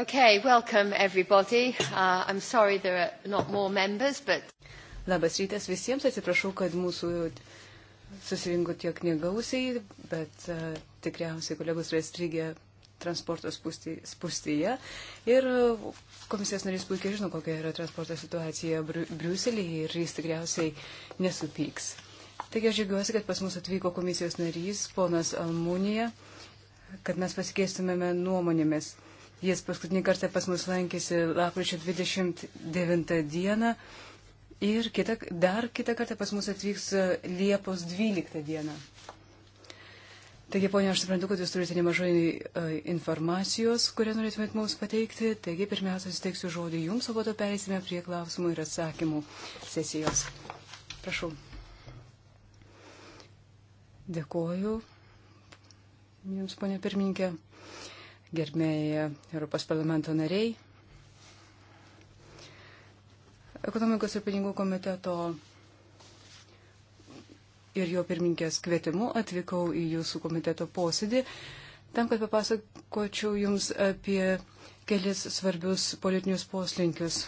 Okay, welcome everybody. Uh, I'm sorry there are not more members, but... Labas rytas visiems, atsiprašau, kad mūsų susirinko tiek negausiai, bet uh, tikriausiai kolegos yra strigę transporto spūstyje. Ir komisijos narys puikiai žino, kokia yra transporto situacija Briu Briuselėje ir jis tikriausiai nesupyks. Taigi aš žiūriuosi, kad pas mus atvyko komisijos narys, ponas Almūnija, kad mes pasikeistumėme nuomonėmis. Jis paskutinį kartą pas mus lankėsi lapkričio 29 dieną ir kita, dar kitą kartą pas mus atvyks Liepos 12 dieną. Taigi, ponia, aš suprantu, kad jūs turite nemažai e, informacijos, kurią norėtumėt mums pateikti. Taigi, pirmiausia, suteiksiu žodį jums, o po to perėsime prie klausimų ir atsakymų sesijos. Prašau. Dėkoju jums, ponia pirmininkė gerbėjai Europos parlamento nariai. Ekonomikos ir pinigų komiteto ir jo pirmininkės kvietimu atvykau į jūsų komiteto posėdį tam, kad papasakočiau jums apie kelis svarbius politinius poslinkius.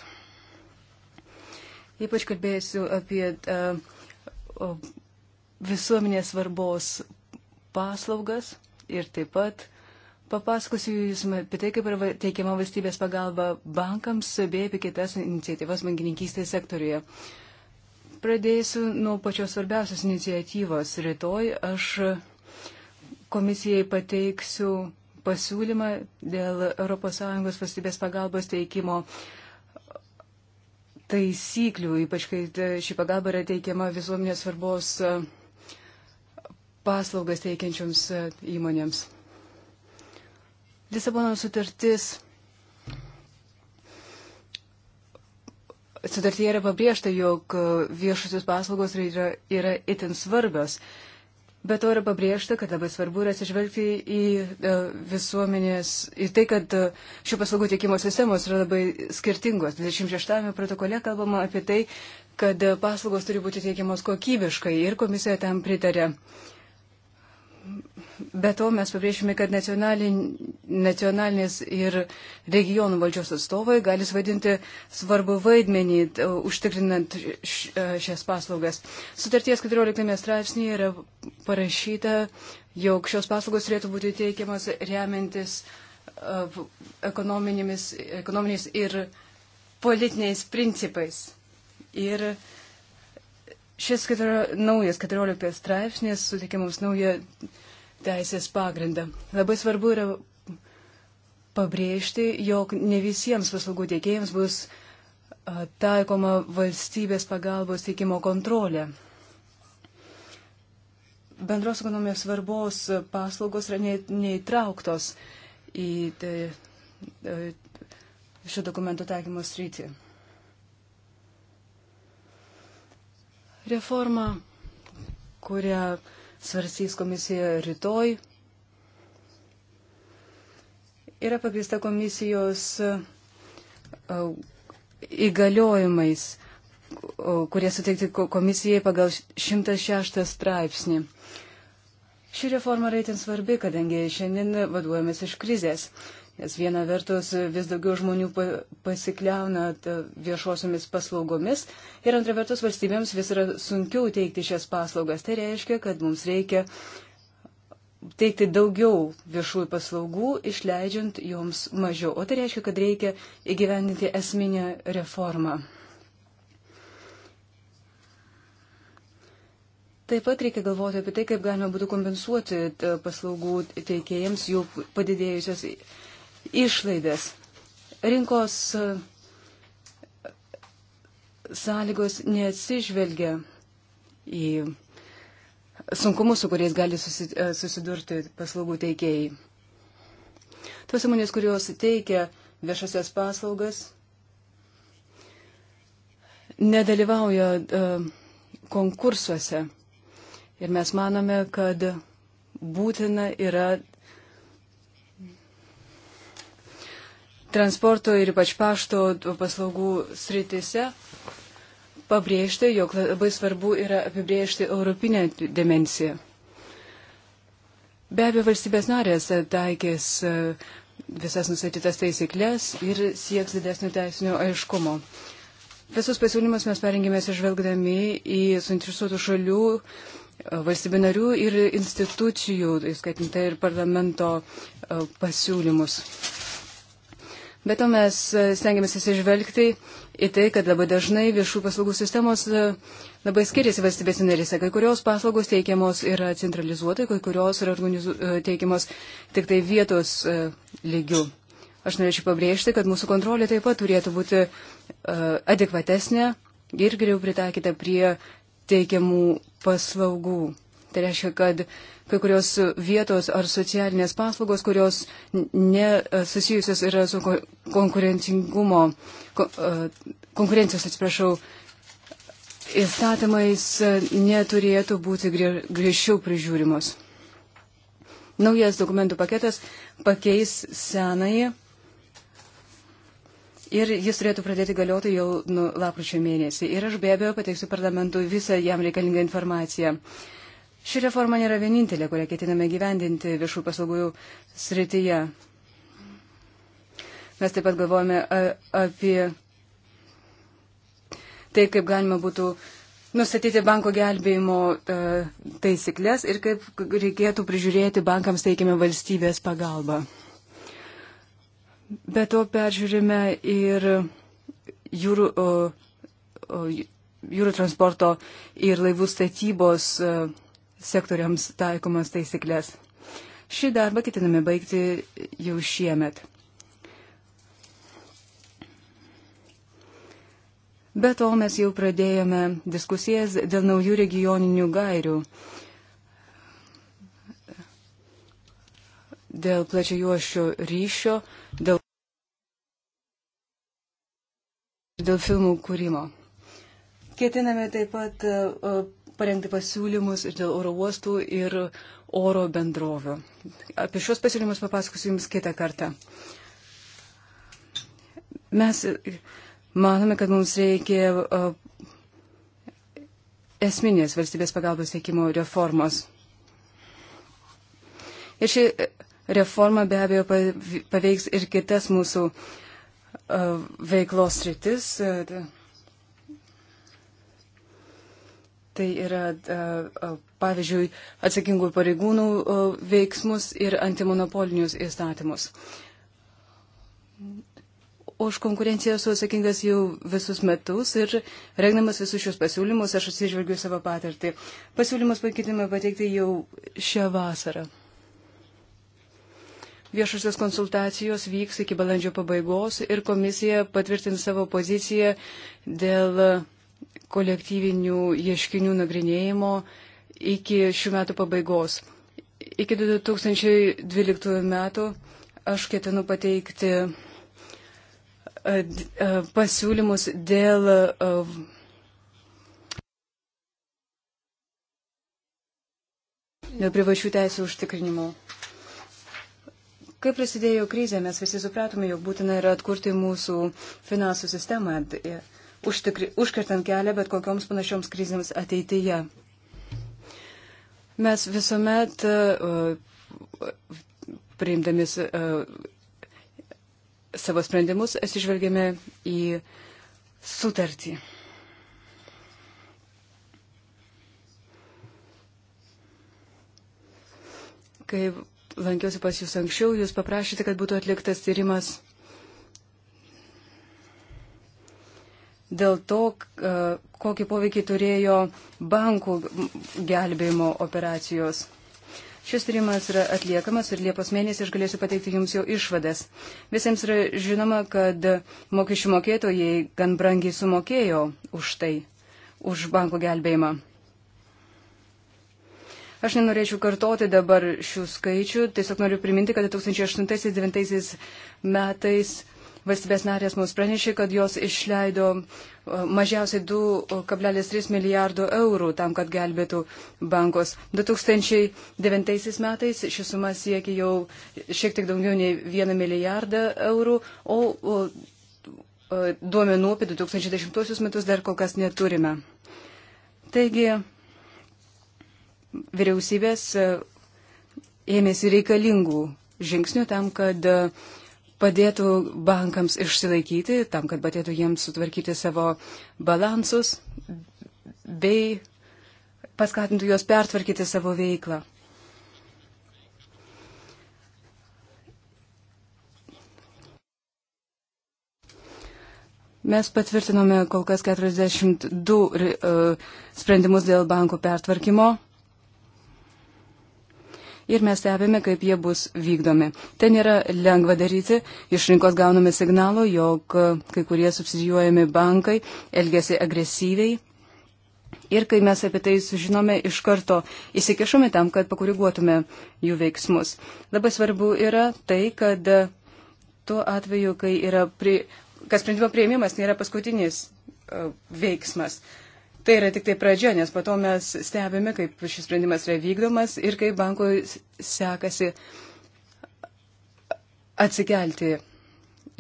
Ypač kalbėsiu apie uh, visuomenės svarbos paslaugas ir taip pat Papasakosiu Jūs apie tai, kaip yra teikiama valstybės pagalba bankams bei apie kitas iniciatyvas bankininkystės sektoriuje. Pradėsiu nuo pačios svarbiausios iniciatyvos. Rytoj aš komisijai pateiksiu pasiūlymą dėl ES valstybės pagalbos teikimo taisyklių, ypač kai ši pagalba yra teikiama visuomenės svarbos e, paslaugas teikiančioms e, įmonėms. Lisabono sutartis. Sutartyje yra pabrėžta, jog viešusios paslaugos yra, yra itin svarbios. Bet to yra pabrėžta, kad labai svarbu yra atsižvelgti į e, visuomenės, į tai, kad e, šių paslaugų tiekimo sistemos yra labai skirtingos. 26 protokole kalbama apie tai, kad e, paslaugos turi būti teikiamos kokybiškai ir komisija tam pritarė. Be to mes pabrėžime, kad nacionalinės ir regionų valdžios atstovai gali vaidinti svarbu vaidmenį užtikrinant e, šias paslaugas. Sutarties 14 straipsnėje yra parašyta, jog šios paslaugos turėtų būti teikiamas remiantis e, ekonominiais ir politiniais principais. Ir uh, Šis keturio, naujas 14 straipsnis suteikia mums naują teisės pagrindą. Labai svarbu yra pabrėžti, jog ne visiems paslaugų tiekėjams bus taikoma valstybės pagalbos teikimo kontrolė. Bendros ekonomijos svarbos paslaugos yra neįtrauktos į šio dokumento taikymo sritį. Reforma, kurią svarsys komisija rytoj, yra pagrįsta komisijos e, įgaliojimais, kurie suteikti komisijai pagal 106 straipsnį. Ši reforma yra itin svarbi, kadangi šiandien vaduojamės iš krizės. Nes viena vertus vis daugiau žmonių pasikliauna viešosiomis paslaugomis ir antra vertus valstybėms vis yra sunkiau teikti šias paslaugas. Tai reiškia, kad mums reikia teikti daugiau viešųjų paslaugų, išleidžiant joms mažiau. O tai reiškia, kad reikia įgyvendinti esminę reformą. Taip pat reikia galvoti apie tai, kaip galima būtų kompensuoti paslaugų teikėjams jų padidėjusias išlaidas. Rinkos sąlygos neatsižvelgia į sunkumus, su kuriais gali e, susidurti paslaugų teikėjai. Tos įmonės, kurios teikia viešasias paslaugas, nedalyvauja uh, konkursuose. Ir mes manome, kad būtina yra transporto ir ypač pašto paslaugų sritise pabrėžti, jog labai svarbu yra apibrėžti europinę dimensiją. Be abejo, valstybės narės taikės e, visas nusatytas taisyklės ir sieks didesnio teisinio aiškumo. Visus pasiūlymus mes parengėme išvelgdami į suinteresuotų šalių, e, valstybių narių ir institucijų, įskaitinti ir parlamento e, pasiūlymus. Bet to mes e, stengiamės atsižvelgti į tai, kad labai dažnai viešų paslaugų sistemos e, labai skiriasi valstybės narėse. Kai kurios paslaugos teikiamos yra centralizuotai, kai kurios yra e, teikiamos tik tai vietos lygių. Aš norėčiau pabrėžti, kad mūsų kontrolė taip pat turėtų būti adekvatesnė ir geriau pritaikyta prie teikiamų paslaugų. Tai reiškia, kad kai kurios vietos ar socialinės paslaugos, kurios nesusijusios e, yra su konkurencingumo, e, konkurencijos, atsiprašau, įstatymais e, neturėtų būti griežčiau prižiūrimos. Naujas dokumentų paketas pakeis senąjį ir jis turėtų pradėti galioti jau nu, lapkričio mėnesį. Ir aš be abejo pateiksiu parlamentui visą jam reikalingą informaciją. Uh, Ši reforma nėra vienintelė, kurią ketiname gyvendinti viešų paslaugų srityje. Mes taip pat galvojame apie tai, kaip galima būtų nustatyti banko gelbėjimo taisyklės ir kaip reikėtų prižiūrėti bankams teikiamą valstybės pagalbą. Be to peržiūrime ir jūrų, o, o, jūrų transporto ir laivų statybos sektoriams taikomas taisyklės. Šį darbą ketiname baigti jau šiemet. Be to mes jau pradėjome diskusijas dėl naujų regioninių gairių, dėl plačiajuošio ryšio, dėl, dėl filmų kūrimo. Ketiname taip pat parengti pasiūlymus ir dėl oro uostų ir oro bendrovių. Apie šios pasiūlymus papasakosiu Jums kitą kartą. Mes manome, kad mums reikia esminės valstybės pagalbos teikimo reformos. Ir ši reforma be abejo paveiks ir kitas mūsų veiklos rytis. Uh, Tai yra, e, e, pavyzdžiui, atsakingų pareigūnų e, veiksmus ir antimonopolinius įstatymus. Už konkurenciją esu atsakingas jau visus metus ir regnamas visus šios pasiūlymus aš atsižvelgiu savo patirtį. Pasiūlymus pakeitimą pateikti jau šią vasarą. Viešosios konsultacijos vyks iki balandžio pabaigos ir komisija patvirtins savo poziciją dėl kolektyvinių ieškinių nagrinėjimo iki šių metų pabaigos. Iki 2012 metų aš ketinu pateikti e, e, pasiūlymus dėl e, dėl privačių teisų užtikrinimo. Kai prasidėjo krizė, mes visi supratome, jog būtina yra atkurti mūsų finansų sistemą užtikri, užkirtant kelią bet kokioms panašioms krizėms ateityje. Mes visuomet uh, priimdami uh, savo sprendimus atsižvelgėme į sutartį. Kai lankiausi pas jūs anksčiau, jūs paprašėte, kad būtų atliktas tyrimas dėl to, e, kokį poveikį turėjo bankų gelbėjimo operacijos. Šis tyrimas yra atliekamas ir Liepos mėnesį aš galėsiu pateikti Jums jo išvadas. Visiems yra žinoma, kad mokesčių mokėtojai gan brangiai sumokėjo už tai, už bankų gelbėjimą. Aš nenorėčiau kartoti dabar šių skaičių, tiesiog noriu priminti, kad 2008-2009 metais Valstybės narės mums pranešė, kad jos išleido e, mažiausiai 2,3 milijardo eurų tam, kad gelbėtų bankos. 2009 metais ši suma siekia jau šiek tiek daugiau nei 1 milijardą eurų, o, o e, duomenų apie 2010 metus dar kol kas neturime. Taigi, vyriausybės e, ėmėsi reikalingų žingsnių tam, kad uh, padėtų bankams išsilaikyti, tam, kad padėtų jiems sutvarkyti savo balansus bei paskatintų juos pertvarkyti savo veiklą. Mes patvirtinome kol kas 42 e, sprendimus dėl bankų pertvarkymo ir mes stebime, kaip jie bus vykdomi. Ten yra lengva daryti, iš rinkos gauname signalo, jog e, kai kurie subsidijuojami bankai elgesi agresyviai. Ir kai mes apie tai sužinome, iš karto įsikišome tam, kad pakoriguotume jų veiksmus. Labai svarbu yra tai, kad e, tuo atveju, kai yra, pri, kad sprendimo prieimimas nėra paskutinis e, veiksmas. Tai yra tik tai pradžia, nes po to mes stebime, kaip šis sprendimas yra vykdomas ir kaip bankui sekasi atsikelti.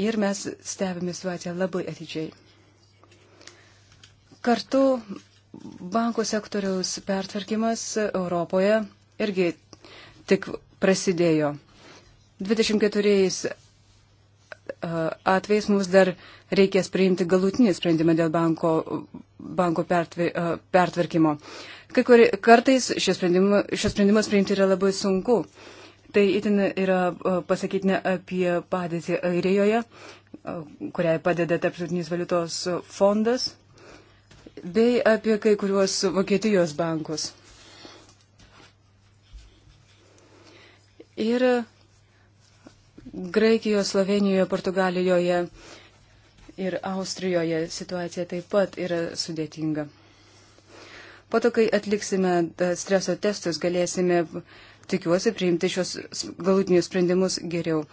Ir mes stebime situaciją labai atidžiai. Kartu bankų sektoriaus pertvarkymas Europoje irgi tik prasidėjo. 24 atvejais mums dar reikės priimti galutinį sprendimą dėl banko banko e, pertvarkymo. Kai kur kartais šios sprendimus priimti yra labai sunku. Tai itin yra e, pasakytinė apie padėtį Airijoje, e, kuriai padeda Tarptautinis valiutos fondas, bei apie kai kuriuos Vokietijos bankus. Ir Graikijoje, Slovenijoje, Portugalijoje uh, ir Austrijoje situacija taip pat yra sudėtinga. Po to, kai atliksime e, streso testus, galėsime, tikiuosi, priimti šios galutinius sprendimus geriau.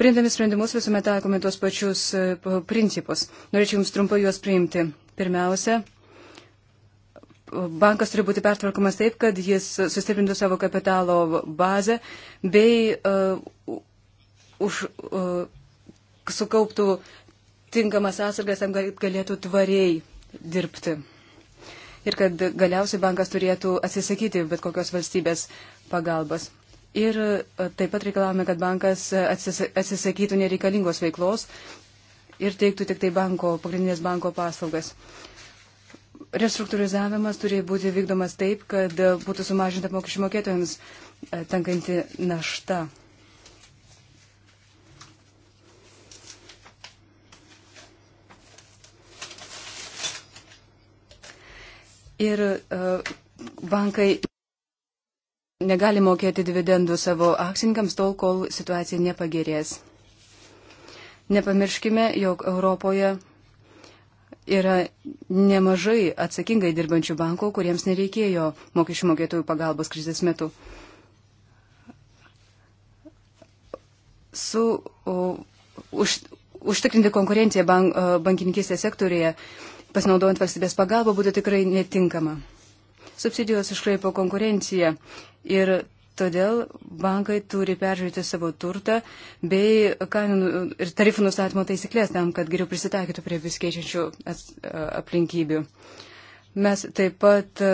Priimdami sprendimus visuomet taikome tuos pačius e, principus. Norėčiau Jums trumpai juos priimti. Pirmiausia, bankas turi būti pertvarkomas taip, kad jis sustiprintų savo kapitalo bazę bei uh, už, uh, sukauptų tinkamas atsargas tam, kad galėtų tvariai dirbti. Ir kad galiausiai bankas turėtų atsisakyti bet kokios valstybės pagalbas. Ir e, taip pat reikalavome, kad bankas atsisakytų nereikalingos veiklos ir teiktų tik tai banko, pagrindinės banko paslaugas. Restruktūrizavimas turi būti vykdomas taip, kad būtų sumažinta mokesčių mokėtojams e, tenkanti našta. ir e, bankai negali mokėti dividendų savo akcininkams tol, kol situacija nepagerės. Nepamirškime, jog Europoje yra nemažai atsakingai dirbančių bankų, kuriems nereikėjo mokesčių mokėtojų pagalbos krizės metu. Su o, už, užtikrinti konkurenciją bank, e, bankininkistės sektorėje uh, pasinaudojant valstybės pagalbą būtų tikrai netinkama. Subsidijos iškraipo konkurenciją ir todėl bankai turi peržiūrėti savo turtą bei kainų nu, ir tarifų nustatymo taisyklės tam, kad geriau prisitaikytų prie vis keičiančių aplinkybių. Mes taip pat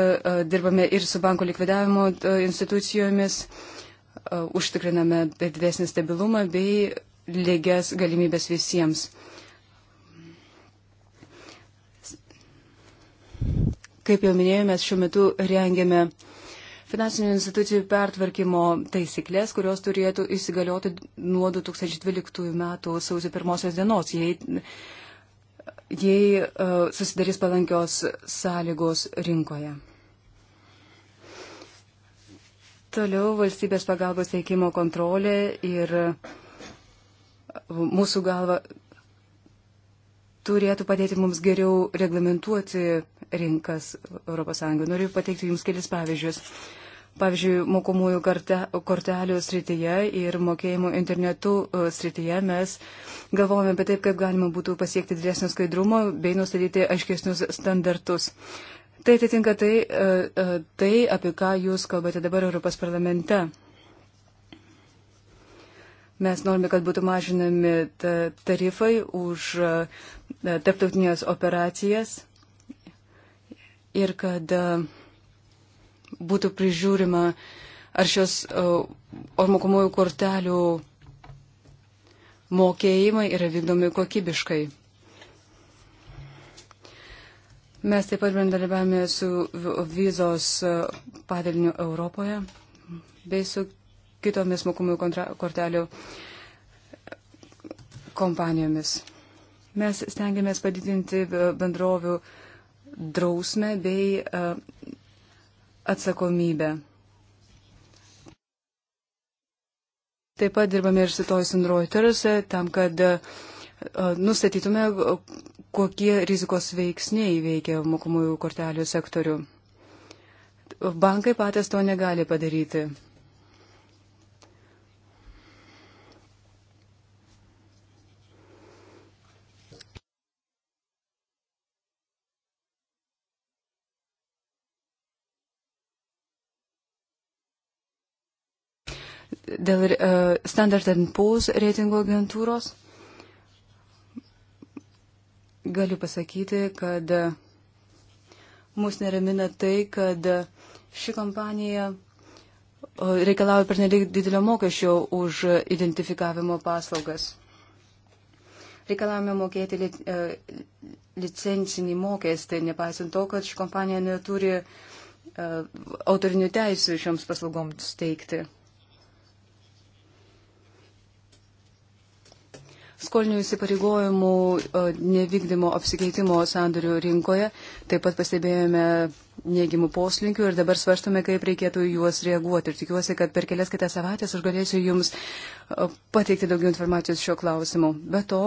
dirbame ir su banko likvidavimo institucijomis, užtikriname didesnį stabilumą bei lygias galimybės visiems. Kaip jau minėjau, mes šiuo metu rengiame finansinių institucijų pertvarkymo taisyklės, kurios turėtų įsigalioti nuo 2012 metų sausio pirmosios dienos, jei, jei uh, susidarys palankios sąlygos rinkoje. Toliau valstybės pagalbos teikimo kontrolė ir mūsų galva turėtų padėti mums geriau reglamentuoti rinkas ES. Noriu pateikti Jums kelis pavyzdžius. Pavyzdžiui, mokomųjų kortelių srityje ir mokėjimų internetu e, srityje mes galvojame apie taip, kaip galima būtų pasiekti didesnio skaidrumo bei nustatyti aiškesnius standartus. Tai atitinka tai, e, e, tai, apie ką Jūs kalbate dabar Europos parlamente. Mes norime, kad būtų mažinami tarifai už tarptautinės operacijas ir kad e, būtų prižiūrima ar šios e, ar mokomųjų kortelių mokėjimai yra vykdomi kokybiškai. Mes taip pat bendradarbiavame su vizos e, padaliniu Europoje bei su kitomis mokomųjų kortelių kompanijomis. Mes stengiamės padidinti bendrovių uh, drausmę bei e, atsakomybę. Taip pat dirbame ir su Toyson Reuters e, tam, kad e, nustatytume, kokie rizikos veiksniai veikia mokomųjų kortelių sektorių. Bankai patys to negali padaryti. dėl e, Standard Poor's reitingo agentūros galiu pasakyti, kad mūsų neramina tai, kad ši kompanija reikalauja per nelik didelio mokesčio už identifikavimo paslaugas. Reikalavome mokėti li, e, licencinį mokestį, nepaisant to, kad ši kompanija neturi e, autorinių teisų šioms paslaugoms teikti. skolinių įsipareigojimų nevykdymo apsikeitimo sandorių rinkoje. Taip pat pastebėjome neigiamų poslinkių ir dabar svarstome, kaip reikėtų juos reaguoti. Ir tikiuosi, kad per kelias kitas savaitės aš galėsiu Jums pateikti daugiau informacijos šiuo klausimu. Be to,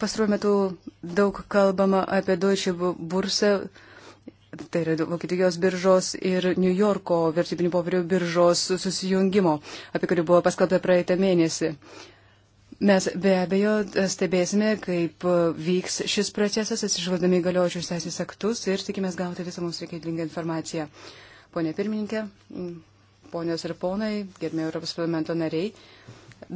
pastaruoju metu daug kalbama apie Deutsche Bursą Tai yra Vokietijos biržos ir New Yorko vertybinių popierių biržos susijungimo, apie kurį buvo paskalbta praeitą mėnesį. Mes be abejo stebėsime, kaip vyks šis procesas, atsižvaldami galiojančius teisės aktus ir tikimės gauti visą mums reikalingą informaciją. Pone pirmininkė, ponios ir ponai, gerbėjai Europos parlamento nariai,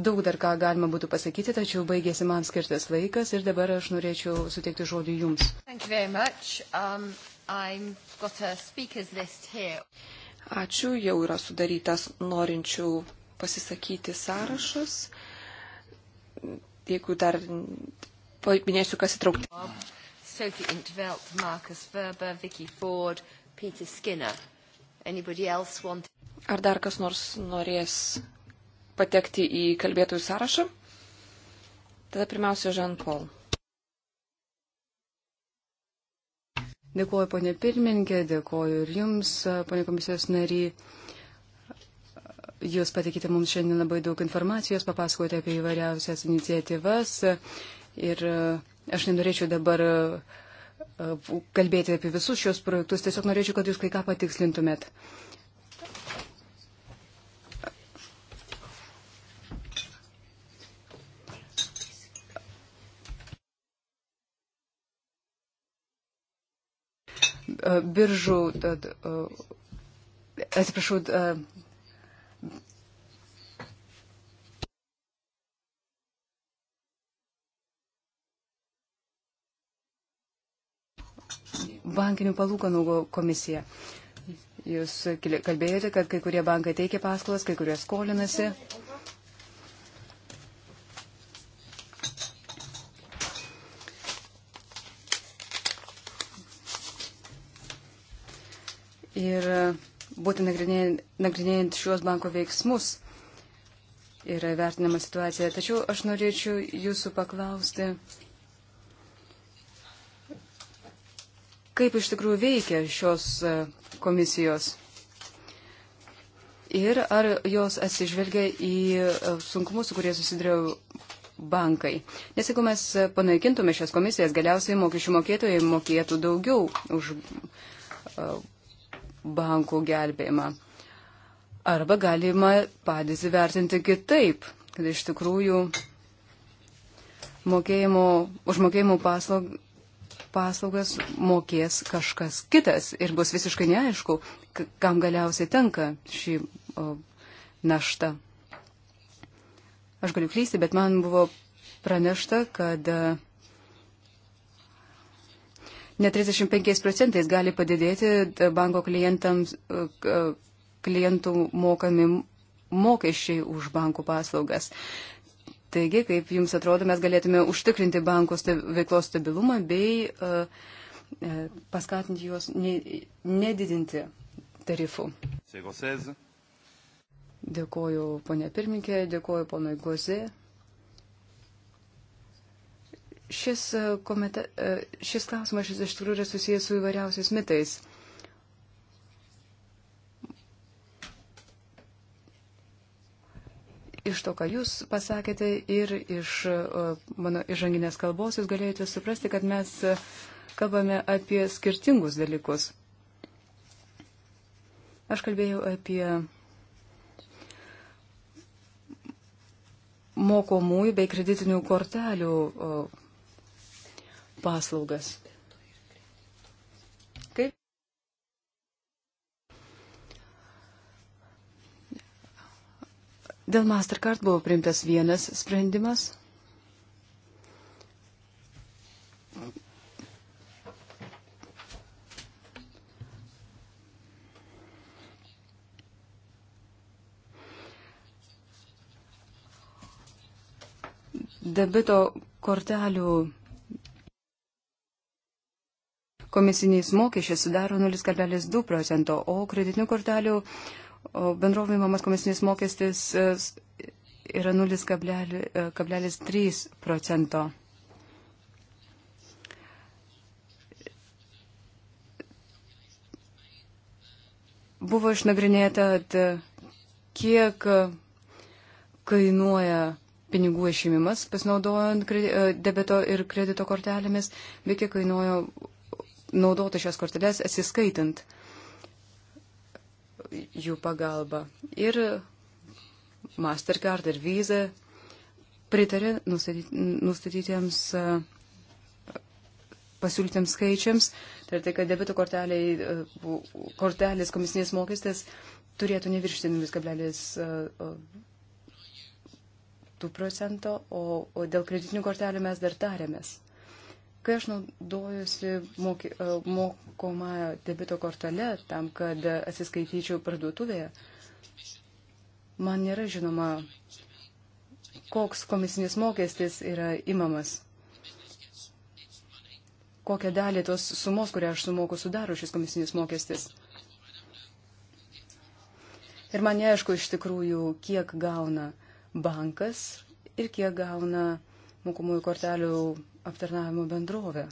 daug dar ką galima būtų pasakyti, tačiau baigėsi man skirtas laikas ir dabar aš norėčiau suteikti žodį jums. Um... Ačiū, jau yra sudarytas norinčių pasisakyti sąrašas. Jeigu dar paminėsiu, kas įtraukti. Sophie Intveld, Marcus Verber, Vicky Ford, Peter Skinner. Anybody else want? Ar dar kas nors norės patekti į kalbėtojų sąrašą? Tada pirmiausia, Žan Paul. Dėkuoju, ponė pirmininkė, dėkuoju ir jums, ponė komisijos nary. Jūs patikite mums šiandien labai daug informacijos, papasakote apie įvairiausias iniciatyvas ir e, aš nenorėčiau dabar e, e, kalbėti apie visus šios projektus, tiesiog norėčiau, kad jūs kai ką patikslintumėt. Uh, E, biržų, e, e, atsiprašau, bankinių palūkanų komisija. Jūs kalbėjote, kad kai kurie bankai teikia paskolas, kai kurie skolinasi. Ir e, būtent nagrinėjant, nagrinėjant šiuos banko veiksmus yra vertinama situacija. Tačiau aš norėčiau jūsų paklausti, kaip iš tikrųjų veikia šios e, komisijos ir ar jos atsižvelgia į e, sunkumus, su kurie susidurėjo bankai. Nes jeigu mes panaikintume šias komisijas, galiausiai mokesčių mokėtojai mokėtų daugiau už bankų gelbėjimą. Arba galima padėtį vertinti kitaip, kad iš tikrųjų mokėjimo, už mokėjimų paslaug, paslaugas mokės kažkas kitas ir bus visiškai neaišku, kam galiausiai tenka šį o, naštą. Aš galiu klysti, bet man buvo pranešta, kad a, net 35 procentais gali padidėti e, banko klientams, e, e, klientų mokami mokesčiai už bankų paslaugas. Taigi, kaip Jums atrodo, mes galėtume užtikrinti bankų veiklos stabilumą bei uh, paskatinti juos ne, nedidinti tarifų. Dėkoju, ponė pirmininkė, dėkoju, ponui Gozė šis, e, komite, e, šis klausimas šis iš tikrųjų yra susijęs su įvairiausiais mitais. Iš to, ką jūs pasakėte ir iš e, mano įžanginės kalbos, jūs galėjote suprasti, kad mes kalbame apie skirtingus dalykus. Aš kalbėjau apie mokomųjų bei kreditinių kortelių paslaugas. Kaip? Dėl Mastercard buvo priimtas vienas sprendimas. debito kortelių komisiniais mokesčiais sudaro 0,2 procento, o kreditinių kortelių bendrovų įmamas komisinis mokestis e, yra 0,3 e, procento. Buvo išnagrinėta, kiek kainuoja pinigų išimimas pasinaudojant e, debito ir kredito kortelėmis, bei kiek kainuoja naudoti šias korteles atsiskaitant jų pagalba. Ir Mastercard ir Visa pritarė nustatytiems e, pasiūlytiems skaičiams. Tai tai, kad debito e, kortelės komisinės mokestis turėtų neviršti 0,2 e, procento, o, o dėl kreditinių kortelių mes dar tarėmės. Kai aš naudojusi moky, e, mokomą debito kortelę tam, kad atsiskaityčiau parduotuvėje, man nėra žinoma, koks komisinis mokestis yra imamas kokią dalį tos sumos, kurią aš sumoku, sudaro šis komisinis mokestis. Ir man neaišku iš tikrųjų, kiek gauna bankas ir kiek gauna mokomųjų kortelių aptarnavimo bendrovę.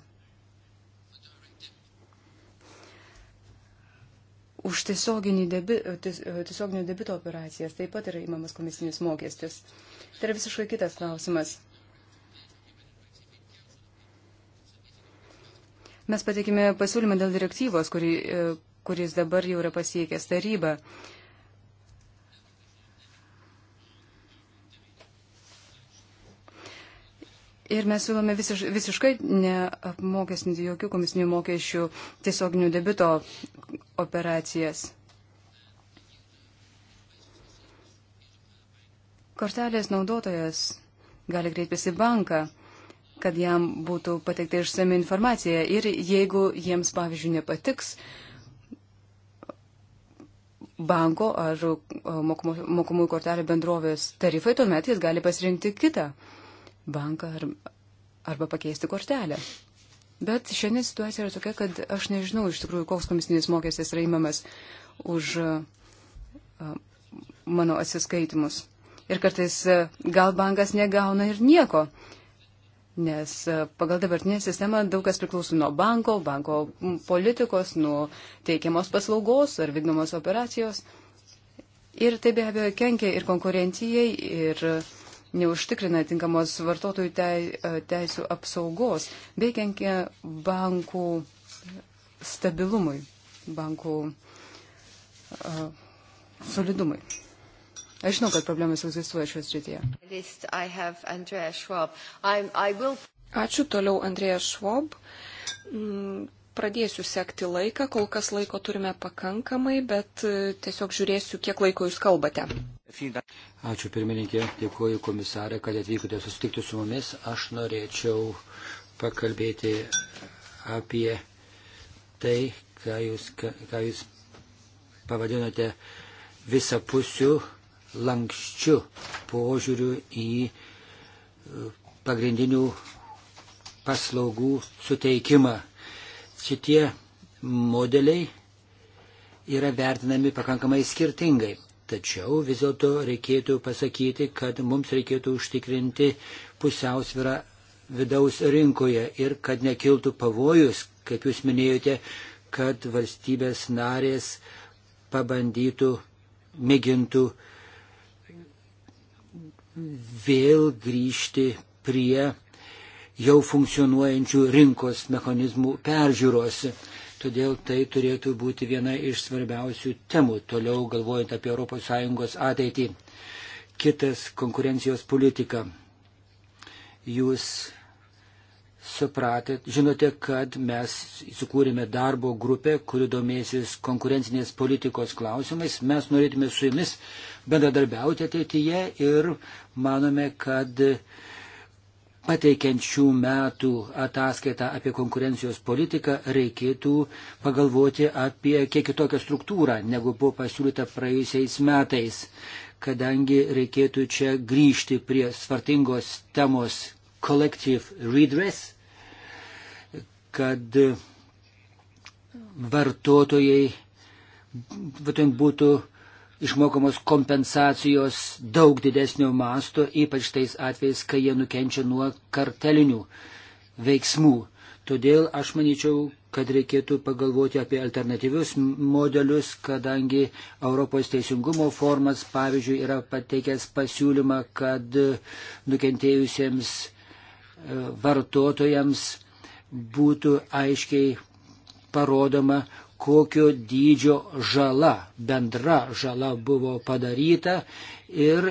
Už tiesioginį debi, ties, tiesioginio debito operacijas taip pat yra įmamas komisinis mokestis. Tai yra visiškai kitas klausimas. Mes pateikime pasiūlymą dėl direktyvos, kuri, e, kuris dabar jau yra pasiekęs tarybą. Uh, Ir mes siūlome visiš, visiškai neapmokestinti jokių komisinių mokesčių tiesioginių debito operacijas. Kortelės naudotojas gali kreiptis į banką, kad jam būtų pateikta išsami informacija ir jeigu jiems, pavyzdžiui, nepatiks banko ar mokomųjų kortelių bendrovės tarifai, tuomet jis gali pasirinkti kitą banką ar, arba pakeisti kortelę. Bet šiandien situacija yra tokia, kad aš nežinau iš tikrųjų, koks komisinis mokestis yra įmamas už e, mano atsiskaitimus. Ir kartais e, gal bankas negauna ir nieko, nes e, pagal dabartinę sistemą daug kas priklauso nuo banko, banko politikos, nuo teikiamos paslaugos ar vykdomos operacijos. Ir tai be abejo kenkia ir konkurencijai, ir uh, neužtikrina tinkamos vartotojų e, teisų apsaugos, bei kenkia bankų stabilumui, bankų uh, solidumui. Aš žinau, kad problemas egzistuoja šios rytyje. Ačiū toliau, Andrėja Švob pradėsiu sekti laiką, kol kas laiko turime pakankamai, bet e, tiesiog žiūrėsiu, kiek laiko jūs kalbate. Ačiū pirmininkė, dėkuoju komisarė, kad atvykote susitikti su mumis. Aš norėčiau pakalbėti apie tai, ką jūs, ką jūs pavadinote visapusių lankščių požiūrių į e, pagrindinių paslaugų suteikimą šitie modeliai yra vertinami pakankamai skirtingai. Tačiau vis dėlto reikėtų pasakyti, kad mums reikėtų užtikrinti pusiausvirą vidaus rinkoje ir kad nekiltų pavojus, kaip jūs minėjote, kad valstybės narės pabandytų, mėgintų vėl grįžti prie jau funkcionuojančių rinkos mechanizmų peržiūros. Todėl tai turėtų būti viena iš svarbiausių temų, toliau galvojant apie ES ateitį. Kitas - konkurencijos politika. Jūs supratėt, žinote, kad mes įsikūrėme darbo grupę, kuri domėsis konkurencinės politikos klausimais. Mes norėtume su jumis bendradarbiauti ateityje ir manome, kad pateikiant šių metų ataskaitą apie konkurencijos politiką, reikėtų pagalvoti apie kiek kitokią struktūrą, negu buvo pasiūlyta praėjusiais metais, kadangi reikėtų čia grįžti prie svartingos temos collective redress, kad vartotojai būtent būtų išmokamos kompensacijos daug didesnio masto, ypač tais atvejais, kai jie nukenčia nuo kartelinių veiksmų. Todėl aš manyčiau, kad reikėtų pagalvoti apie alternatyvius modelius, kadangi Europos teisingumo formas, pavyzdžiui, yra pateikęs pasiūlymą, kad nukentėjusiems e, vartotojams būtų aiškiai parodoma, kokio dydžio žala, bendra žala buvo padaryta ir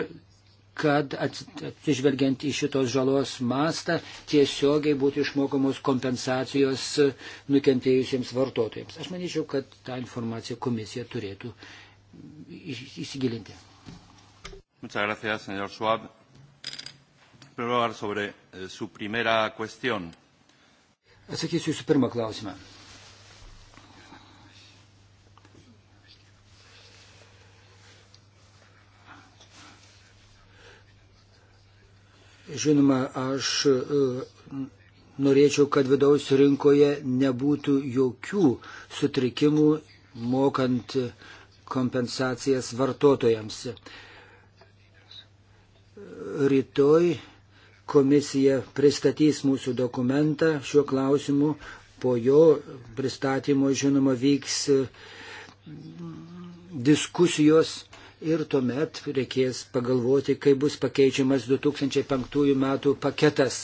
kad atsižvelgiant į šitos žalos mastą tiesiogiai būtų išmokamos kompensacijos nukentėjusiems vartotojams. Aš manyčiau, kad tą informaciją komisija turėtų įsigilinti. Muchas gracias, señor Schwab. Primero sobre eh, su primera cuestión. Atsakysiu jūsų pirmą klausimą. Žinoma, aš e, norėčiau, kad vidaus rinkoje nebūtų jokių sutrikimų mokant kompensacijas vartotojams. Rytoj komisija pristatys mūsų dokumentą šiuo klausimu, po jo pristatymo žinoma vyks diskusijos ir tuomet reikės pagalvoti, kaip bus pakeičiamas 2005 metų paketas.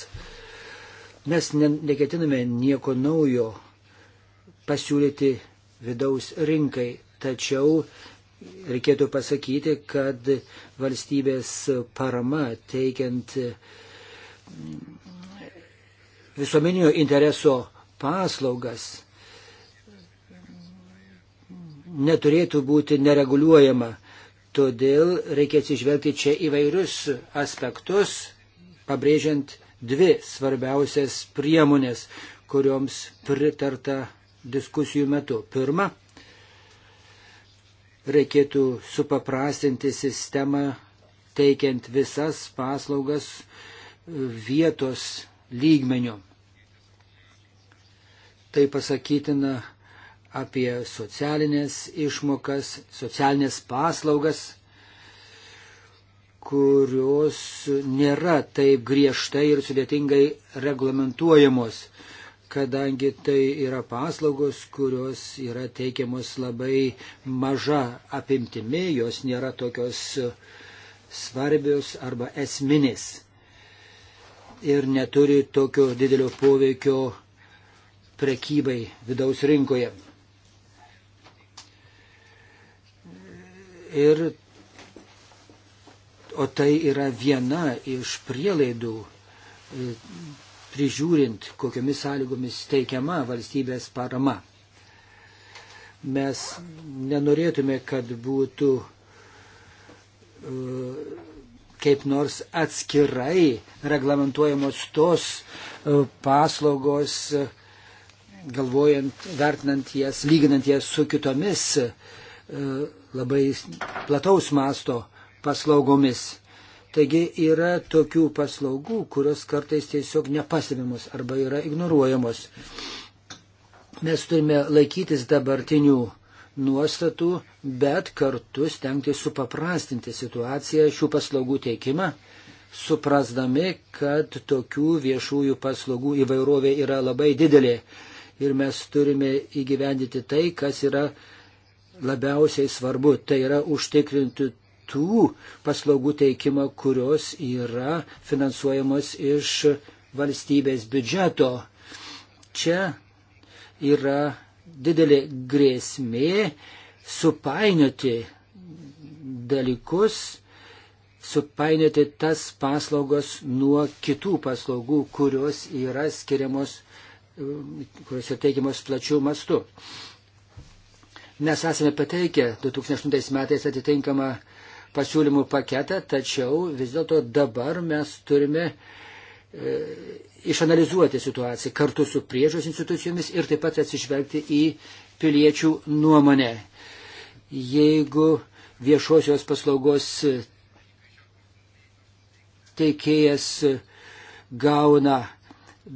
Mes neketiname nieko naujo pasiūlyti vidaus rinkai, tačiau reikėtų pasakyti, kad valstybės parama teikiant visuomeninio intereso paslaugas neturėtų būti nereguliuojama Todėl reikia atsižvelgti čia įvairius aspektus, pabrėžiant dvi svarbiausias priemonės, kurioms pritarta diskusijų metu. Pirma, reikėtų supaprastinti sistemą, teikiant visas paslaugas vietos lygmenių. Tai pasakytina apie socialinės išmokas, socialinės paslaugas, kurios nėra taip griežtai ir sudėtingai reglamentuojamos, kadangi tai yra paslaugos, kurios yra teikiamos labai maža apimtimi, jos nėra tokios svarbios arba esminės ir neturi tokio didelio poveikio prekybai vidaus rinkoje. Ir, o tai yra viena iš prielaidų e, prižiūrint, kokiamis sąlygomis teikiama valstybės parama. Mes nenorėtume, kad būtų e, kaip nors atskirai reglamentuojamos tos e, paslaugos, galvojant, vertinant jas, lyginant jas su kitomis E, labai plataus masto paslaugomis. Taigi yra tokių paslaugų, kurios kartais tiesiog nepastebimos arba yra ignoruojamos. Mes turime laikytis dabartinių nuostatų, bet kartu stengtis supaprastinti situaciją šių paslaugų teikimą, suprasdami, kad tokių viešųjų paslaugų įvairovė yra labai didelė. Ir mes turime įgyvendyti tai, kas yra uh, labiausiai svarbu, tai yra užtikrinti tų paslaugų teikimą, kurios yra finansuojamos iš valstybės biudžeto. Čia yra didelė grėsmė supainioti dalykus, supainioti tas paslaugas nuo kitų paslaugų, kurios yra skiriamos, kurios yra teikiamos plačių mastų. Mes esame pateikę 2008 metais atitinkamą pasiūlymų paketą, tačiau vis dėlto dabar mes turime e, išanalizuoti situaciją kartu su priežos institucijomis ir taip pat atsižvelgti į piliečių nuomonę. Jeigu viešosios paslaugos teikėjas gauna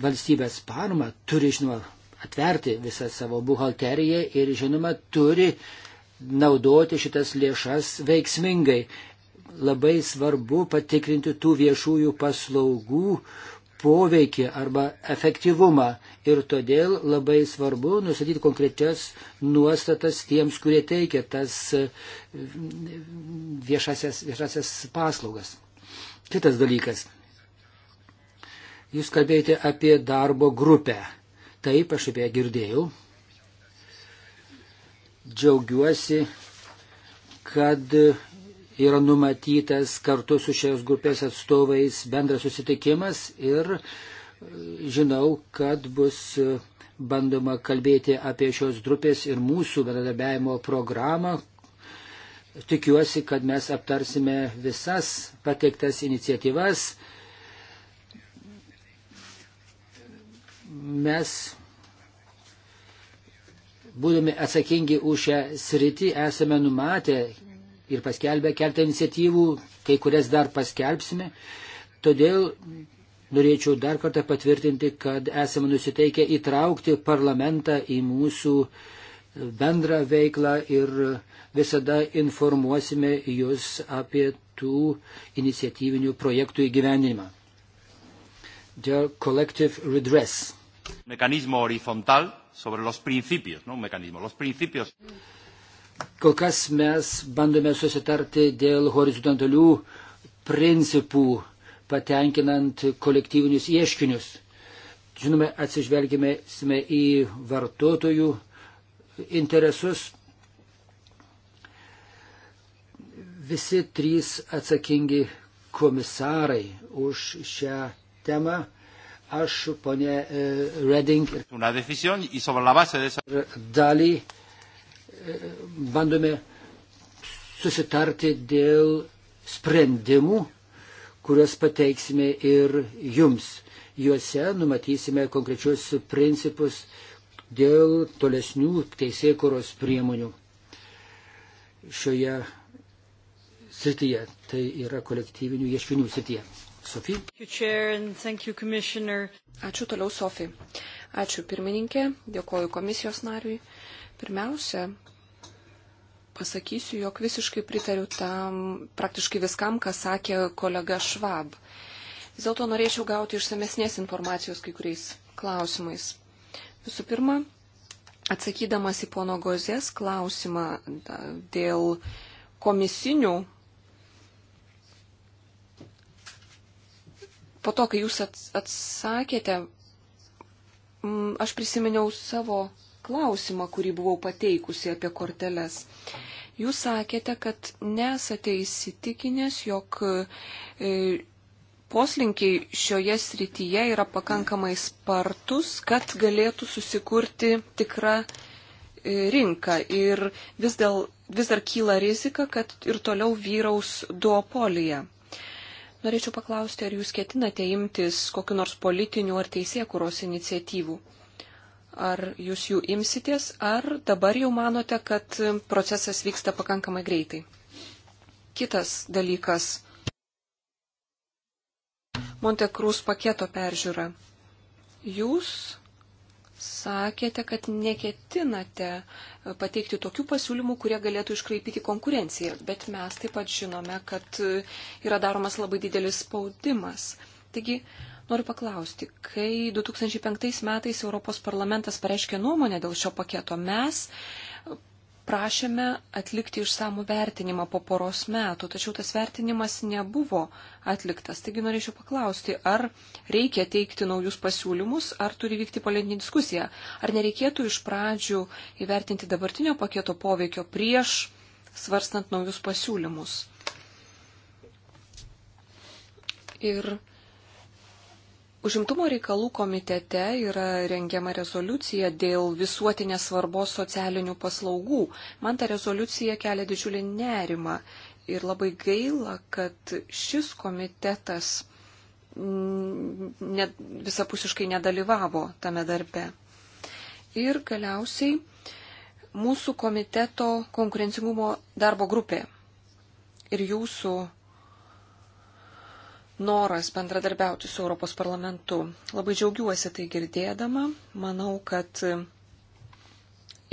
valstybės paramą, turi, žinoma, atverti visą savo buhalteriją ir, žinoma, turi naudoti šitas lėšas veiksmingai. Labai svarbu patikrinti tų viešųjų paslaugų poveikį arba efektyvumą ir todėl labai svarbu nustatyti konkrečias nuostatas tiems, kurie teikia tas e, viešasias, viešasias paslaugas. Kitas dalykas. Jūs kalbėjote apie darbo grupę Taip, aš apie ją girdėjau. Džiaugiuosi, kad yra numatytas kartu su šios grupės atstovais bendras susitikimas ir žinau, kad bus bandoma kalbėti apie šios grupės ir mūsų bendradarbiavimo programą. Tikiuosi, kad mes aptarsime visas pateiktas iniciatyvas mes būdami atsakingi už šią sritį, esame numatę ir paskelbę keltą iniciatyvų, kai kurias dar paskelbsime. Todėl norėčiau dar kartą patvirtinti, kad esame nusiteikę įtraukti parlamentą į mūsų bendrą veiklą ir visada informuosime jūs apie tų iniciatyvinių projektų įgyvendinimą. Dėl collective redress mecanismo horizontal sobre los principios, ¿no? Un mecanismo, los principios. Kol kas mes bandome susitarti dėl horizontalių principų, patenkinant kolektyvinius ieškinius. Žinome, atsižvelgime į vartotojų interesus. Visi trys atsakingi komisarai už šią temą aš, ponė e, Reding, ir dalį e, bandome susitarti dėl sprendimų, kuriuos pateiksime ir jums. Juose numatysime konkrečius principus dėl tolesnių teisėkuros priemonių šioje srityje, tai yra kolektyvinių ieškinių srityje. Sofija. Ačiū toliau, Sofija. Ačiū pirmininkė, dėkoju komisijos nariui. Pirmiausia, pasakysiu, jog visiškai pritariu tam praktiškai viskam, ką sakė kolega Švab. Vis dėlto norėčiau gauti išsamesnės informacijos kai kuriais klausimais. Visų pirma, atsakydamas į pono Gozės klausimą dėl komisinių po to, kai jūs atsakėte, aš prisiminiau savo klausimą, kurį buvau pateikusi apie korteles. Jūs sakėte, kad nesate įsitikinęs, jog e, poslinkiai šioje srityje yra pakankamai spartus, kad galėtų susikurti tikra e, rinka ir vis, dėl, vis dar kyla rizika, kad ir toliau vyraus duopolija. Norėčiau paklausti, ar jūs ketinate imtis kokiu nors politiniu ar teisėkuros iniciatyvų? Ar jūs jų imsitės, ar dabar jau manote, kad procesas vyksta pakankamai greitai? Kitas dalykas. Montekrus paketo peržiūra. Jūs sakėte, kad neketinate pateikti tokių pasiūlymų, kurie galėtų iškraipyti konkurenciją, bet mes taip pat žinome, kad yra daromas labai didelis spaudimas. Taigi, noriu paklausti, kai 2005 metais Europos parlamentas pareiškė nuomonę dėl šio paketo, mes prašėme atlikti išsamų vertinimą po poros metų, tačiau tas vertinimas nebuvo atliktas. Taigi norėčiau paklausti, ar reikia teikti naujus pasiūlymus, ar turi vykti politinė diskusija, ar nereikėtų iš pradžių įvertinti dabartinio paketo poveikio prieš svarstant naujus pasiūlymus. Ir Užimtumo reikalų komitete yra rengiama rezoliucija dėl visuotinės svarbos socialinių paslaugų. Man ta rezoliucija kelia didžiulį nerimą ir labai gaila, kad šis komitetas ne, visapusiškai nedalyvavo tame darbe. Ir galiausiai mūsų komiteto konkurencingumo darbo grupė ir jūsų noras bendradarbiauti su Europos parlamentu. Labai džiaugiuosi tai girdėdama. Manau, kad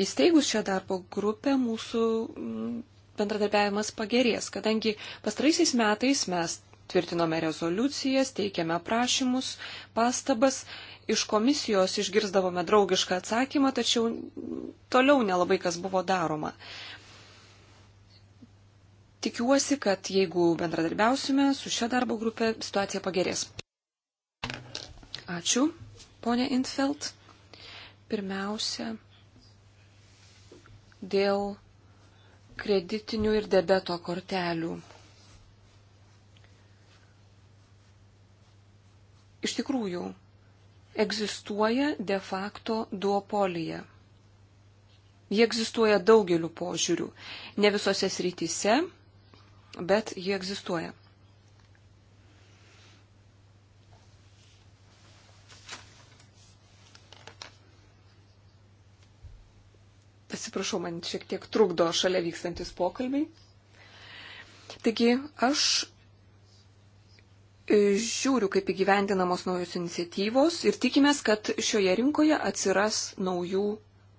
įsteigus šią darbo grupę mūsų mm, bendradarbiavimas pagerės, kadangi pastaraisiais metais mes tvirtinome rezoliucijas, teikėme prašymus, pastabas, iš komisijos išgirdavome draugišką atsakymą, tačiau toliau nelabai kas buvo daroma. Tikiuosi, kad jeigu bendradarbiausime su šia darbo grupė, situacija pagerės. Ačiū, ponė Intfeld. Pirmiausia, dėl kreditinių ir debeto kortelių. Iš tikrųjų, egzistuoja de facto duopolija. Jie egzistuoja daugeliu požiūrių. Ne visose srityse bet ji egzistuoja. Atsiprašau, man šiek tiek trukdo šalia vykstantis pokalbiai. Taigi aš e, žiūriu, kaip įgyvendinamos naujos iniciatyvos ir tikimės, kad šioje rinkoje atsiras naujų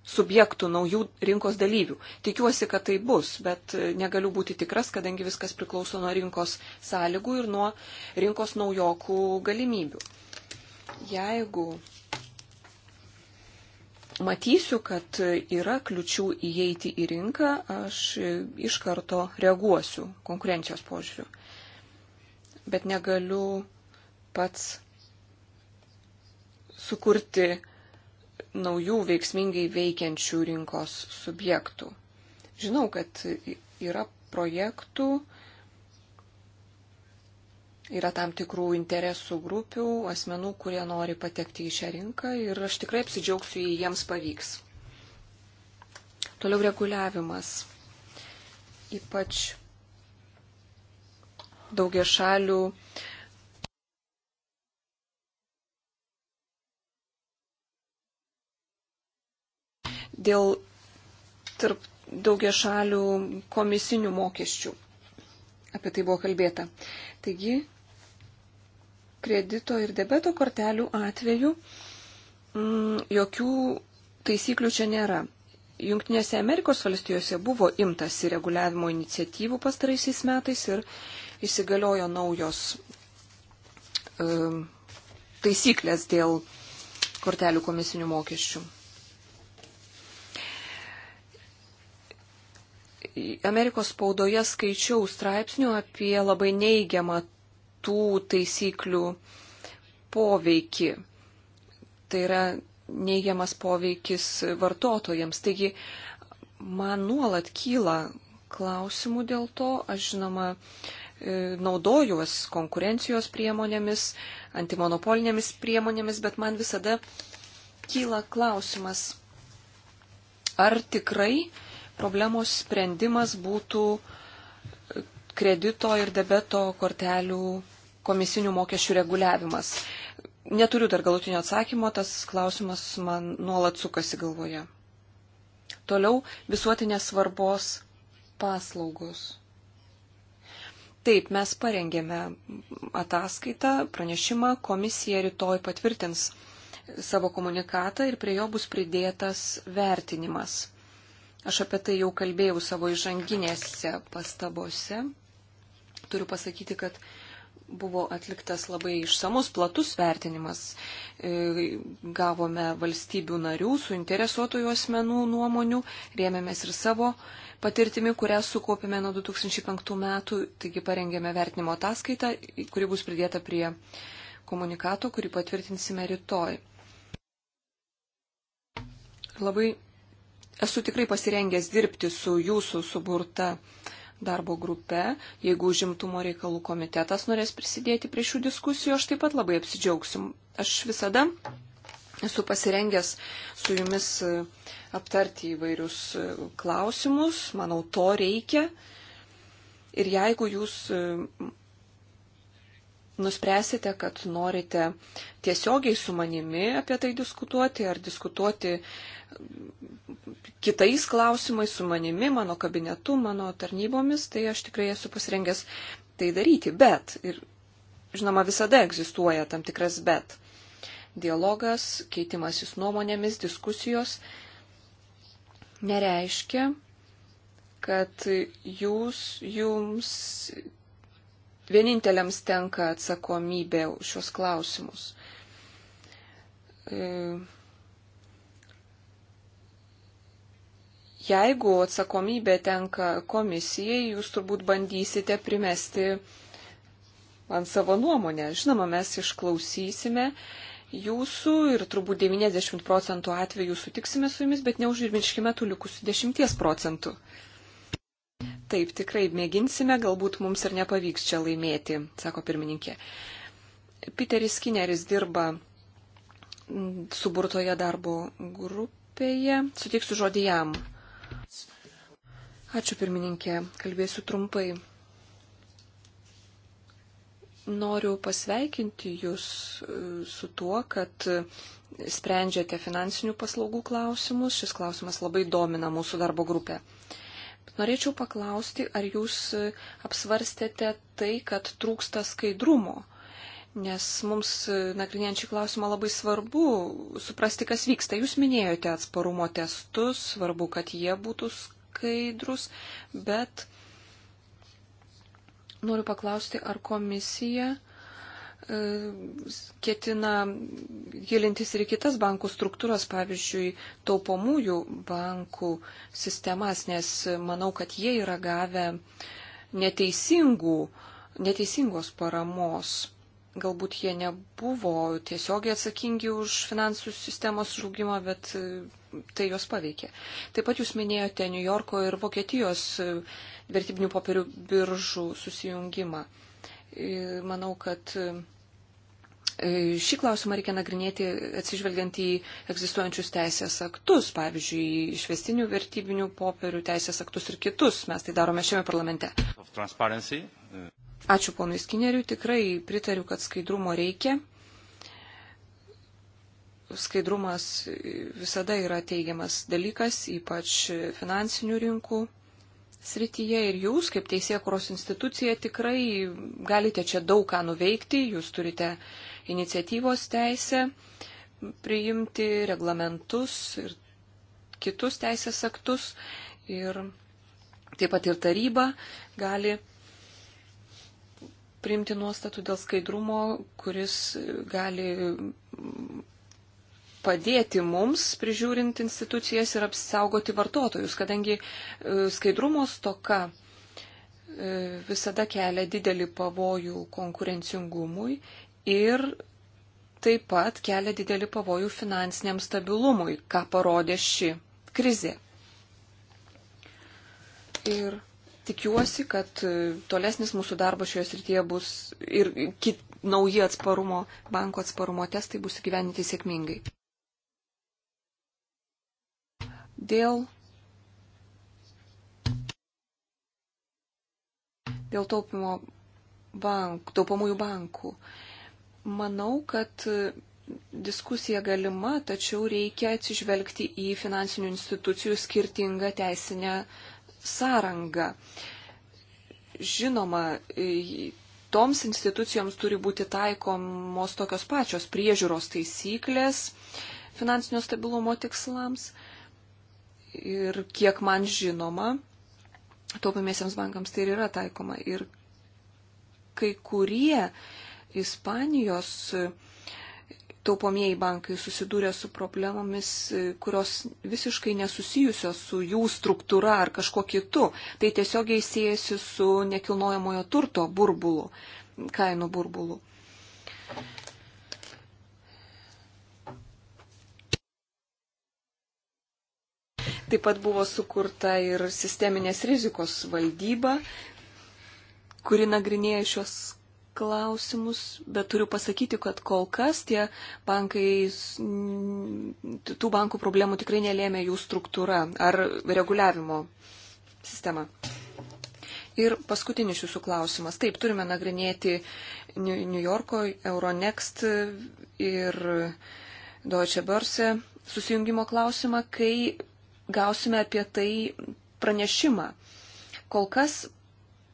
subjektų, naujų rinkos dalyvių. Tikiuosi, kad tai bus, bet e, negaliu būti tikras, kadangi viskas priklauso nuo rinkos sąlygų ir nuo rinkos naujokų galimybių. Jeigu matysiu, kad yra kliučių įeiti į rinką, aš iš karto reaguosiu konkurencijos požiūriu. Bet negaliu pats sukurti naujų veiksmingai veikiančių rinkos subjektų. Žinau, kad yra projektų, yra tam tikrų interesų grupių, asmenų, kurie nori patekti į šią rinką ir aš tikrai apsidžiaugsiu, jei jiems pavyks. Toliau reguliavimas. Ypač daugia šalių dėl tarp daugia šalių komisinių mokesčių. Apie tai buvo kalbėta. Taigi, kredito ir debeto kortelių atveju m, mm, jokių taisyklių čia nėra. Junktinėse Amerikos valstijose buvo imtasi reguliavimo iniciatyvų pastaraisiais metais ir įsigaliojo naujos e, taisyklės dėl kortelių komisinių mokesčių. Amerikos spaudoje skaičiau straipsnių apie labai neigiamą tų taisyklių poveikį. Tai yra neigiamas poveikis vartotojams. Taigi, man nuolat kyla klausimų dėl to. Aš žinoma, e, naudojuos konkurencijos priemonėmis, antimonopolinėmis priemonėmis, bet man visada kyla klausimas, ar tikrai problemos sprendimas būtų kredito ir debeto kortelių komisinių mokesčių reguliavimas. Neturiu dar galutinio atsakymo, tas klausimas man nuolat sukasi galvoje. Toliau visuotinės svarbos paslaugos. Taip, mes parengėme ataskaitą, pranešimą, komisija rytoj patvirtins savo komunikatą ir prie jo bus pridėtas vertinimas. Aš apie tai jau kalbėjau savo įžanginėse pastabose. Turiu pasakyti, kad buvo atliktas labai išsamus, platus vertinimas. E, gavome valstybių narių, suinteresuotojų asmenų nuomonių, rėmėmės ir savo patirtimi, kurią sukaupėme nuo 2005 metų, taigi parengėme vertinimo ataskaitą, kuri bus pridėta prie komunikato, kurį patvirtinsime rytoj. Labai esu tikrai pasirengęs dirbti su jūsų suburta darbo grupe. Jeigu užimtumo reikalų komitetas norės prisidėti prie šių diskusijų, aš taip pat labai apsidžiaugsiu. Aš visada esu pasirengęs su jumis e, aptarti įvairius e, klausimus. Manau, to reikia. Ir jeigu jūs e, nuspręsite, kad norite tiesiogiai su manimi apie tai diskutuoti ar diskutuoti mm, kitais klausimais su manimi, mano kabinetu, mano tarnybomis, tai aš tikrai esu pasirengęs tai daryti. Bet, ir žinoma, visada egzistuoja tam tikras bet. Dialogas, keitimasis nuomonėmis, diskusijos nereiškia, kad jūs, jums vieninteliams tenka atsakomybė už šios klausimus. E, jeigu atsakomybė tenka komisijai, jūs turbūt bandysite primesti man savo nuomonę. Žinoma, mes išklausysime jūsų ir turbūt 90 procentų atvejų sutiksime su jumis, bet neužmirškime tų likusių 10 procentų. Taip, tikrai mėginsime, galbūt mums ir nepavyks čia laimėti, sako pirmininkė. Piteris Kineris dirba suburtoje darbo grupėje. Sutiksiu žodį jam. Ačiū pirmininkė, kalbėsiu trumpai. Noriu pasveikinti Jūs e, su tuo, kad sprendžiate finansinių paslaugų klausimus. Šis klausimas labai domina mūsų darbo grupę. Norėčiau paklausti, ar jūs apsvarstėte tai, kad trūksta skaidrumo, nes mums e, nagrinėjant šį klausimą labai svarbu suprasti, kas vyksta. Jūs minėjote atsparumo testus, svarbu, kad jie būtų skaidrus, bet noriu paklausti, ar komisija E, ketina gilintis ir į kitas bankų struktūras, pavyzdžiui, taupomųjų bankų sistemas, nes manau, kad jie yra gavę neteisingų, neteisingos paramos. Galbūt jie nebuvo tiesiogiai atsakingi už finansų sistemos žlugimą, bet e, tai juos paveikė. Taip pat jūs minėjote New Yorko ir Vokietijos e, vertybinių popierių biržų susijungimą manau, kad E, šį klausimą reikia nagrinėti atsižvelgiant į egzistuojančius teisės aktus, pavyzdžiui, išvestinių vertybinių popierių teisės aktus ir kitus. Mes tai darome šiame parlamente. E. Ačiū ponui Skineriui, tikrai pritariu, kad skaidrumo reikia. Skaidrumas visada yra teigiamas dalykas, ypač finansinių rinkų srityje ir jūs, kaip Teisėkuros institucija, tikrai galite čia daug ką nuveikti, jūs turite iniciatyvos teisę priimti reglamentus ir kitus teisės aktus. Ir taip pat ir taryba gali priimti nuostatų dėl skaidrumo, kuris gali padėti mums, prižiūrint institucijas ir apsaugoti vartotojus, kadangi e, skaidrumo stoka e, visada kelia didelį pavojų konkurencingumui ir taip pat kelia didelį pavojų finansiniam stabilumui, ką parodė ši krizė. Ir tikiuosi, kad tolesnis mūsų darbas šioje srityje bus ir kit, nauji atsparumo, banko atsparumo testai bus įgyveninti sėkmingai. Dėl, dėl taupimo bank, taupomųjų bankų. bankų Manau, kad diskusija galima, tačiau reikia atsižvelgti į finansinių institucijų skirtingą teisinę sąrangą. Žinoma, toms institucijoms turi būti taikomos tokios pačios priežiūros taisyklės finansinio stabilumo tikslams. Ir kiek man žinoma, taupimiesiems bankams tai ir yra taikoma. Ir kai kurie Ispanijos e, taupomieji bankai susidūrė su problemomis, e, kurios visiškai nesusijusios su jų struktūra ar kažkuo kitu. Tai tiesiogiai siejasi su nekilnojamojo turto burbulu, kainų burbulu. Taip pat buvo sukurta ir sisteminės rizikos valdyba, kuri nagrinėja šios klausimus, bet turiu pasakyti, kad kol kas tie bankai, tų bankų problemų tikrai nelėmė jų struktūra ar reguliavimo sistema. Ir paskutinis jūsų klausimas. Taip, turime nagrinėti New Yorko, Euronext ir Deutsche Börse susijungimo klausimą, kai gausime apie tai pranešimą. Kol kas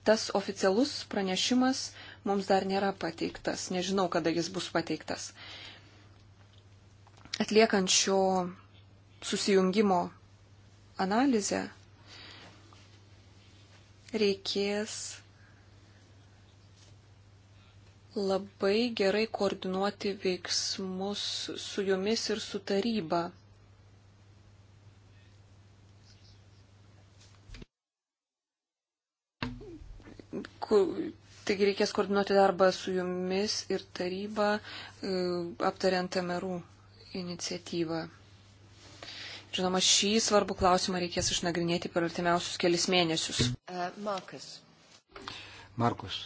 tas oficialus pranešimas mums dar nėra pateiktas. Nežinau, kada jis bus pateiktas. Atliekant šio susijungimo analizę, reikės labai gerai koordinuoti veiksmus su jumis ir su taryba. Taigi reikės koordinuoti darbą su jumis ir taryba, e, aptariant MRU iniciatyvą. Žinoma, šį svarbų klausimą reikės išnagrinėti per artimiausius kelis mėnesius. Uh, Markas. Markus.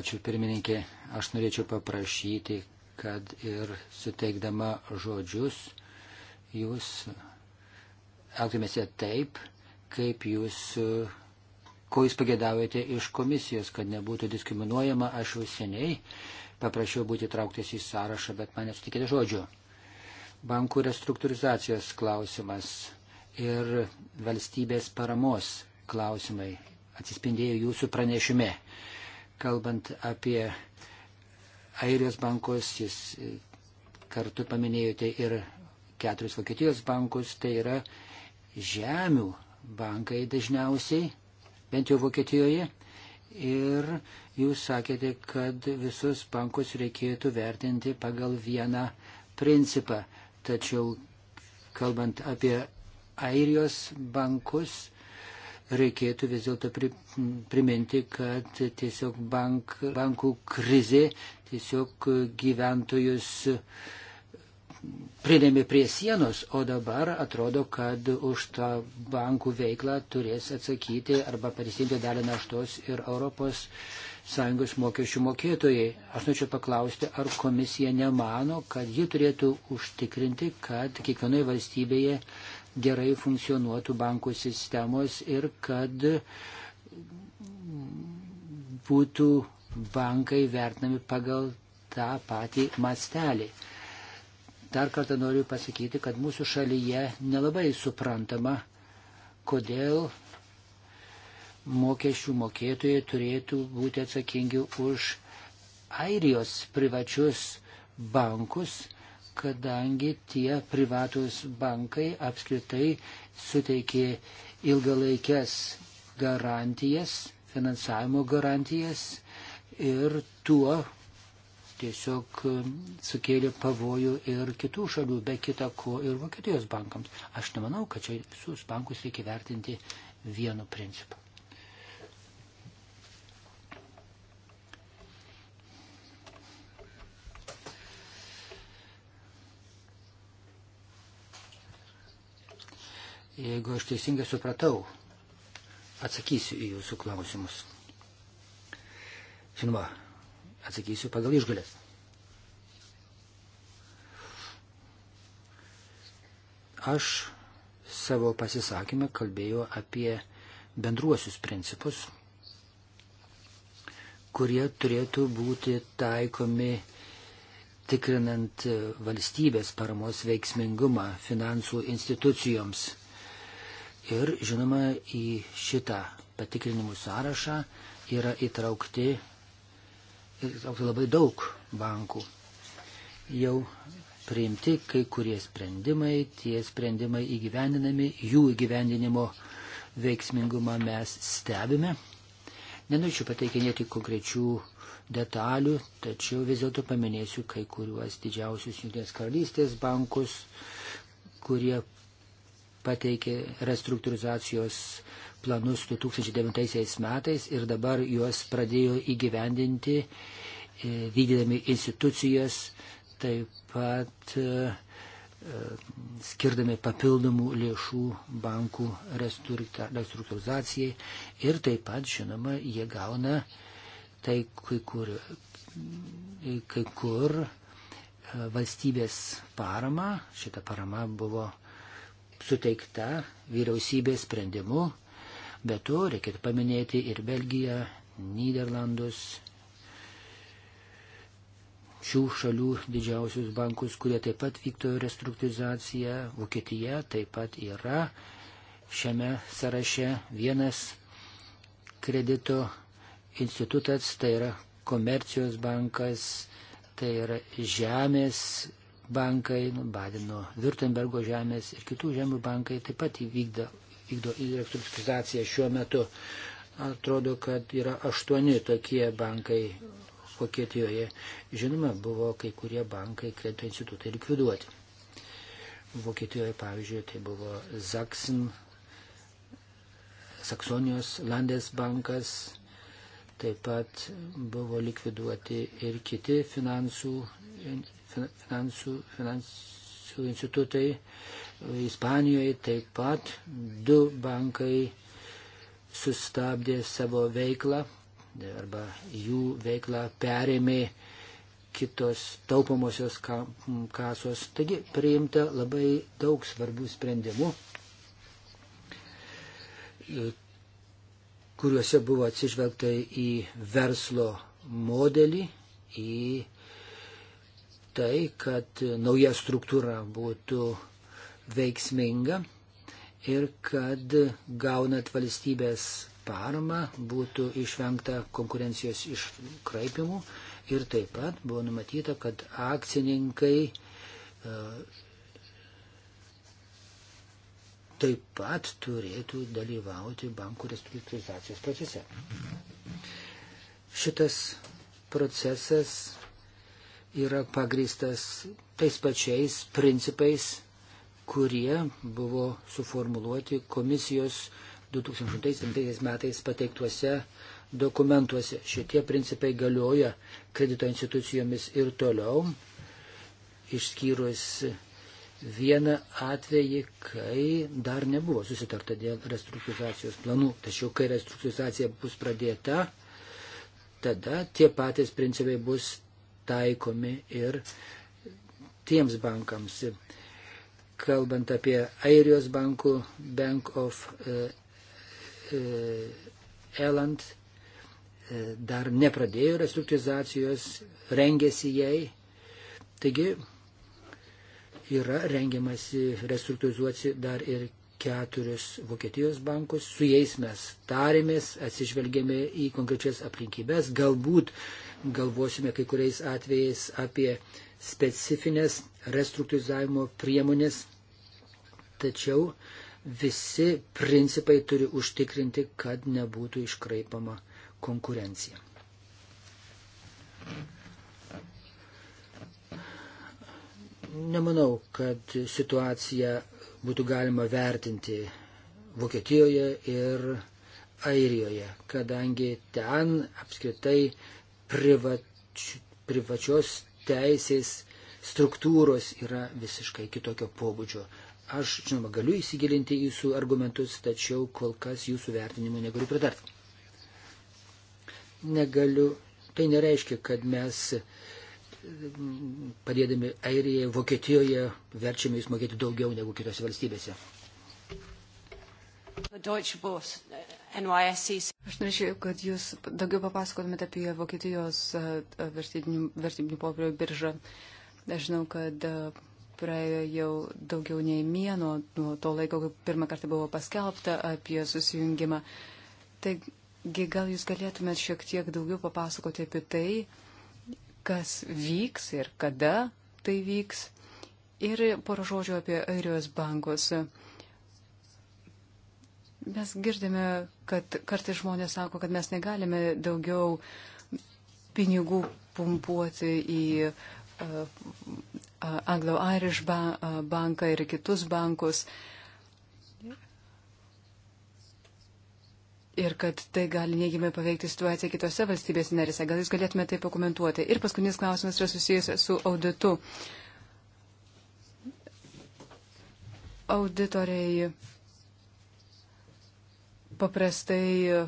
Ačiū pirmininkė. Aš norėčiau paprašyti, kad ir suteikdama žodžius jūs elgtumėte taip, kaip jūs ko jūs pagėdavote iš komisijos, kad nebūtų diskriminuojama. Aš jau seniai paprašiau būti trauktis į sąrašą, bet man nesutikėte žodžio. Bankų restruktūrizacijos klausimas ir valstybės paramos klausimai atsispindėjo jūsų pranešime. Kalbant apie Airijos bankus, jūs e, kartu paminėjote ir keturis Vokietijos bankus, tai yra žemių bankai dažniausiai bent jau Vokietijoje. Ir jūs sakėte, kad visus bankus reikėtų vertinti pagal vieną principą. Tačiau, kalbant apie Airijos bankus, reikėtų vis dėlto pri, priminti, kad tiesiog bank, bankų krizė tiesiog gyventojus uh, pridėmė prie sienos, o dabar atrodo, kad už tą bankų veiklą turės atsakyti arba prisimti dalį naštos ir ES mokesčių mokėtojai. Aš norėčiau paklausti, ar komisija nemano, kad ji turėtų užtikrinti, kad kiekvienoje valstybėje gerai funkcionuotų bankų sistemos ir kad būtų bankai vertinami pagal tą patį mastelį. Dar kartą noriu pasakyti, kad mūsų šalyje nelabai suprantama, kodėl mokesčių mokėtojai turėtų būti atsakingi už Airijos privačius bankus, kadangi tie privatus bankai apskritai suteikė ilgalaikės garantijas, finansavimo garantijas ir tuo tiesiog um, sukėlė pavojų ir kitų šalių, be kita ko ir Vokietijos bankams. Aš nemanau, kad čia visus bankus reikia vertinti vienu principu. Jeigu aš teisingai supratau, atsakysiu į jūsų klausimus. Žinoma, Atsakysiu pagal išgalės. Aš savo pasisakymę kalbėjau apie bendruosius principus, kurie turėtų būti taikomi tikrinant valstybės paramos veiksmingumą finansų institucijoms. Ir žinoma, į šitą patikrinimų sąrašą yra įtraukti egzistuotų tai labai daug bankų. Jau priimti kai kurie sprendimai, tie sprendimai įgyvendinami, jų įgyvendinimo veiksmingumą mes stebime. Nenorėčiau pateikinėti konkrečių detalių, tačiau vis dėlto paminėsiu kai kuriuos didžiausius Junktinės karalystės bankus, kurie pateikė restruktūrizacijos planus 2009 metais ir dabar juos pradėjo įgyvendinti, e, vykdydami institucijas, taip pat e, e, skirdami papildomų lėšų bankų restruktūrizacijai ir taip pat, žinoma, jie gauna tai kai kur, kai kur valstybės parama, šita parama buvo suteikta vyriausybės sprendimu Be to reikėtų paminėti ir Belgiją, Niderlandus, šių šalių didžiausius bankus, kurie taip pat vykdo restruktūrizaciją. Vokietija taip pat yra šiame sąraše vienas kredito institutas, tai yra komercijos bankas, tai yra žemės bankai, nu, Badino, Württembergo žemės ir kitų žemų bankai taip pat įvykdo vykdo elektrifikaciją šiuo metu. Atrodo, kad yra aštuoni tokie bankai Vokietijoje. Žinoma, buvo kai kurie bankai, kredito institutai likviduoti. Vokietijoje, pavyzdžiui, tai buvo Zaksin, Saksonijos Landesbankas, taip pat buvo likviduoti ir kiti finansų, finansų, finansų finansų institutai, Ispanijoje taip pat du bankai sustabdė savo veiklą arba jų veiklą perėmė kitos taupomosios kasos. Taigi priimta labai daug svarbių sprendimų, kuriuose buvo atsižvelgta į verslo modelį, į tai, kad nauja struktūra būtų veiksminga ir kad gaunant valstybės paramą būtų išvengta konkurencijos iškraipimų ir taip pat buvo numatyta, kad akcininkai e, taip pat turėtų dalyvauti bankų restruktūrizacijos procese. Šitas procesas yra pagristas tais pačiais principais, kurie buvo suformuluoti komisijos 2007 metais pateiktuose dokumentuose. Šitie principai galioja kredito institucijomis ir toliau, išskyrus vieną atvejį, kai dar nebuvo susitarta dėl restruktūrizacijos planų. Tačiau, kai restruktūrizacija bus pradėta, tada tie patys principai bus taikomi ir tiems bankams. Kalbant apie Airijos bankų Bank of e, e, Eland, e, dar nepradėjo restruktūrizacijos, rengėsi jai. Taigi yra rengiamasi restruktūrizuoti dar ir keturis Vokietijos bankus, su jais mes tarėmės, atsižvelgėme į konkrečias aplinkybės, galbūt galvosime kai kuriais atvejais apie specifines restruktūrizavimo priemonės, tačiau visi principai turi užtikrinti, kad nebūtų iškraipama konkurencija. Nemanau, kad situacija būtų galima vertinti Vokietijoje ir Airijoje, kadangi ten apskritai privač, privačios teisės struktūros yra visiškai kitokio pobūdžio. Aš, žinoma, galiu įsigilinti jūsų argumentus, tačiau kol kas jūsų vertinimu negaliu pritarti. Negaliu. Tai nereiškia, kad mes padėdami Airijai, Vokietijoje verčiame jūs mokėti daugiau negu kitose valstybėse. Uh, Aš norėčiau, kad jūs daugiau papasakotumėte apie Vokietijos uh, vertybinių popierių biržą. Aš žinau, kad uh, praėjo jau daugiau nei mėno nuo to laiko, kai pirmą kartą buvo paskelbta apie susijungimą. Taigi gal jūs galėtumėt šiek tiek daugiau papasakoti apie tai, kas vyks ir kada tai vyks. Ir poro žodžių apie Airijos bankus. Mes girdime, kad kartais žmonės sako, kad mes negalime daugiau pinigų pumpuoti į uh, uh Anglo-Irish uh, banką ir kitus bankus. Uh, ir kad tai gali neigiamai paveikti situaciją kitose valstybės narėse. Gal jūs galėtume tai pakomentuoti? Ir paskutinis klausimas yra susijęs su auditu. Auditoriai paprastai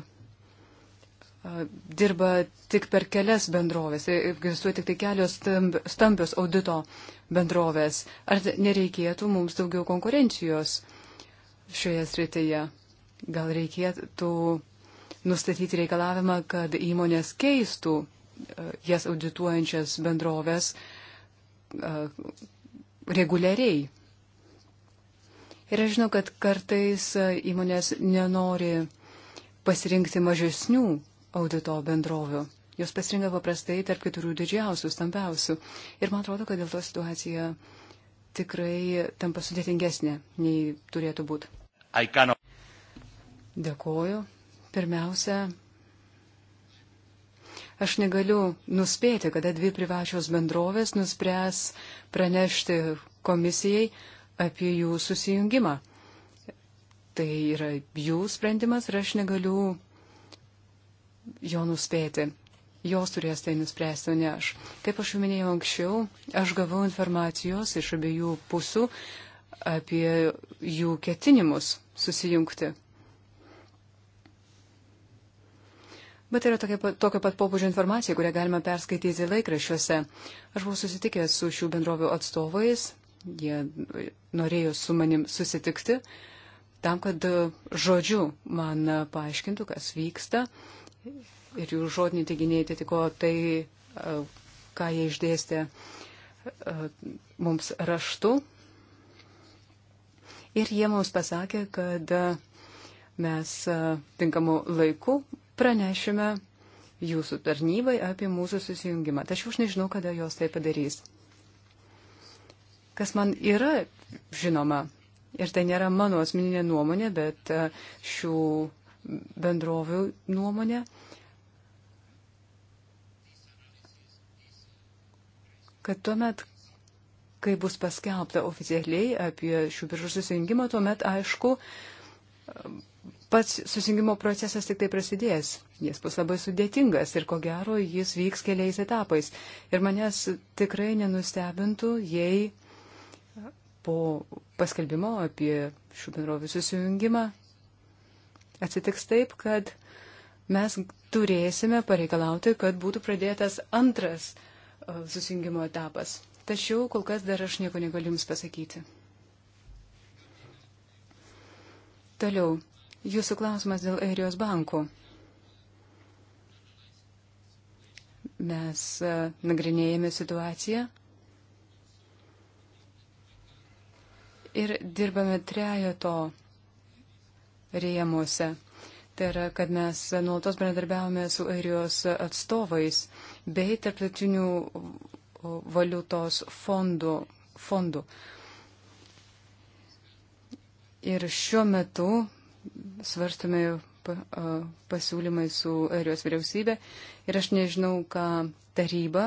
dirba tik per kelias bendrovės, e, egzistuoja tik tai kelios stambios audito bendrovės. Ar nereikėtų mums daugiau konkurencijos šioje srityje? Gal reikėtų nustatyti reikalavimą, kad įmonės keistų e, jas audituojančias bendrovės e, reguliariai. Ir aš žinau, kad kartais e, įmonės nenori pasirinkti mažesnių audito bendrovių. Jos pasirinka paprastai tarp keturių didžiausių, stambiausių. Ir man atrodo, kad dėl to situacija tikrai tampa sudėtingesnė, nei turėtų būti. Dėkoju. Pirmiausia, aš negaliu nuspėti, kada dvi privačios bendrovės nuspręs pranešti komisijai apie jų susijungimą. Tai yra jų sprendimas ir aš negaliu jo nuspėti. Jos turės tai nuspręsti, o ne aš. Kaip aš jau minėjau anksčiau, aš gavau informacijos iš abiejų pusių apie jų ketinimus susijungti. Bet yra tokia, tokio pat pobūdžio informacija, kurią galima perskaityti laikraščiuose. Aš buvau susitikęs su šių bendrovių atstovais, jie norėjo su manim susitikti, tam, kad e, žodžiu man e, paaiškintų, kas vyksta. Ir jų žodinį teiginiai atitiko tai, e, ką jie išdėstė mums raštu. Ir jie mums pasakė, kad mes tinkamu laiku pranešime jūsų tarnybai apie mūsų susijungimą. Tačiau aš nežinau, kada jos tai padarys. Kas man yra žinoma, ir tai nėra mano asmeninė nuomonė, bet e, šių bendrovių nuomonė, kad tuomet, kai bus paskelbta oficialiai apie šių biržų susijungimą, tuomet aišku, pats susijungimo procesas tik tai prasidės. Jis bus labai sudėtingas ir ko gero jis vyks keliais etapais. Ir manęs tikrai nenustebintų, jei po paskelbimo apie šių bendrovių susijungimą atsitiks taip, kad mes turėsime pareikalauti, kad būtų pradėtas antras uh, susijungimo etapas. Tačiau kol kas dar aš nieko negaliu Jums pasakyti. Toliau. Jūsų klausimas dėl Airijos bankų. Mes e, nagrinėjame situaciją ir dirbame trejoto rėmuose. Tai yra, kad mes nuolatos bendradarbiavome su airijos atstovais bei tarptautinių valiutos fondų. fondų. Ir šiuo metu svarstome pasiūlymai su Airijos vyriausybė ir aš nežinau, ką taryba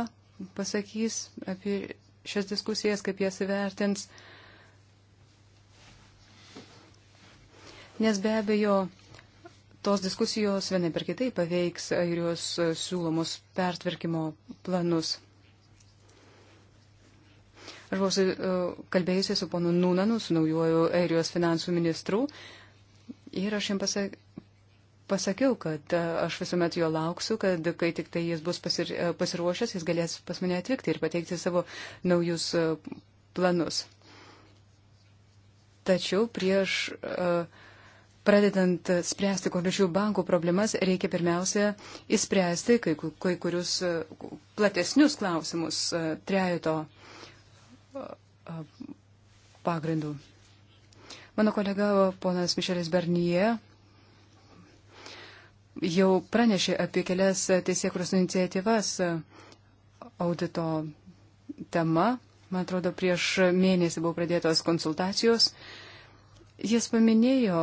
pasakys apie šias diskusijas, kaip jas įvertins. Nes be abejo, tos diskusijos vienai per kitai paveiks airijos siūlomus pertvarkymo planus. Aš buvau kalbėjusi su ponu Nūnanu, su naujoju airijos finansų ministru, Ir aš jam pasak, pasakiau, kad e, aš visuomet jo lauksiu, kad kai tik tai jis bus pasir, e, pasiruošęs, jis galės pas mane atvykti ir pateikti savo naujus e, planus. Tačiau prieš pradedant spręsti konkrečių bankų problemas, reikia pirmiausia įspręsti kai, kai kurius platesnius klausimus trejato pagrindų. Mano kolega ponas Mišelis Bernie jau pranešė apie kelias teisėkros iniciatyvas audito tema. Man atrodo, prieš mėnesį buvo pradėtos konsultacijos. Jis paminėjo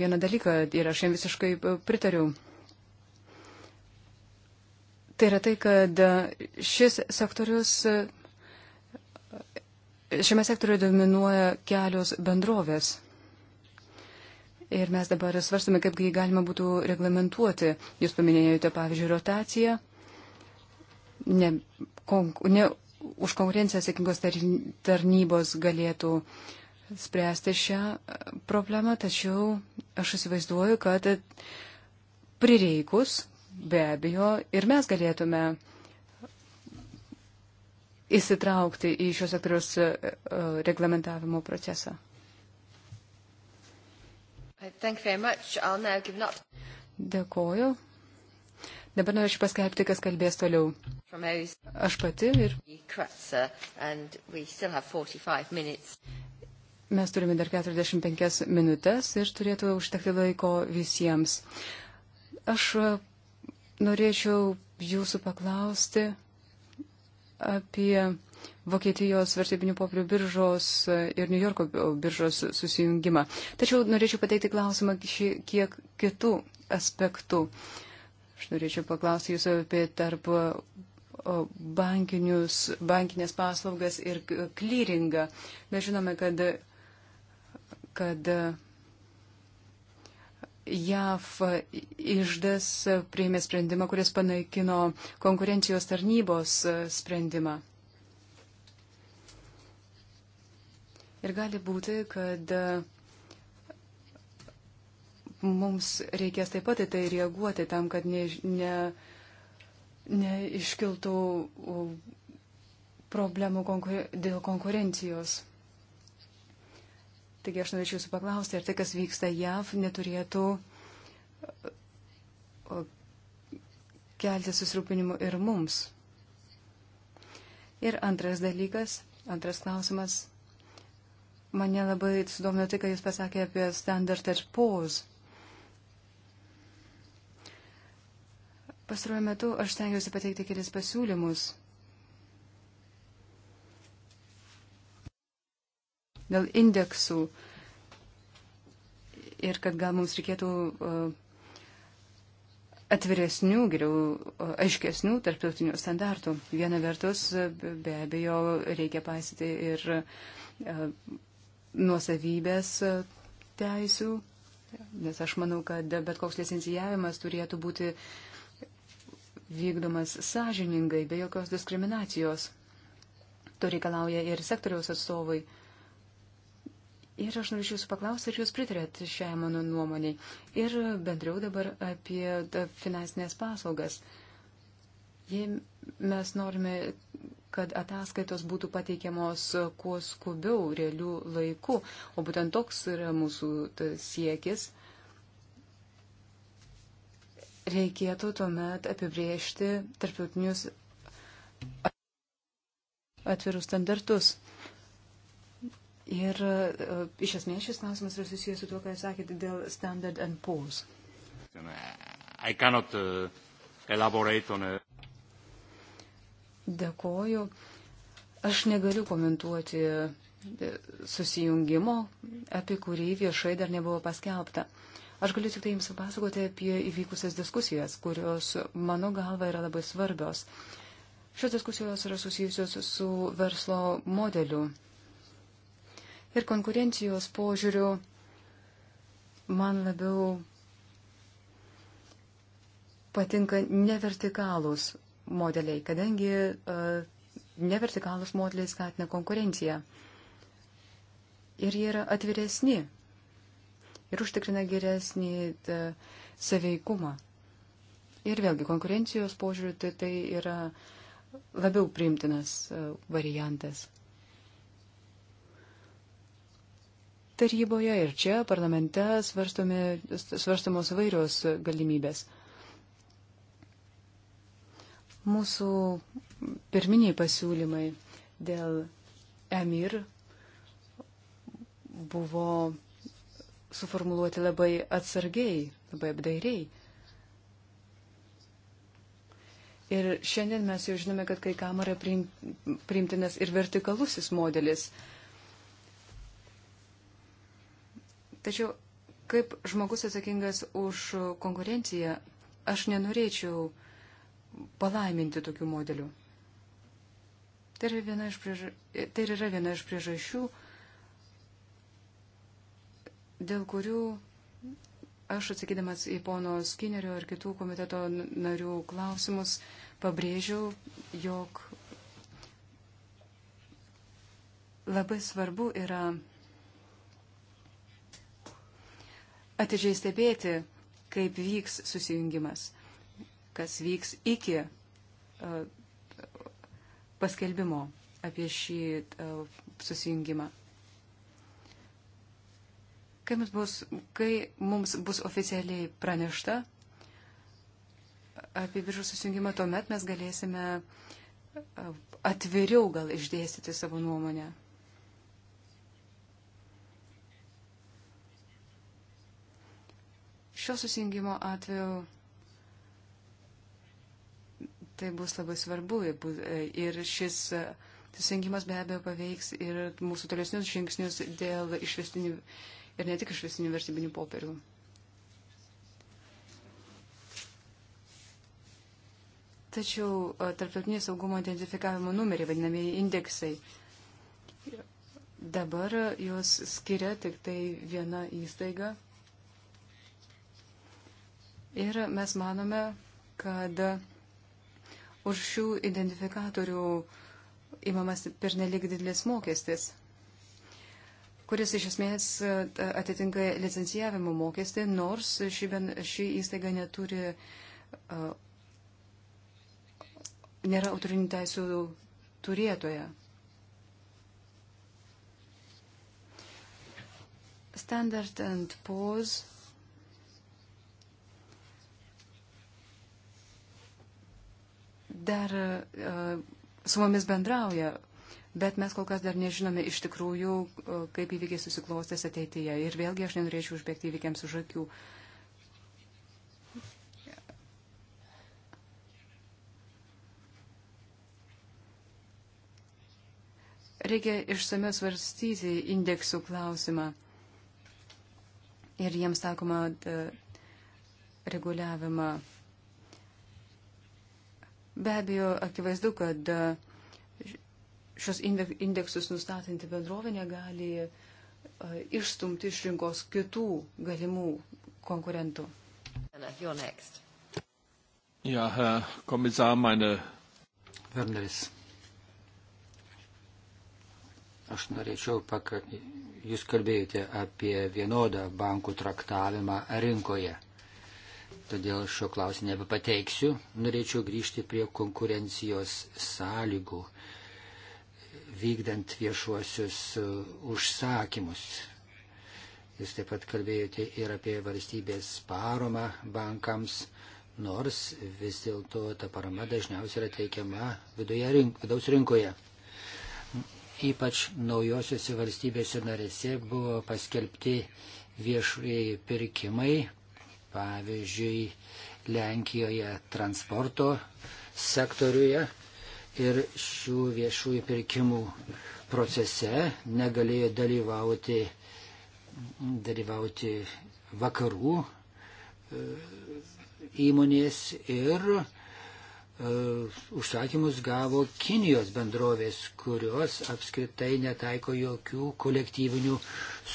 vieną dalyką ir aš jam visiškai pritariu. Tai yra tai, kad šis sektorius Šiame sektoriuje dominuoja kelios bendrovės. Ir mes dabar svarstame, kaip jį galima būtų reglamentuoti. Jūs paminėjote, pavyzdžiui, rotaciją. Ne, kon, ne, už konkurenciją atsakingos tarnybos galėtų spręsti šią e, problemą, tačiau aš įsivaizduoju, kad prireikus be abejo ir mes galėtume uh, įsitraukti į šios sektoriaus e, e, reglamentavimo procesą. Dėkoju. Dabar norėčiau paskelbti, kas kalbės toliau. Aš pati ir. Mes turime dar 45 minutės ir turėtų užtekti laiko visiems. Aš e, norėčiau jūsų paklausti, apie Vokietijos vertybinių popierių biržos ir New Yorko biržos susijungimą. Tačiau norėčiau pateikti klausimą kiek kitų aspektų. Aš norėčiau paklausti jūsų apie tarp bankinius, bankinės paslaugas ir klyringą. Mes žinome, kad, kad JAV išdas priėmė sprendimą, kuris panaikino konkurencijos tarnybos e, sprendimą. Ir gali būti, kad e, mums reikės taip pat į tai reaguoti tam, kad neiškiltų ne, ne, ne problemų konkur dėl konkurencijos. Taigi aš norėčiau jūsų paklausti, ar tai, kas vyksta JAV, neturėtų kelti susirūpinimų ir mums. Ir antras dalykas, antras klausimas. Mane labai sudomino tai, ką jūs pasakė apie standard ir pause. Pastaruoju metu aš stengiuosi pateikti kelis pasiūlymus dėl indeksų ir kad gal mums reikėtų e, atviresnių, geriau e, aiškesnių tarptautinių standartų. Viena vertus, be abejo, reikia paisyti ir e, nuosavybės teisų, nes aš manau, kad bet koks licencijavimas turėtų būti vykdomas sąžiningai, be jokios diskriminacijos. To reikalauja ir sektoriaus atstovai. Ir aš norėčiau jūsų paklausti, ar jūs pritarėt šiai mano nuomonį. Ir bendriau dabar apie finansinės paslaugas. Jei mes norime, kad ataskaitos būtų pateikiamos kuo skubiau, realių laikų, o būtent toks yra mūsų siekis, reikėtų tuomet apibriežti tarptautinius atvirus standartus. Ir uh, iš esmės šis klausimas yra susijęs su tuo, ką jūs sakėte dėl standard and pools. Cannot, uh, e, a... Dėkoju. Aš negaliu komentuoti e, susijungimo, apie kurį viešai dar nebuvo paskelbta. Aš galiu tik tai jums papasakoti apie įvykusias diskusijas, kurios mano galva yra labai svarbios. Šios diskusijos yra susijusios su verslo modeliu Ir konkurencijos požiūriu man labiau patinka nevertikalūs modeliai, kadangi uh, e, nevertikalūs modeliai skatina konkurenciją. Ir jie yra atviresni ir užtikrina geresnį uh, saveikumą. Ir vėlgiu, konkurencijos požiūriu tai, tai yra labiau primtinas uh, e, variantas. taryboje ir čia parlamente svarstamos vairios galimybės. Mūsų pirminiai pasiūlymai dėl emir buvo suformuluoti labai atsargiai, labai apdairiai. Ir šiandien mes jau žinome, kad kai kam yra priimtinas ir vertikalusis modelis. Tačiau kaip žmogus atsakingas už konkurenciją, aš nenorėčiau palaiminti tokių modelių. Tai yra viena iš, prieža... tai yra viena iš priežasčių, dėl kurių aš atsakydamas į pono Skinerio ir kitų komiteto narių klausimus pabrėžiau, jog labai svarbu yra atidžiai stebėti, kaip vyks susijungimas, kas vyks iki e, paskelbimo apie šį e, susijungimą. Kai mums bus, kai mums bus oficialiai pranešta apie biržų susijungimą, tuomet mes galėsime e, atviriau gal išdėstyti savo nuomonę. Šio susijungimo atveju tai bus labai svarbu ir e, šis e, susijungimas be abejo paveiks ir mūsų tolesnius žingsnius dėl išvestinių ir ne tik išvestinių vertybinių popierių. Tačiau e, tarptautinio saugumo identifikavimo numeriai, vadinamieji indeksai, dabar juos skiria tik tai viena įstaiga Ir mes manome, kad už šių identifikatorių įmamas pernelik didelis mokestis, kuris iš esmės e, atitinka licencijavimo mokestį, nors ši, ben, ši įstaiga neturi, e, nėra autorinių teisų turėtoja. Standard and Pause dar e, su mumis bendrauja, bet mes kol kas dar nežinome iš tikrųjų, e, kaip įvykiai susiklostės ateityje. Ir vėlgi aš nenorėčiau užbėgti įvykiams už akių. reikia išsame svarstyti indeksų klausimą ir jiems sakoma e, reguliavimą. Be abejo, akivaizdu, kad e, šios indeksus nustatanti bendrovė negali e, išstumti iš rinkos kitų galimų konkurentų. Ja, Herr Kommissar, meine Werneris. Aš norėčiau, pak... jūs kalbėjote apie vienodą bankų traktavimą rinkoje todėl šio klausimo nebepateiksiu. Norėčiau grįžti prie konkurencijos sąlygų, vykdant viešuosius e, užsakymus. Jūs taip pat kalbėjote ir apie valstybės paromą bankams, nors vis dėlto ta parama dažniausiai yra teikiama rink, vidaus rinkoje. Ypač naujosiuose valstybėse narėse buvo paskelbti viešai pirkimai pavyzdžiui, Lenkijoje transporto sektoriuje ir šių viešųjų pirkimų procese negalėjo dalyvauti, dalyvauti vakarų e, įmonės ir e, užsakymus gavo Kinijos bendrovės, kurios apskritai netaiko jokių kolektyvinių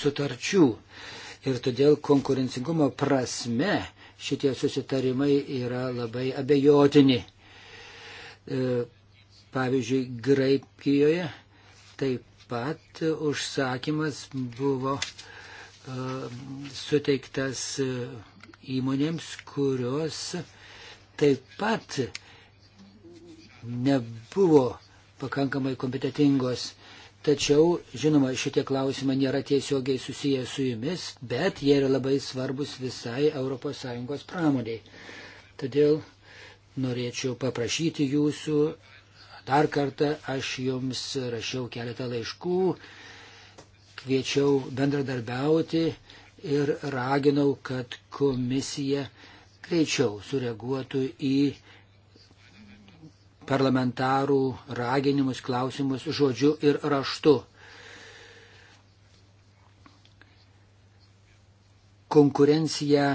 sutarčių. Ir todėl konkurencingumo prasme šitie susitarimai yra labai abejotini. E, pavyzdžiui, Graikijoje taip pat užsakymas buvo e, suteiktas e, įmonėms, kurios taip pat nebuvo pakankamai kompetitingos Tačiau, žinoma, šitie klausimai nėra tiesiogiai susiję su jumis, bet jie yra labai svarbus visai ES pramoniai. Todėl norėčiau paprašyti jūsų, dar kartą aš jums rašiau keletą laiškų, kviečiau bendradarbiauti ir raginau, kad komisija greičiau sureaguotų į parlamentarų raginimus, klausimus žodžiu ir raštu. Konkurencija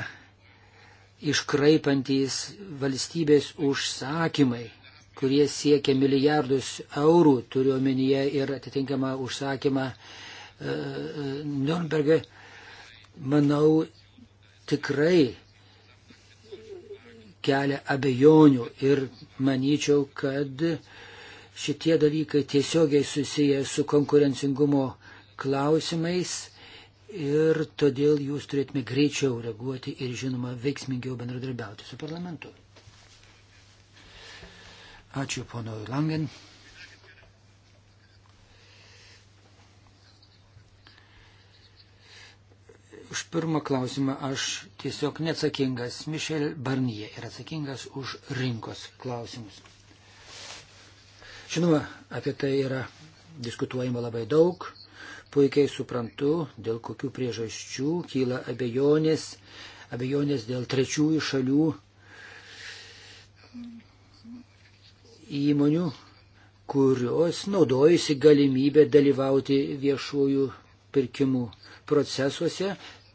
iškraipantis valstybės užsakymai, kurie siekia milijardus eurų, turiu omenyje ir atitinkamą užsakymą e, e Nürnbergą, manau, tikrai kelia abejonių ir manyčiau, kad šitie dalykai tiesiogiai susiję su konkurencingumo klausimais ir todėl jūs turėtume greičiau reaguoti ir, žinoma, veiksmingiau bendradarbiauti su parlamentu. Ačiū, pono Langen. Už pirmą klausimą aš tiesiog neatsakingas. Mišel Barnie yra atsakingas už rinkos klausimus. Žinoma, apie tai yra diskutuojama labai daug. Puikiai suprantu, dėl kokių priežasčių kyla abejonės, abejonės dėl trečiųjų šalių įmonių, kurios naudojasi galimybę dalyvauti viešųjų pirkimų procesuose,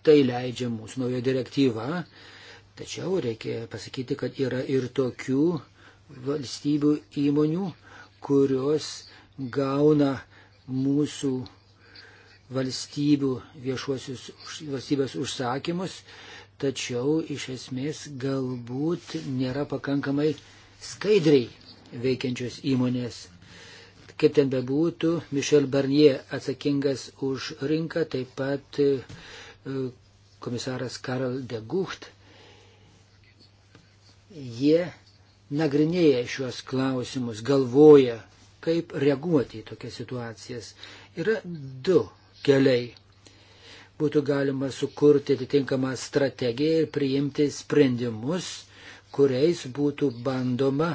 tai leidžia mūsų nauja direktyva. Tačiau reikia pasakyti, kad yra ir tokių valstybių įmonių, kurios gauna mūsų valstybių viešuosius valstybės užsakymus, tačiau iš esmės galbūt nėra pakankamai skaidriai veikiančios įmonės. Kaip ten bebūtų, Mišel Barnier atsakingas už rinką, taip pat komisaras Karl de Gucht, jie nagrinėja šiuos klausimus, galvoja, kaip reaguoti į tokias situacijas. Yra du keliai. Būtų galima sukurti atitinkamą strategiją ir priimti sprendimus, kuriais būtų bandoma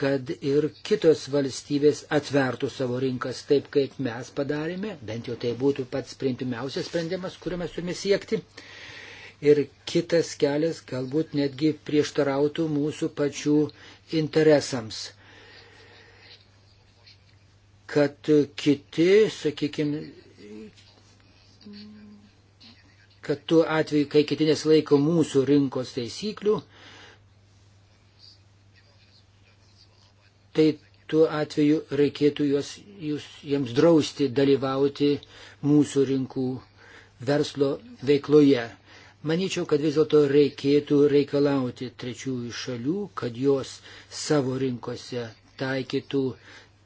kad ir kitos valstybės atvertų savo rinkas taip, kaip mes padarėme, bent jau tai būtų pats priimtimiausias sprendimas, kurio mes turime siekti. Ir kitas kelias galbūt netgi prieštarautų mūsų pačių interesams. Kad kiti, sakykime, kad tuo atveju, kai kiti nesilaiko mūsų rinkos taisyklių, tai tuo atveju reikėtų juos, jūs, jiems drausti dalyvauti mūsų rinkų verslo veikloje. Manyčiau, kad vis dėlto reikėtų reikalauti trečiųjų šalių, kad jos savo rinkose taikytų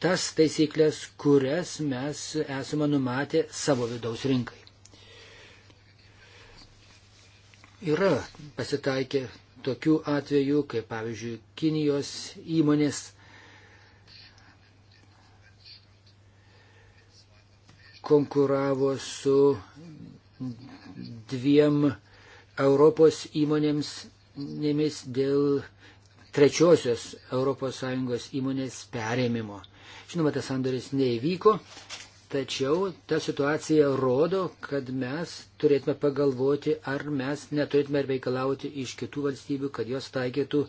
tas taisyklės, kurias mes esame numatę savo vidaus rinkai. Yra pasitaikę tokių atvejų, kaip pavyzdžiui Kinijos įmonės konkuravo su dviem Europos įmonėms nėmis dėl trečiosios ES įmonės perėmimo. Žinoma, tas sandoris neįvyko, tačiau ta situacija rodo, kad mes turėtume pagalvoti, ar mes neturėtume reikalauti iš kitų valstybių, kad jos taikytų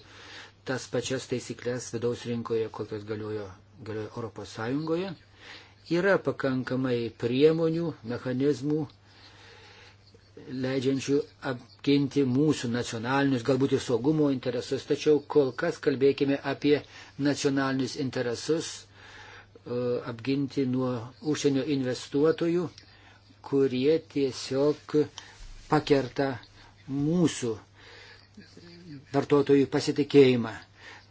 tas pačias taisyklės vidaus rinkoje, kokios galiojo, galiojo ES. Yra pakankamai priemonių, mechanizmų, leidžiančių apginti mūsų nacionalinius, galbūt ir saugumo interesus, tačiau kol kas kalbėkime apie nacionalinius interesus, e, apginti nuo užsienio investuotojų, kurie tiesiog pakerta mūsų vartotojų pasitikėjimą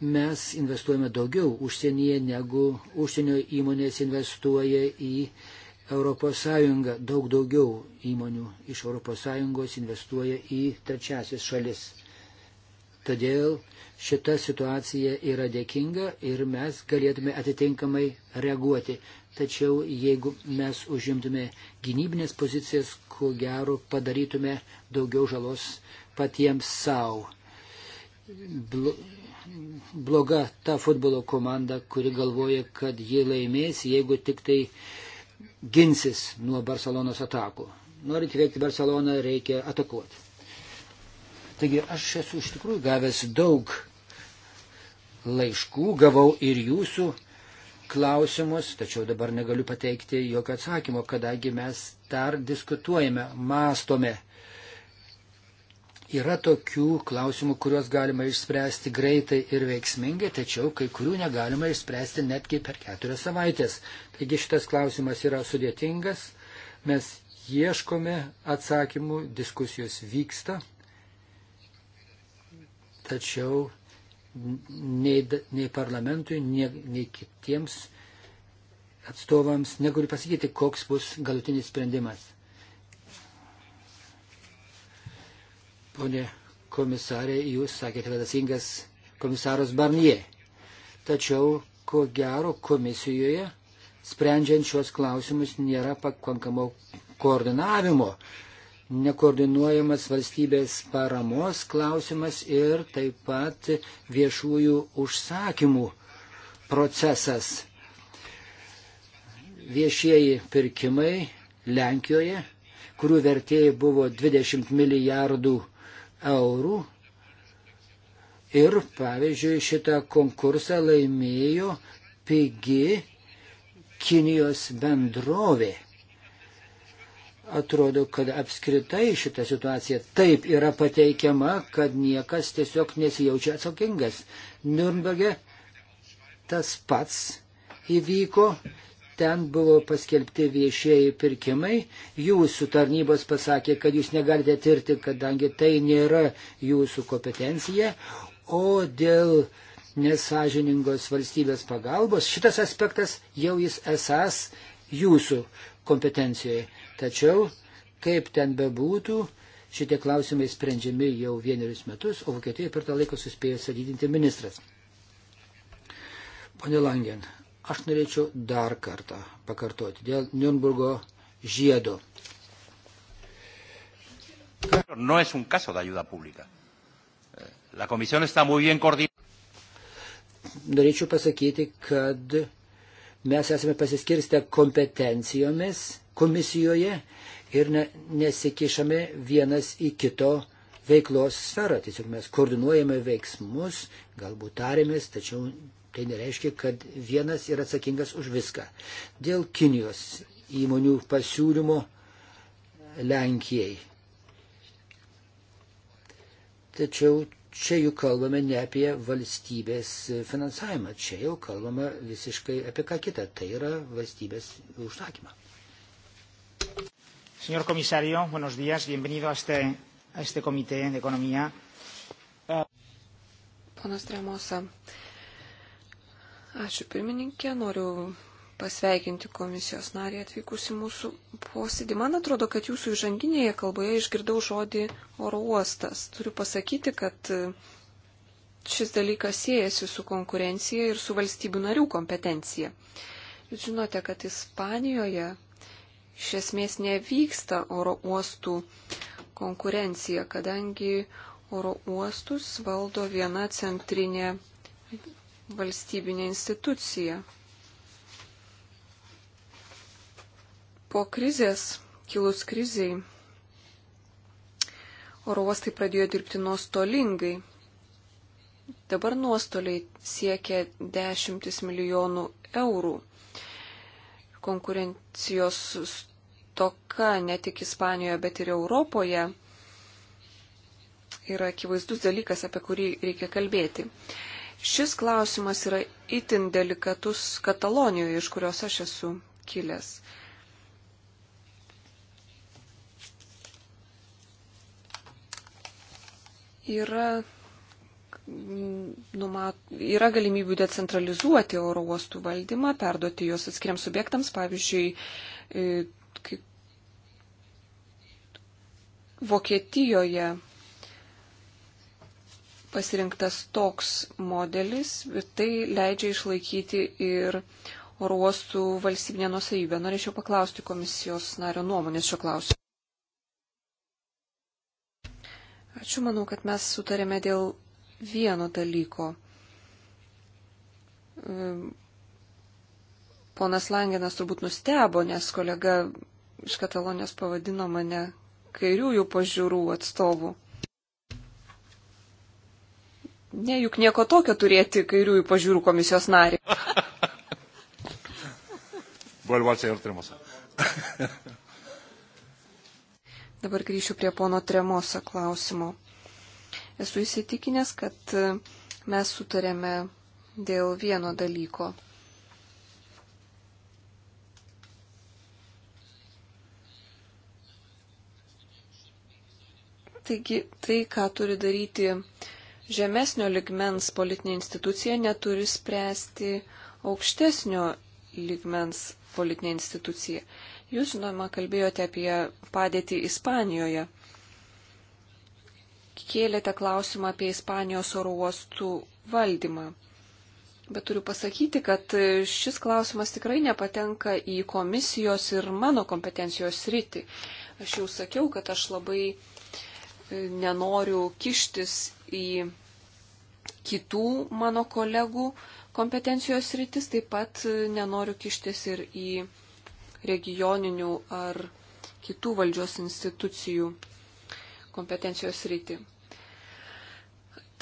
mes investuojame daugiau užsienyje negu užsienio įmonės investuoja į ES. Daug daugiau įmonių iš ES investuoja į trečiasis šalis. Todėl šita situacija yra dėkinga ir mes galėtume atitinkamai reaguoti. Tačiau jeigu mes užimtume gynybinės pozicijas, ko gero padarytume daugiau žalos patiems savo bloga ta futbolo komanda, kuri galvoja, kad ji laimės, jeigu tik tai ginsis nuo Barcelonos atakų. Norint įveikti Barceloną, reikia atakuoti. Taigi aš esu iš tikrųjų gavęs daug laiškų, gavau ir jūsų klausimus, tačiau dabar negaliu pateikti jokio atsakymo, kadangi mes dar diskutuojame, mastome. Yra tokių klausimų, kuriuos galima išspręsti greitai ir veiksmingai, tačiau kai kurių negalima išspręsti netgi per keturias savaitės. Taigi šitas klausimas yra sudėtingas, mes ieškome atsakymų, diskusijos vyksta, tačiau nei, nei parlamentui, nei, nei kitiems atstovams negaliu pasakyti, koks bus galutinis sprendimas. Pone komisarė, jūs sakėte, kad atsingas komisaras Barnie. Tačiau, ko gero, komisijoje, sprendžiant šios klausimus, nėra pakankamo koordinavimo. Nekoordinuojamas valstybės paramos klausimas ir taip pat viešųjų užsakymų procesas. Viešieji pirkimai Lenkijoje, kurių vertėjai buvo 20 milijardų eurų eurų. Ir, pavyzdžiui, šitą konkursą laimėjo pigi Kinijos bendrovė. Atrodo, kad apskritai šita situacija taip yra pateikiama, kad niekas tiesiog nesijaučia atsakingas. Nürnberge tas pats įvyko, ten buvo paskelbti viešieji pirkimai, jūsų tarnybos pasakė, kad jūs negalite tirti, kadangi tai nėra jūsų kompetencija, o dėl nesažiningos valstybės pagalbos šitas aspektas jau jis esas jūsų kompetencijoje. Tačiau, kaip ten bebūtų, šitie klausimai sprendžiami jau vienerius metus, o Vokietijoje per tą laiką suspėjo sadydinti ministras. Pone Langen, Aš norėčiau dar kartą pakartoti dėl Nürnbergo žiedo. No es un caso de ayuda pública. Eh, la comisión está muy bien coordinada. Norėčiau pasakyti, kad mes esame pasiskirstę kompetencijomis komisijoje ir ne, nesikišame vienas į kito veiklos sferą. Tiesiog mes koordinuojame veiksmus, galbūt tarėmės, tačiau Tai nereiškia, kad vienas yra atsakingas už viską. Dėl Kinijos įmonių pasiūlymo Lenkijai. Tačiau čia juk kalbame ne apie valstybės finansavimą, čia jau kalbama visiškai apie ką kitą, tai yra valstybės užsakymą. Señor comisario, buenos días, bienvenido a este, a este comité de economía. Ponas Tremosa, uh... Ačiū pirmininkė, noriu pasveikinti komisijos narį atvykusi mūsų posėdį. Man atrodo, kad jūsų įžanginėje kalboje išgirdau žodį oro uostas. Turiu pasakyti, kad e, šis dalykas siejasi su konkurencija ir su valstybių narių kompetencija. Jūs žinote, kad Ispanijoje iš esmės nevyksta oro uostų konkurencija, kadangi oro uostus valdo viena centrinė valstybinė institucija. Po krizės, kilus kriziai, oro uostai pradėjo dirbti nuostolingai. Dabar nuostoliai siekia dešimtis milijonų eurų. Konkurencijos stoka ne tik Ispanijoje, bet ir Europoje yra akivaizdus dalykas, apie kurį reikia kalbėti. Šis klausimas yra itin delikatus Katalonijoje, iš kurios aš esu kilęs. Yra, mm, numat, yra galimybių decentralizuoti oro uostų valdymą, perduoti juos atskiriams subjektams, pavyzdžiui, e, Vokietijoje pasirinktas toks modelis, bet tai leidžia išlaikyti ir oro uostų valstybinę nusavybę. Norėčiau paklausti komisijos nario nuomonės šio klausimu. Ačiū, manau, kad mes sutarėme dėl vieno dalyko. Ehm, ponas Langenas turbūt nustebo, nes kolega iš Katalonijos pavadino mane kairiųjų pažiūrų atstovų. Ne, juk nieko tokio turėti kairiųjų pažiūrų komisijos narį. Vuelvo al señor Tremosa. Dabar grįšiu prie pono Tremosa klausimo. Esu įsitikinęs, kad e, mes sutarėme dėl vieno dalyko. Taigi tai, ką turi daryti žemesnio ligmens politinė institucija neturi spręsti aukštesnio ligmens politinė institucija. Jūs, žinoma, kalbėjote apie padėtį Ispanijoje. Kėlėte klausimą apie Ispanijos oro uostų valdymą. Bet turiu pasakyti, kad šis klausimas tikrai nepatenka į komisijos ir mano kompetencijos rytį. Aš jau sakiau, kad aš labai nenoriu kištis į kitų mano kolegų kompetencijos rytis, taip pat nenoriu kištis ir į regioninių ar kitų valdžios institucijų kompetencijos rytį.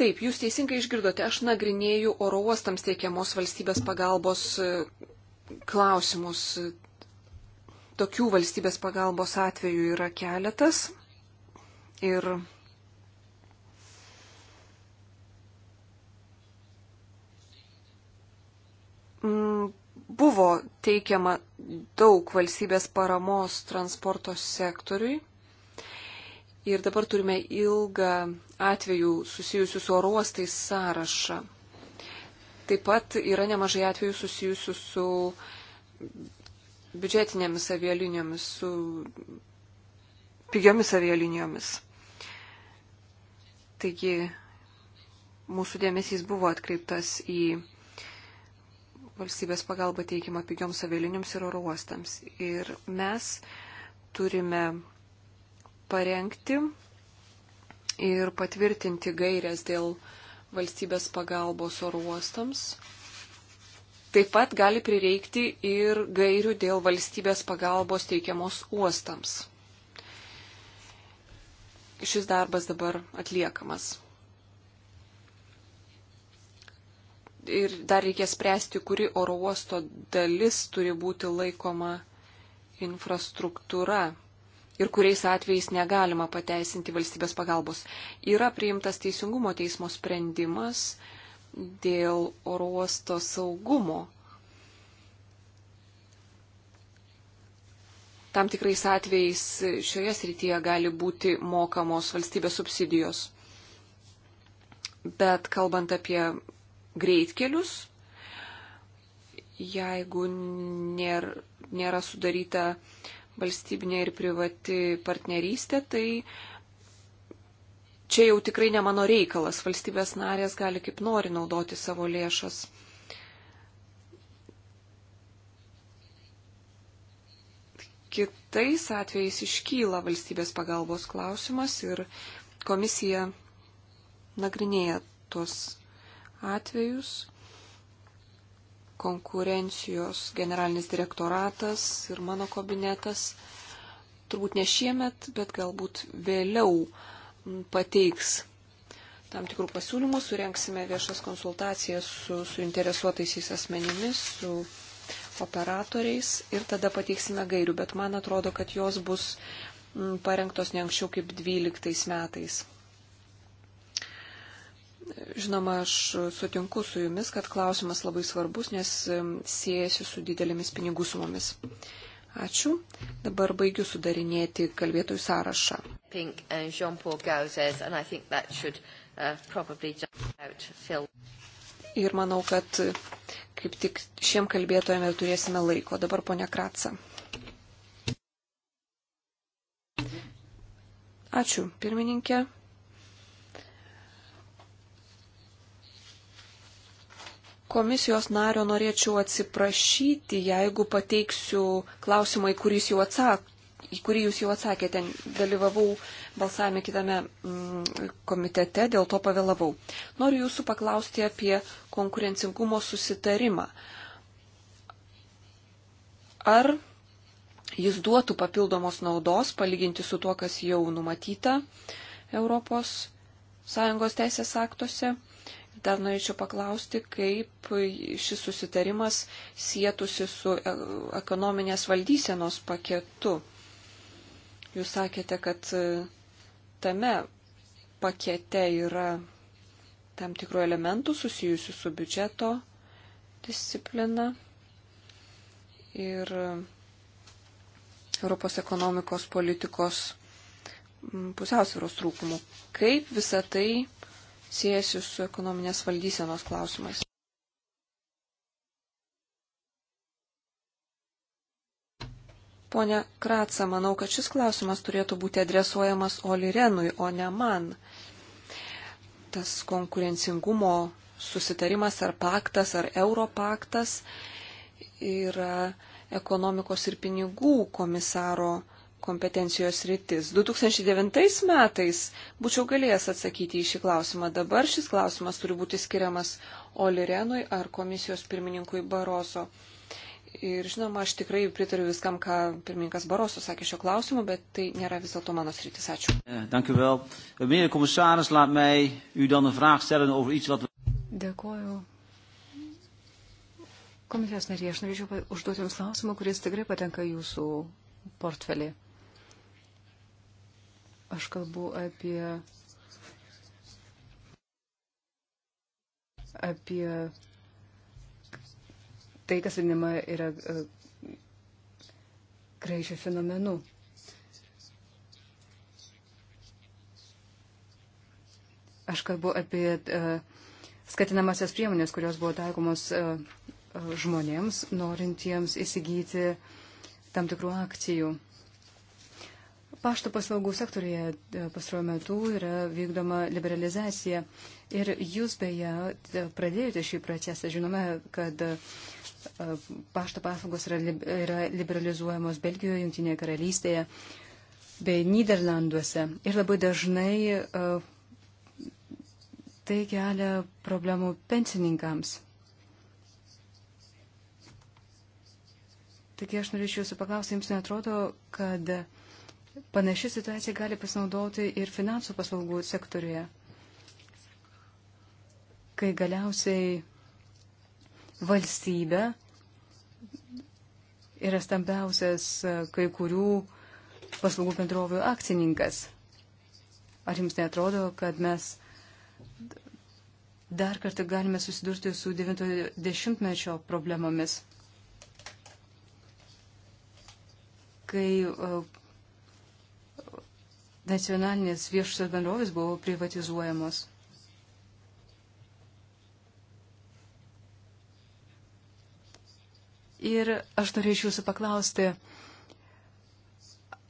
Taip, jūs teisingai išgirdote, aš nagrinėjau oro uostams teikiamos valstybės pagalbos e, klausimus. Tokių valstybės pagalbos atvejų yra keletas ir buvo teikiama daug valstybės paramos transporto sektoriui. Ir dabar turime ilgą atvejų susijusių su oruostais sąrašą. Taip pat yra nemažai atvejų susijusių su biudžetinėmis avialinijomis, su pigiomis avialinijomis. Taigi mūsų dėmesys buvo atkreiptas į valstybės pagalbą teikimą pigioms avialiniams ir oro uostams. Ir mes turime parengti ir patvirtinti gairias dėl valstybės pagalbos oro uostams. Taip pat gali prireikti ir gairių dėl valstybės pagalbos teikiamos uostams šis darbas dabar atliekamas. Ir dar reikės spręsti, kuri oro uosto dalis turi būti laikoma infrastruktūra ir kuriais atvejais negalima pateisinti valstybės pagalbos. Yra priimtas Teisingumo teismo sprendimas dėl oro uosto saugumo tam tikrais atvejais šioje srityje gali būti mokamos valstybės subsidijos. Bet kalbant apie greitkelius, jeigu nėra, nėra sudaryta valstybinė ir privati partnerystė, tai čia jau tikrai ne mano reikalas. Valstybės narės gali kaip nori naudoti savo lėšas. kitais atvejais iškyla valstybės pagalbos klausimas ir komisija nagrinėja tuos atvejus. Konkurencijos generalinis direktoratas ir mano kabinetas turbūt ne šiemet, bet galbūt vėliau pateiks tam tikrų pasiūlymų, surenksime viešas konsultacijas su suinteresuotaisiais asmenimis, su operatoriais ir tada pateiksime gairių, bet man atrodo, kad jos bus mm, parengtos ne anksčiau kaip 12 metais. Žinoma, aš sutinku su jumis, kad klausimas labai svarbus, nes mm, siejasi su didelėmis pinigų sumomis. Ačiū. Dabar baigiu sudarinėti kalbėtojų sąrašą. Pink, uh, ir manau, kad kaip tik šiem kalbėtojame turėsime laiko. Dabar ponia Kratsa. Ačiū, pirmininkė. Komisijos nario norėčiau atsiprašyti, jeigu pateiksiu klausimą, į kurį jūs jau, atsak... į kurį jūs jau atsakėte. Dalyvavau uh, balsavime kitame mm, komitete, dėl to pavėlavau. Noriu jūsų paklausti apie konkurencingumo susitarimą. Ar jis duotų papildomos naudos palyginti su tuo, kas jau numatyta Europos Sąjungos teisės aktuose? Dar norėčiau paklausti, kaip šis susitarimas sėtusi su e, ekonominės valdysenos paketu. Jūs sakėte, kad e, tame pakete yra tam tikrų elementų susijusių su biudžeto disciplina ir Europos ekonomikos politikos pusiausvėros trūkumų. Kaip visa tai siejasi su ekonominės valdysenos klausimais? Pone Kratsa, manau, kad šis klausimas turėtų būti adresuojamas Olirenui, o ne man. Tas konkurencingumo susitarimas ar paktas ar europaktas yra ekonomikos ir pinigų komisaro kompetencijos rytis. 2009 metais būčiau galėjęs atsakyti į šį klausimą. Dabar šis klausimas turi būti skiriamas Olirenui ar komisijos pirmininkui Baroso. Ir žinoma, aš tikrai pritariu viskam, ką pirmininkas Barosas sakė šio klausimu, bet tai nėra vis dėlto mano sritis. Ačiū. Eh, Dėkuoju. Komisijos narė, aš norėčiau užduoti Jums klausimą, kuris tikrai patenka Jūsų portfelį. Aš kalbu apie, apie tai, kas vadinama yra e, kraičio fenomenu. Aš kalbu apie e, skatinamasias priemonės, kurios buvo taikomos e, žmonėms, norintiems įsigyti tam tikrų akcijų. Pašto paslaugų sektorija pastaruoju metu yra vykdoma liberalizacija ir jūs beje pradėjote šį procesą. Žinome, kad uh, pašto paslaugos yra, yra liberalizuojamos Belgijoje, Junktinėje karalystėje bei Niderlanduose. Ir labai dažnai e, tai kelia problemų pensininkams. Taigi aš norėčiau jūsų paklausti, jums netrodo, kad panaši situacija gali pasinaudoti ir finansų paslaugų sektoriuje, kai galiausiai valstybė yra stambiausias e, kai kurių paslaugų bendrovių akcininkas. Ar jums netrodo, kad mes dar kartą galime susidurti su 90-mečio problemomis? Kai e, nacionalinės viešosios bendrovės buvo privatizuojamos. Ir aš norėčiau jūsų paklausti,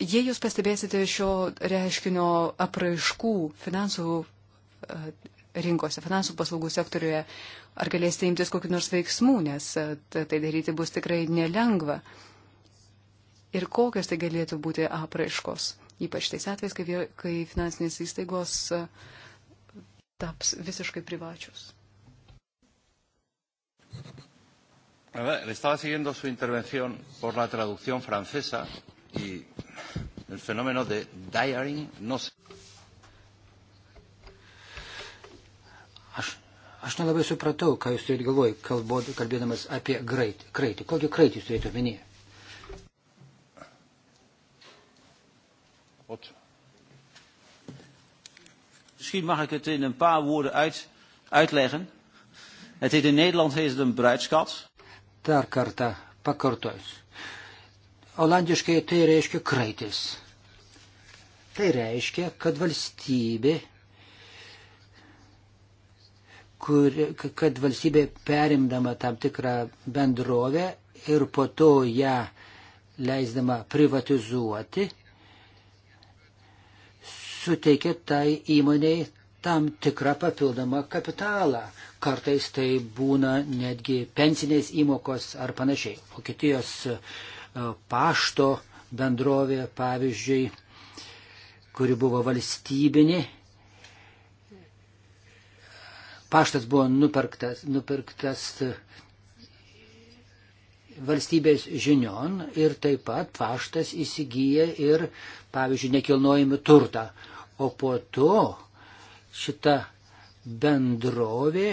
jei jūs pastebėsite šio reiškinio apraiškų finansų e, rinkose, finansų paslaugų sektoriuje, ar galėsite imtis kokiu nors veiksmu, nes e, tai daryti bus tikrai nelengva. Ir kokios tai galėtų būti apraiškos, ypač tais atvejais, kai, kai finansinės įstaigos e, taps visiškai privačios. Le estaba siguiendo su intervención por la traducción francesa y el fenómeno de diaring no sé. Aš, aš nelabai supratau, ką jūs turite galvoj, kalbėdamas apie graitį. Kraitį. Kokį kraitį jūs turite omenyje? Misschien mag ik het in een paar woorden uit, uitleggen. Het heet in Nederland heet het een bruidskat. Dar kartą pakartojus. Olandiškai tai reiškia kraitis. Tai reiškia, kad valstybė, kur, kad valstybė perimdama tam tikrą bendrovę ir po to ją leisdama privatizuoti, suteikia tai įmoniai tam tikrą papildomą kapitalą. Kartais tai būna netgi pensinės įmokos ar panašiai. Vokietijos e, pašto bendrovė, pavyzdžiui, kuri buvo valstybinė, paštas buvo nupirktas, nupirktas valstybės žinion ir taip pat paštas įsigyja ir, pavyzdžiui, nekilnojami turtą. O po to šita bendrovė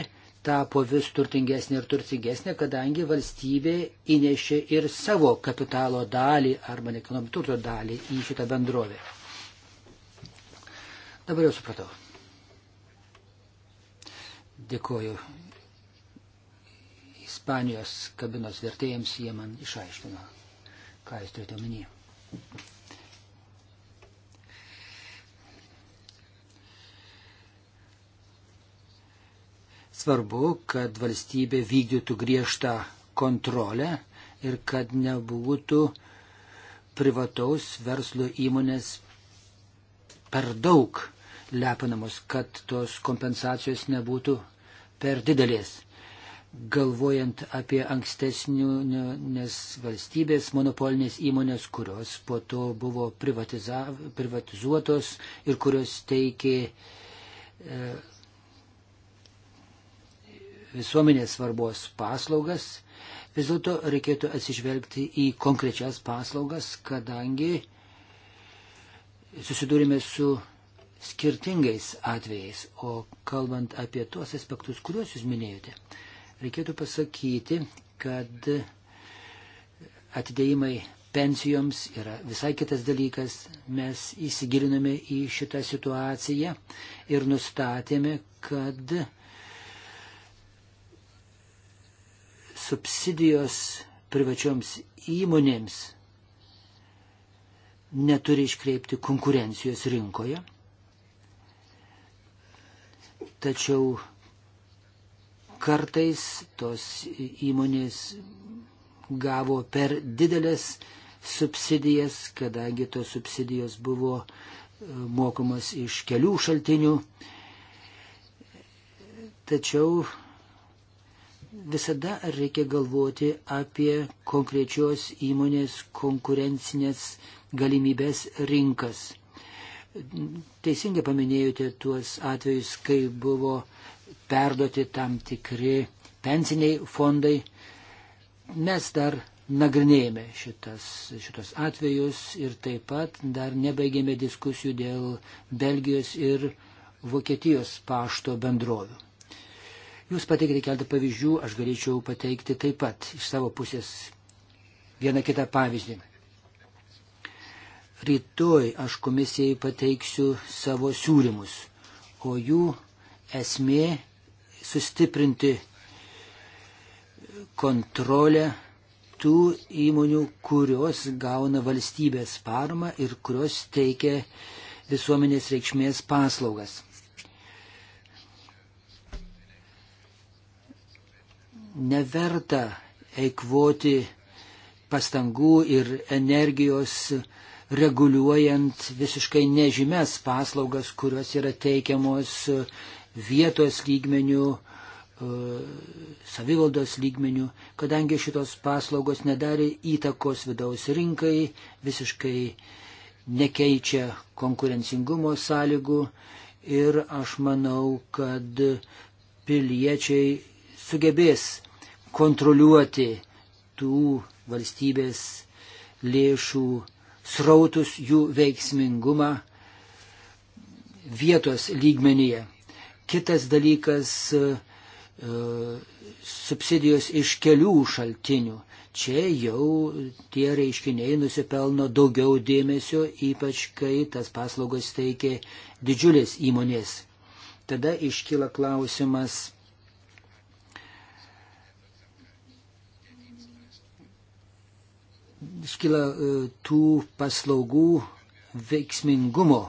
tapo vis turtingesnė ir turtingesnė, kadangi valstybė įnešė ir savo kapitalo dalį arba nekilnojamo turto dalį į šitą bendrovę. Dabar jau supratau. Dėkuoju Ispanijos kabinos vertėjams, jie man išaiškino, ką jūs turite omenyje. Svarbu, kad valstybė vykdytų griežtą kontrolę ir kad nebūtų privataus verslo įmonės per daug lepinamos, kad tos kompensacijos nebūtų per didelės. Galvojant apie ankstesnių nes valstybės monopolinės įmonės, kurios po to buvo privatizuotos ir kurios teikė e, visuomenės svarbos paslaugas, vis dėlto reikėtų atsižvelgti į konkrečias paslaugas, kadangi susidūrėme su skirtingais atvejais. O kalbant apie tuos aspektus, kuriuos jūs minėjote, reikėtų pasakyti, kad atidėjimai pensijoms yra visai kitas dalykas. Mes įsigilinome į šitą situaciją ir nustatėme, kad subsidijos privačioms įmonėms neturi iškreipti konkurencijos rinkoje. Tačiau kartais tos įmonės gavo per didelės subsidijas, kadangi tos subsidijos buvo e, mokomas iš kelių šaltinių. Tačiau visada reikia galvoti apie konkrečios įmonės konkurencinės galimybės rinkas. Teisingai paminėjote tuos atvejus, kai buvo perduoti tam tikri pensiniai fondai. Mes dar nagrinėjame šitas, šitos atvejus ir taip pat dar nebaigėme diskusijų dėl Belgijos ir Vokietijos pašto bendrovių. Jūs pateikite keltą pavyzdžių, aš galėčiau pateikti taip pat iš savo pusės vieną kitą pavyzdį. Rytoj aš komisijai pateiksiu savo siūlymus, o jų esmė sustiprinti kontrolę tų įmonių, kurios gauna valstybės paramą ir kurios teikia visuomenės reikšmės paslaugas. neverta eikvoti pastangų ir energijos reguliuojant visiškai nežymės paslaugas, kurios yra teikiamos vietos lygmenių, e, savivaldos lygmenių, kadangi šitos paslaugos nedarė įtakos vidaus rinkai, visiškai nekeičia konkurencingumo sąlygų ir aš manau, kad piliečiai sugebės kontroliuoti tų valstybės lėšų srautus, jų veiksmingumą vietos lygmenyje. Kitas dalykas e, - subsidijos iš kelių šaltinių. Čia jau tie reiškiniai nusipelno daugiau dėmesio, ypač kai tas paslaugos teikia didžiulės įmonės. Tada iškyla klausimas, iškyla e, tų paslaugų veiksmingumo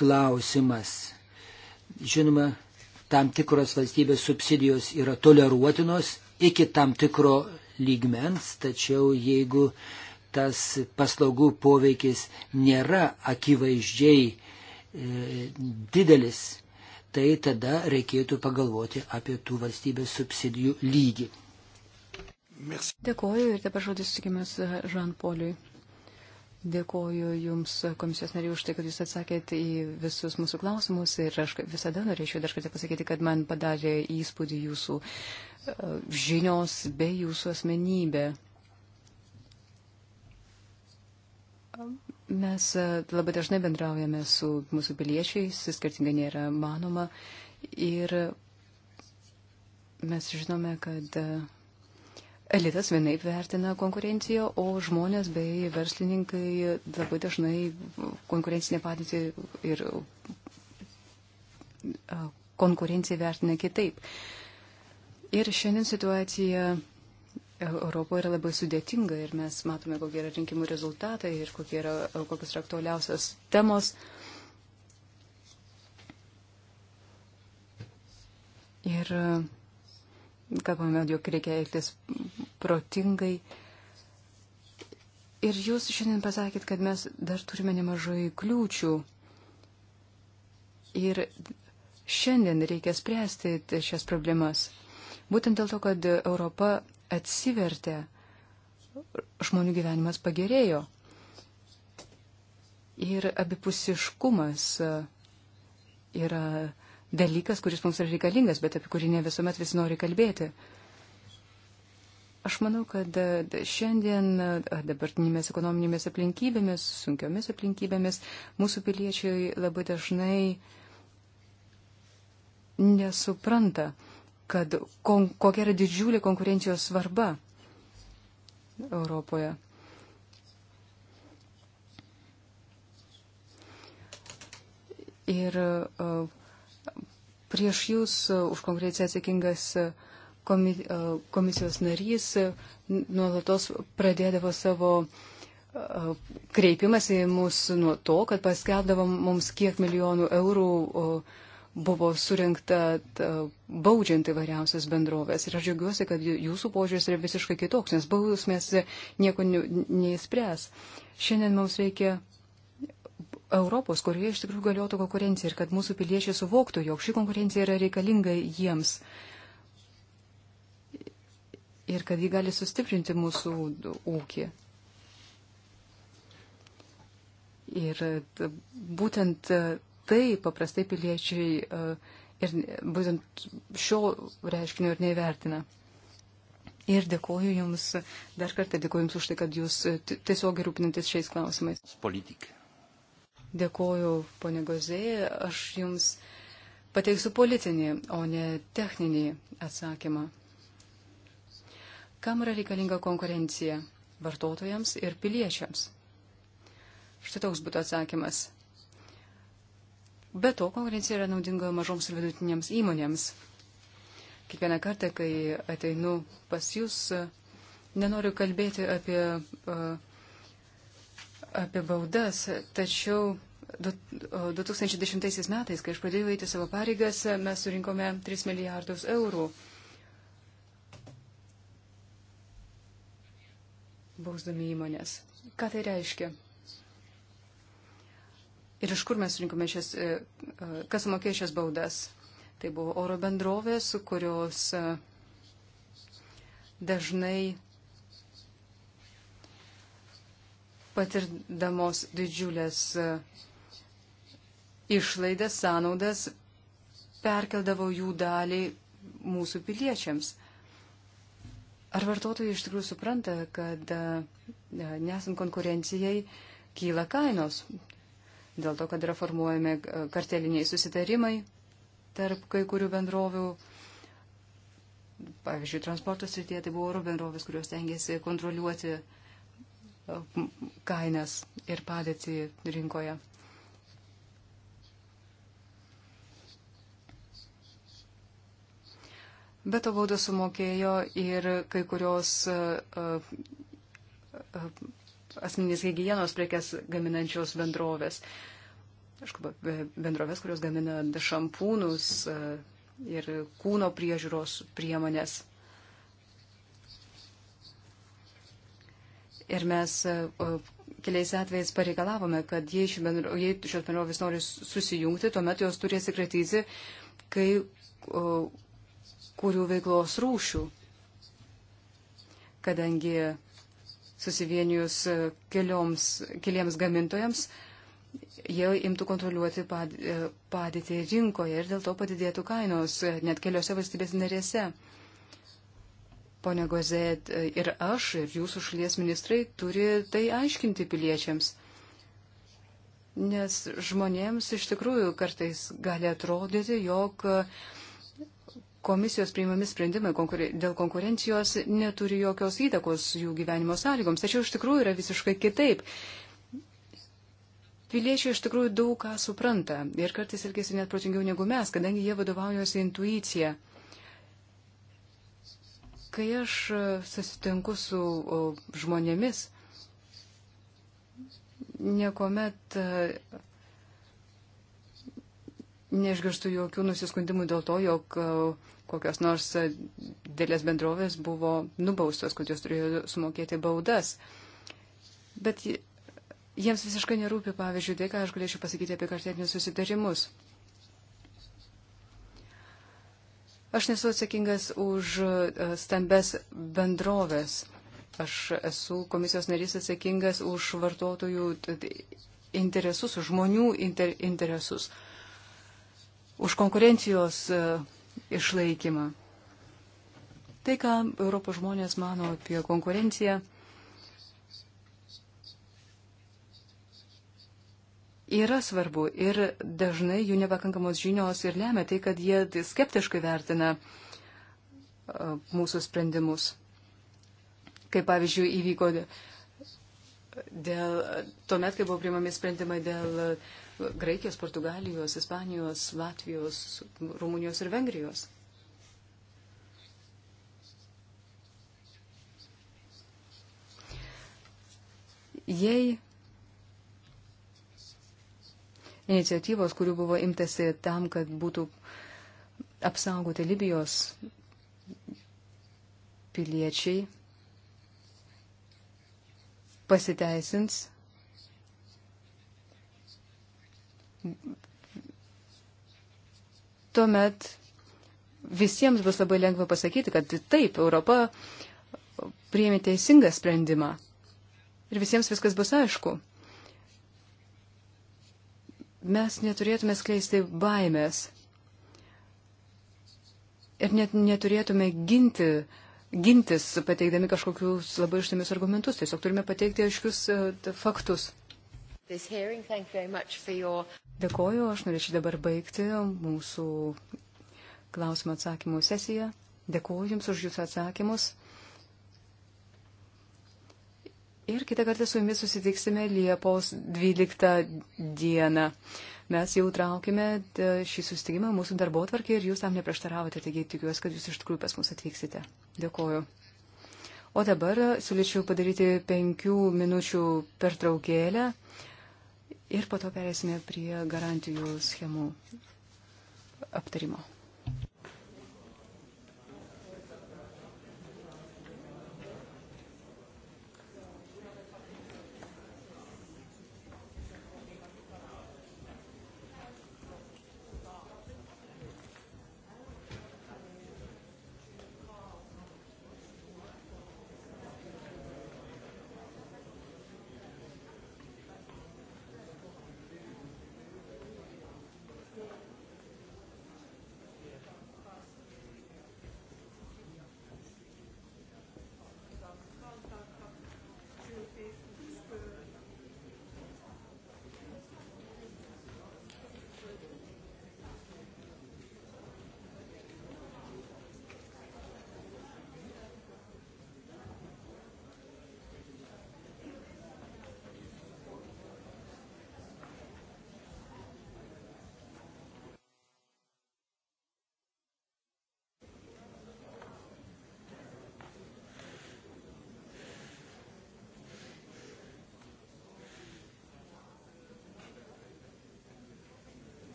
klausimas. Žinoma, tam tikros valstybės subsidijos yra toleruotinos iki tam tikro lygmens, tačiau jeigu tas paslaugų poveikis nėra akivaizdžiai e, didelis, tai tada reikėtų pagalvoti apie tų valstybės subsidijų lygį. Merci. Dėkoju ir dabar žodis sutikimas e, Žan-Poliui. Dėkoju Jums, e, komisijos nariai, už tai, kad Jūs atsakėte į visus mūsų klausimus ir aš visada norėčiau dar kartą pasakyti, kad man padarė įspūdį Jūsų e, žinios bei Jūsų asmenybė. Mes labai dažnai bendraujame su mūsų piliečiais, skirtingai nėra manoma ir mes žinome, kad Elitas vienaip vertina konkurenciją, o žmonės bei verslininkai labai dažnai konkurencinę padėtį ir konkurenciją vertina kitaip. Ir šiandien situacija Europoje yra labai sudėtinga ir mes matome, kokie yra rinkimų rezultatai ir kokie yra, kokios yra aktualiausios temos. Ir uh, kalbame, tai, jog reikia elgtis protingai. Ir jūs šiandien pasakėt, kad mes dar turime nemažai kliūčių. Ir šiandien reikia spręsti šias problemas. Būtent dėl to, kad Europa atsivertė, žmonių gyvenimas pagerėjo. Ir abipusiškumas e, yra dalykas, kuris mums yra reikalingas, bet apie kurį ne visuomet visi nori kalbėti. Aš manau, kad e, šiandien e, dabartinėmis ekonominėmis aplinkybėmis, sunkiomis aplinkybėmis, mūsų piliečiai labai dažnai nesupranta, kad kon, kokia yra didžiulė konkurencijos svarba Europoje. Ir uh, Prieš jūs e, už konkrečiai atsakingas e, e, komisijos narys nuolatos pradėdavo savo kreipimas į mus nuo to, kad paskelbdavo mums kiek milijonų eurų buvo surinkta baudžiant įvairiausias bendrovės. Ir aš džiaugiuosi, kad jūsų požiūris yra visiškai kitoks, nes bausmės nieko neįspręs. Šiandien mums reikia Europos, kurioje iš tikrųjų galiotų konkurencija ir kad mūsų piliečiai suvoktų, jog ši konkurencija yra reikalinga jiems ir kad ji gali sustiprinti mūsų ūkį. Ir e, būtent e, tai paprastai piliečiai e, ir būtent šio reiškinio ir nevertina. Ir dėkoju Jums, dar kartą dėkoju Jums už tai, kad Jūs tiesiog rūpinantis šiais klausimais. Politik. Dėkoju, ponė Gozėje, aš jums pateiksiu politinį, o ne techninį atsakymą. Kam yra reikalinga konkurencija? Vartotojams ir piliečiams. Štai toks būtų atsakymas. Be to, konkurencija yra naudinga mažoms ir vidutinėms įmonėms. Kiekvieną kartą, kai ateinu pas jūs, nenoriu kalbėti apie uh, apie baudas, tačiau 2010 metais, kai aš pradėjau eiti savo pareigas, mes surinkome 3 milijardus eurų. bausdami įmonės. Ką tai reiškia? Ir iš kur mes surinkome šias, e, e, kas sumokėjo šias baudas? Tai buvo oro bendrovės, kurios e, dažnai patirdamos didžiulės e, išlaidas, sąnaudas, perkeldavo jų dalį mūsų piliečiams. Ar vartotojai iš tikrųjų supranta, kad e, e, nesant konkurencijai kyla kainos, dėl to, kad yra formuojami karteliniai susitarimai tarp kai kurių bendrovių. Pavyzdžiui, transporto srityje tai buvo oro bendrovės, kurios tengiasi kontroliuoti uh, kainas ir padėtį rinkoje. Bet to baudą sumokėjo ir kai kurios e, e, e, asmeninės hygienos prekes gaminančios bendrovės. Aišku, bendrovės, kurios gamina šampūnus ir kūno priežiūros priemonės. Ir mes e, keliais atvejais pareikalavome, kad jei, ši bendro, jei šios bendrovės nori susijungti, tuomet jos turi atsikratyti kai o, kurių veiklos rūšių. Kadangi susivienijus e, kelioms, keliems gamintojams, jie imtų kontroliuoti e, padėtį rinkoje ir dėl to padidėtų kainos net keliose valstybės narėse. Pone Gozė, e, ir aš, ir jūsų šalies ministrai turi tai aiškinti piliečiams. Nes žmonėms iš tikrųjų kartais gali atrodyti, jog komisijos priimami sprendimai dėl konkurencijos neturi jokios įtakos jų gyvenimo sąlygoms. Tačiau iš tikrųjų yra visiškai kitaip. Piliečiai iš tikrųjų daug ką supranta ir kartais elgesi net protingiau negu mes, kadangi jie vadovaujasi intuicija. Kai aš e, susitinku su žmonėmis, niekuomet e, neišgirstu jokių nusiskundimų dėl to, jog e, kokios nors dėlės bendrovės buvo nubaustos, kad jos turėjo sumokėti baudas. Bet jiems visiškai nerūpi, pavyzdžiui, tai, ką aš galėčiau pasakyti apie kartetinius susitarimus. Aš nesu atsakingas už e, stambes bendrovės. Aš esu komisijos narys atsakingas už vartotojų interesus, už žmonių inter, interesus, už konkurencijos e, išlaikymą. Tai, ką Europos žmonės mano apie konkurenciją, yra svarbu ir dažnai jų nepakankamos žinios ir lemia tai, kad jie skeptiškai vertina mūsų sprendimus. Kaip pavyzdžiui įvyko dėl, tuomet, kai buvo priimami sprendimai dėl Graikijos, Portugalijos, Ispanijos, Latvijos, Rumunijos ir Vengrijos. Jei iniciatyvos, kurių buvo imtasi tam, kad būtų apsaugoti Libijos piliečiai, pasiteisins. Tuomet visiems bus labai lengva pasakyti, kad taip, Europa priėmė teisingą sprendimą. Ir visiems viskas bus aišku mes neturėtume skleisti baimės ir net neturėtume ginti, gintis, pateikdami kažkokius labai ištimius argumentus, tiesiog turime pateikti aiškius e, faktus. Your... Dėkoju, aš norėčiau dabar baigti mūsų klausimų atsakymų sesiją. Dėkoju Jums už Jūsų atsakymus. Ir kitą kartą su jumis susitiksime Liepos 12 dieną. Mes jau traukime e, šį susitikimą mūsų darbo atvarkį ir jūs tam neprieštaravote, taigi tikiuosi, kad jūs iš tikrųjų pas mus atvyksite. Dėkoju. O dabar e, siūlyčiau padaryti penkių minučių pertraukėlę ir po to perėsime prie garantijų schemų aptarimo.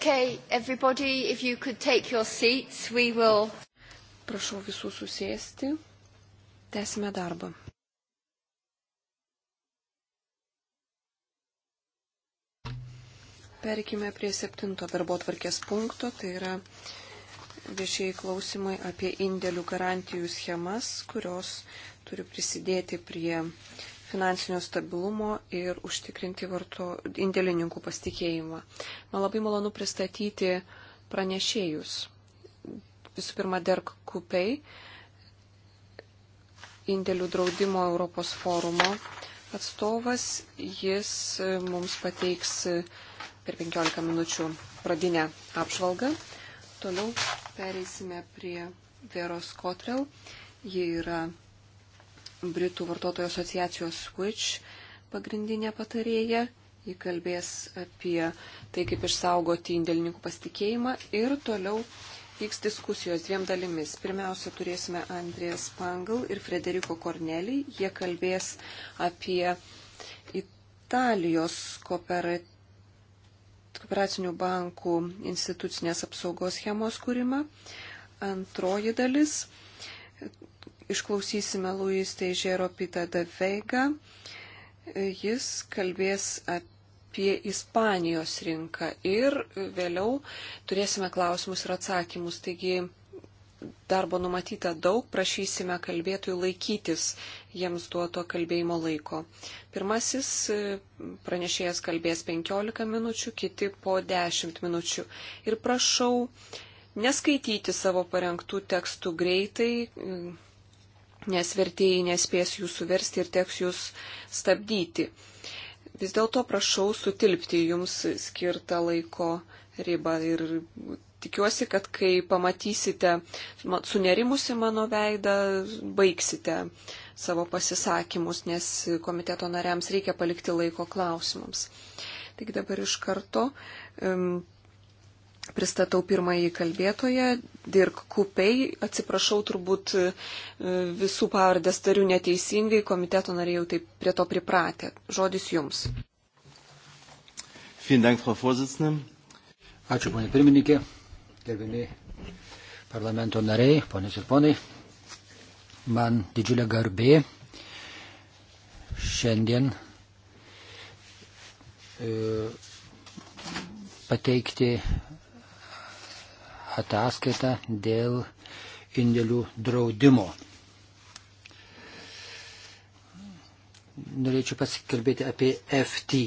Okay, everybody, if you could take your seats, we will. Prašau visų susėsti. Tęsime darbą. Perikime prie septinto darbo tvarkės punkto, tai yra viešieji klausimai apie indėlių garantijų schemas, kurios turi prisidėti prie finansinio stabilumo ir užtikrinti varto indėlininkų pasitikėjimą. Man labai malonu pristatyti pranešėjus. Visų pirma, Dirk Kupei, indėlių draudimo Europos forumo atstovas. Jis e, mums pateiks e, per 15 minučių pradinę apžvalgą. Toliau pereisime prie Veros Kotrel. Ji yra Britų vartotojų asociacijos Switch pagrindinė patarėja. Ji kalbės apie tai, kaip išsaugoti indėlininkų pasitikėjimą ir toliau vyks diskusijos dviem dalimis. Pirmiausia, turėsime Andrės Pangl ir Frederiko Kornelį. Jie kalbės apie Italijos kooperatyvą kooperacinių bankų institucinės apsaugos schemos kūrimą. Antroji dalis. Išklausysime Luis Teižero Pita Daveiga, Jis kalbės apie Ispanijos rinką ir vėliau turėsime klausimus ir atsakymus. Taigi darbo numatyta daug, prašysime kalbėtojų laikytis jiems duoto kalbėjimo laiko. Pirmasis e, pranešėjas kalbės 15 minučių, kiti po 10 minučių. Ir prašau neskaityti savo parengtų tekstų greitai, nes vertėjai nespės jūsų versti ir teks jūs stabdyti. Vis dėlto prašau sutilpti jums skirtą laiko ribą ir tikiuosi, kad kai pamatysite sunerimusi mano veidą, baigsite savo pasisakymus, nes komiteto nariams reikia palikti laiko klausimams. Taigi dabar iš karto. Um, pristatau pirmąjį kalbėtoją, Dirk Kupei. Atsiprašau, turbūt e, visų pavardės tariu neteisingai, komiteto nariai jau taip prie to pripratę. Žodis jums. Dank, Ačiū, ponė pirmininkė, gerbimi parlamento nariai, ponės ir ponai. Man didžiulė garbė šiandien e, pateikti ataskaitą dėl indėlių draudimo. Norėčiau pasikalbėti apie FT.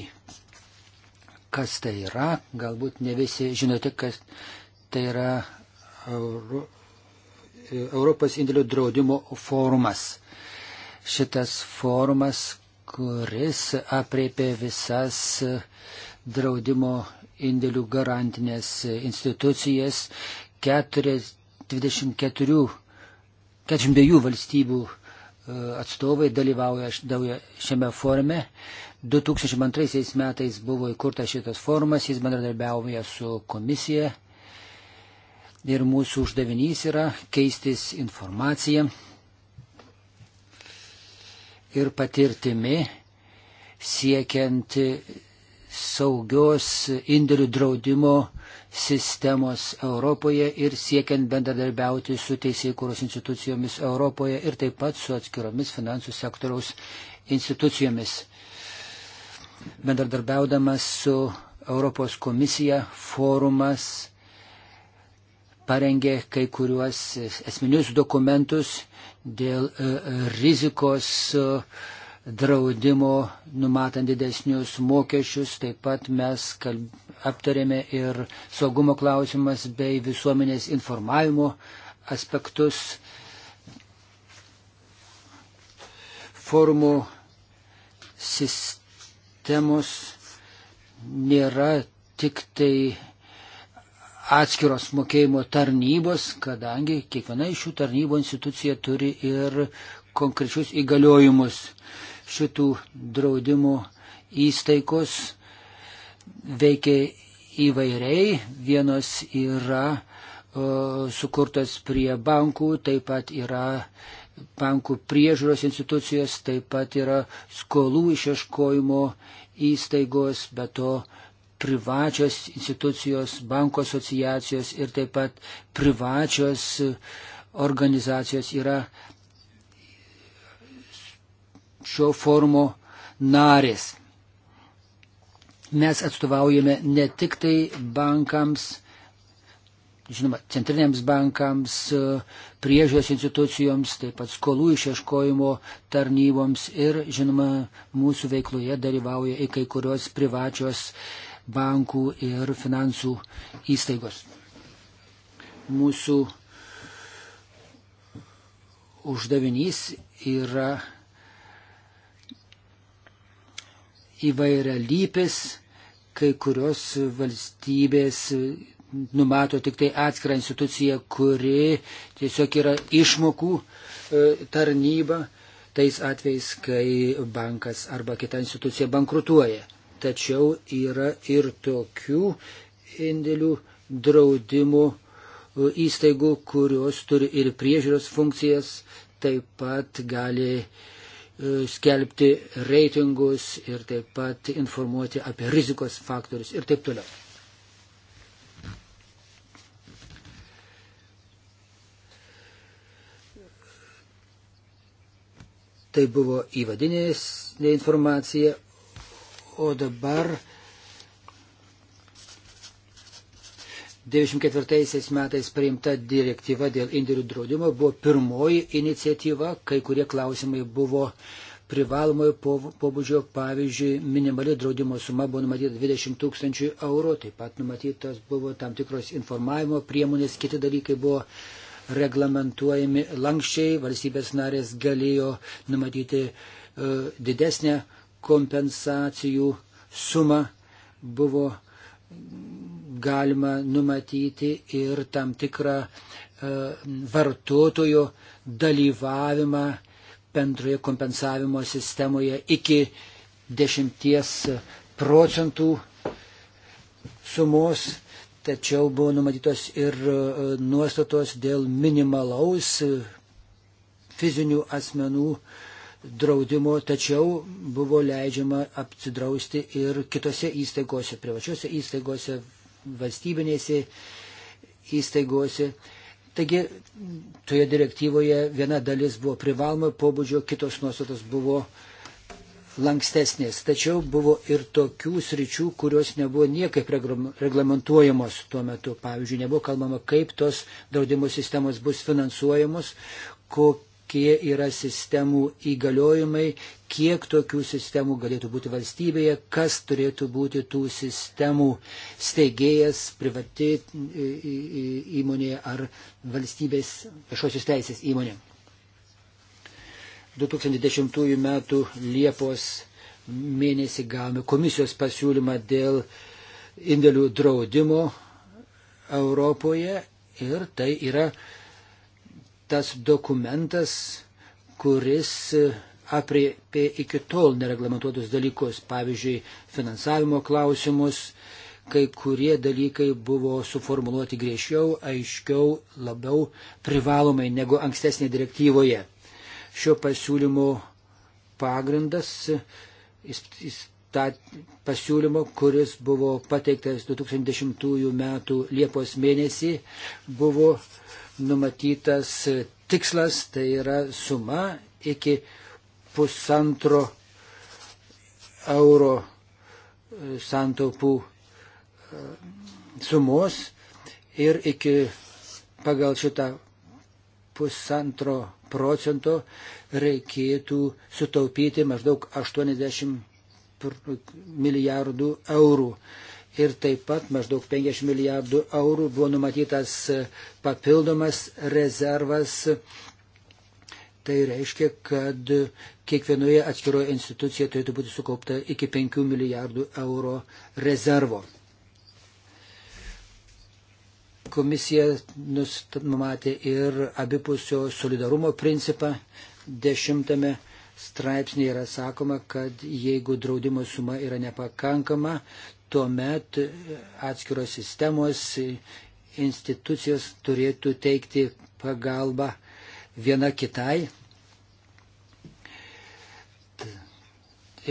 Kas tai yra? Galbūt ne visi žinote, kas tai yra Euro, Europos indėlių draudimo forumas. Šitas forumas, kuris apriepia visas draudimo indėlių garantinės institucijas 4, 24, 42 valstybių e, atstovai dalyvauja šiame forume. 2002 metais buvo įkurtas šitas forumas, jis bendradarbiauja su komisija ir mūsų uždavinys yra keistis informaciją ir patirtimi siekiant saugios indėlių draudimo sistemos Europoje ir siekiant bendradarbiauti su teisėkūros institucijomis Europoje ir taip pat su atskiromis finansų sektoriaus institucijomis. Bendradarbiaudamas su Europos komisija forumas parengė kai kuriuos esminius dokumentus dėl e, e, rizikos uh, draudimo, numatant didesnius mokesčius, taip pat mes kalb... aptarėme ir saugumo klausimas bei visuomenės informavimo aspektus. Formų sistemos nėra tik tai atskiros mokėjimo tarnybos, kadangi kiekviena iš šių tarnybų institucija turi ir konkrečius įgaliojimus šitų draudimų įstaigos veikia įvairiai. Vienos yra o, sukurtos prie bankų, taip pat yra bankų priežiūros institucijos, taip pat yra skolų išieškojimo įstaigos, bet to privačios institucijos, banko asociacijos ir taip pat privačios organizacijos yra šio forumo narės. Mes atstovaujame ne tik tai bankams, žinoma, centriniams bankams, priežios institucijoms, taip pat skolų išieškojimo tarnyboms ir, žinoma, mūsų veikloje dalyvauja į kai kurios privačios bankų ir finansų įstaigos. Mūsų uždavinys yra įvairia lypis, kai kurios valstybės numato tik tai atskirą instituciją, kuri tiesiog yra išmokų e, tarnyba tais atvejais, kai bankas arba kita institucija bankrutuoja. Tačiau yra ir tokių indėlių draudimų e, įstaigų, kurios turi ir priežiūros funkcijas, taip pat gali uh, E, skelbti reitingus ir taip pat informuoti apie rizikos faktorius ir taip toliau. Tai buvo įvadinės informacija, o dabar 1994 metais priimta direktyva dėl indėlių draudimo buvo pirmoji iniciatyva, kai kurie klausimai buvo privalomojo pobūdžio, pavyzdžiui, minimali draudimo suma buvo numatyta 20 tūkstančių eurų, taip pat numatytos buvo tam tikros informavimo priemonės, kiti dalykai buvo reglamentuojami lankščiai, valstybės narės galėjo numatyti e, didesnę kompensacijų sumą, buvo galima numatyti ir tam tikrą e, vartotojo dalyvavimą bendroje kompensavimo sistemoje iki 10 procentų sumos, tačiau buvo numatytos ir e, nuostatos dėl minimalaus fizinių asmenų draudimo, tačiau buvo leidžiama apsidrausti ir kitose įstaigose, privačiose įstaigose, valstybinėse įstaigose. Taigi toje direktyvoje viena dalis buvo privaloma pobūdžio, kitos nuostatos buvo lankstesnės. Tačiau buvo ir tokių sričių, kurios nebuvo niekaip reglamentuojamos tuo metu. Pavyzdžiui, nebuvo kalbama, kaip tos draudimo sistemos bus finansuojamos, kokie kokie yra sistemų įgaliojimai, kiek tokių sistemų galėtų būti valstybėje, kas turėtų būti tų sistemų steigėjas privati įmonė ar valstybės viešosios teisės įmonė. 2010 m. Liepos mėnesį gavome komisijos pasiūlymą dėl indėlių draudimo Europoje ir tai yra tas dokumentas, kuris apriepė iki tol nereglamentuotus dalykus, pavyzdžiui, finansavimo klausimus, kai kurie dalykai buvo suformuoluoti griežčiau, aiškiau, labiau privalomai negu ankstesnėje direktyvoje. Šio pasiūlymo pagrindas, pasiūlymo, kuris buvo pateiktas 2010 m. Liepos mėnesį, buvo numatytas tikslas, tai yra suma iki pusantro euro e, santaupų e, sumos ir iki pagal šitą pusantro procento reikėtų sutaupyti maždaug 80 milijardų eurų ir taip pat maždaug 50 milijardų eurų buvo numatytas e, papildomas rezervas. Tai reiškia, kad kiekvienoje atskiroje institucijoje turėtų būti sukaupta iki 5 milijardų eurų rezervo. Komisija numatė ir abipusio solidarumo principą. Dešimtame straipsnėje yra sakoma, kad jeigu draudimo suma yra nepakankama, tuomet atskiros sistemos institucijos turėtų teikti pagalbą viena kitai.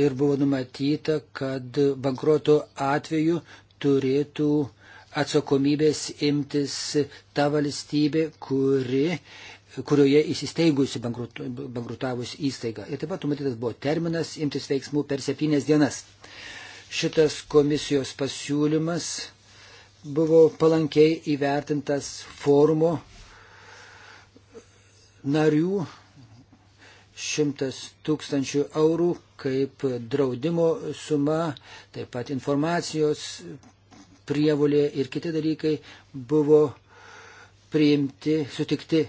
Ir buvo numatyta, kad bankruoto atveju turėtų atsakomybės imtis ta valstybė, kuri, kurioje įsisteigusi bankrut, bankrutavus įstaiga. Ir taip pat numatytas buvo terminas imtis veiksmų per septynias dienas. Uh, Šitas komisijos pasiūlymas buvo palankiai įvertintas forumo narių 100 tūkstančių eurų kaip draudimo suma, taip pat informacijos prievolė ir kiti dalykai buvo priimti, sutikti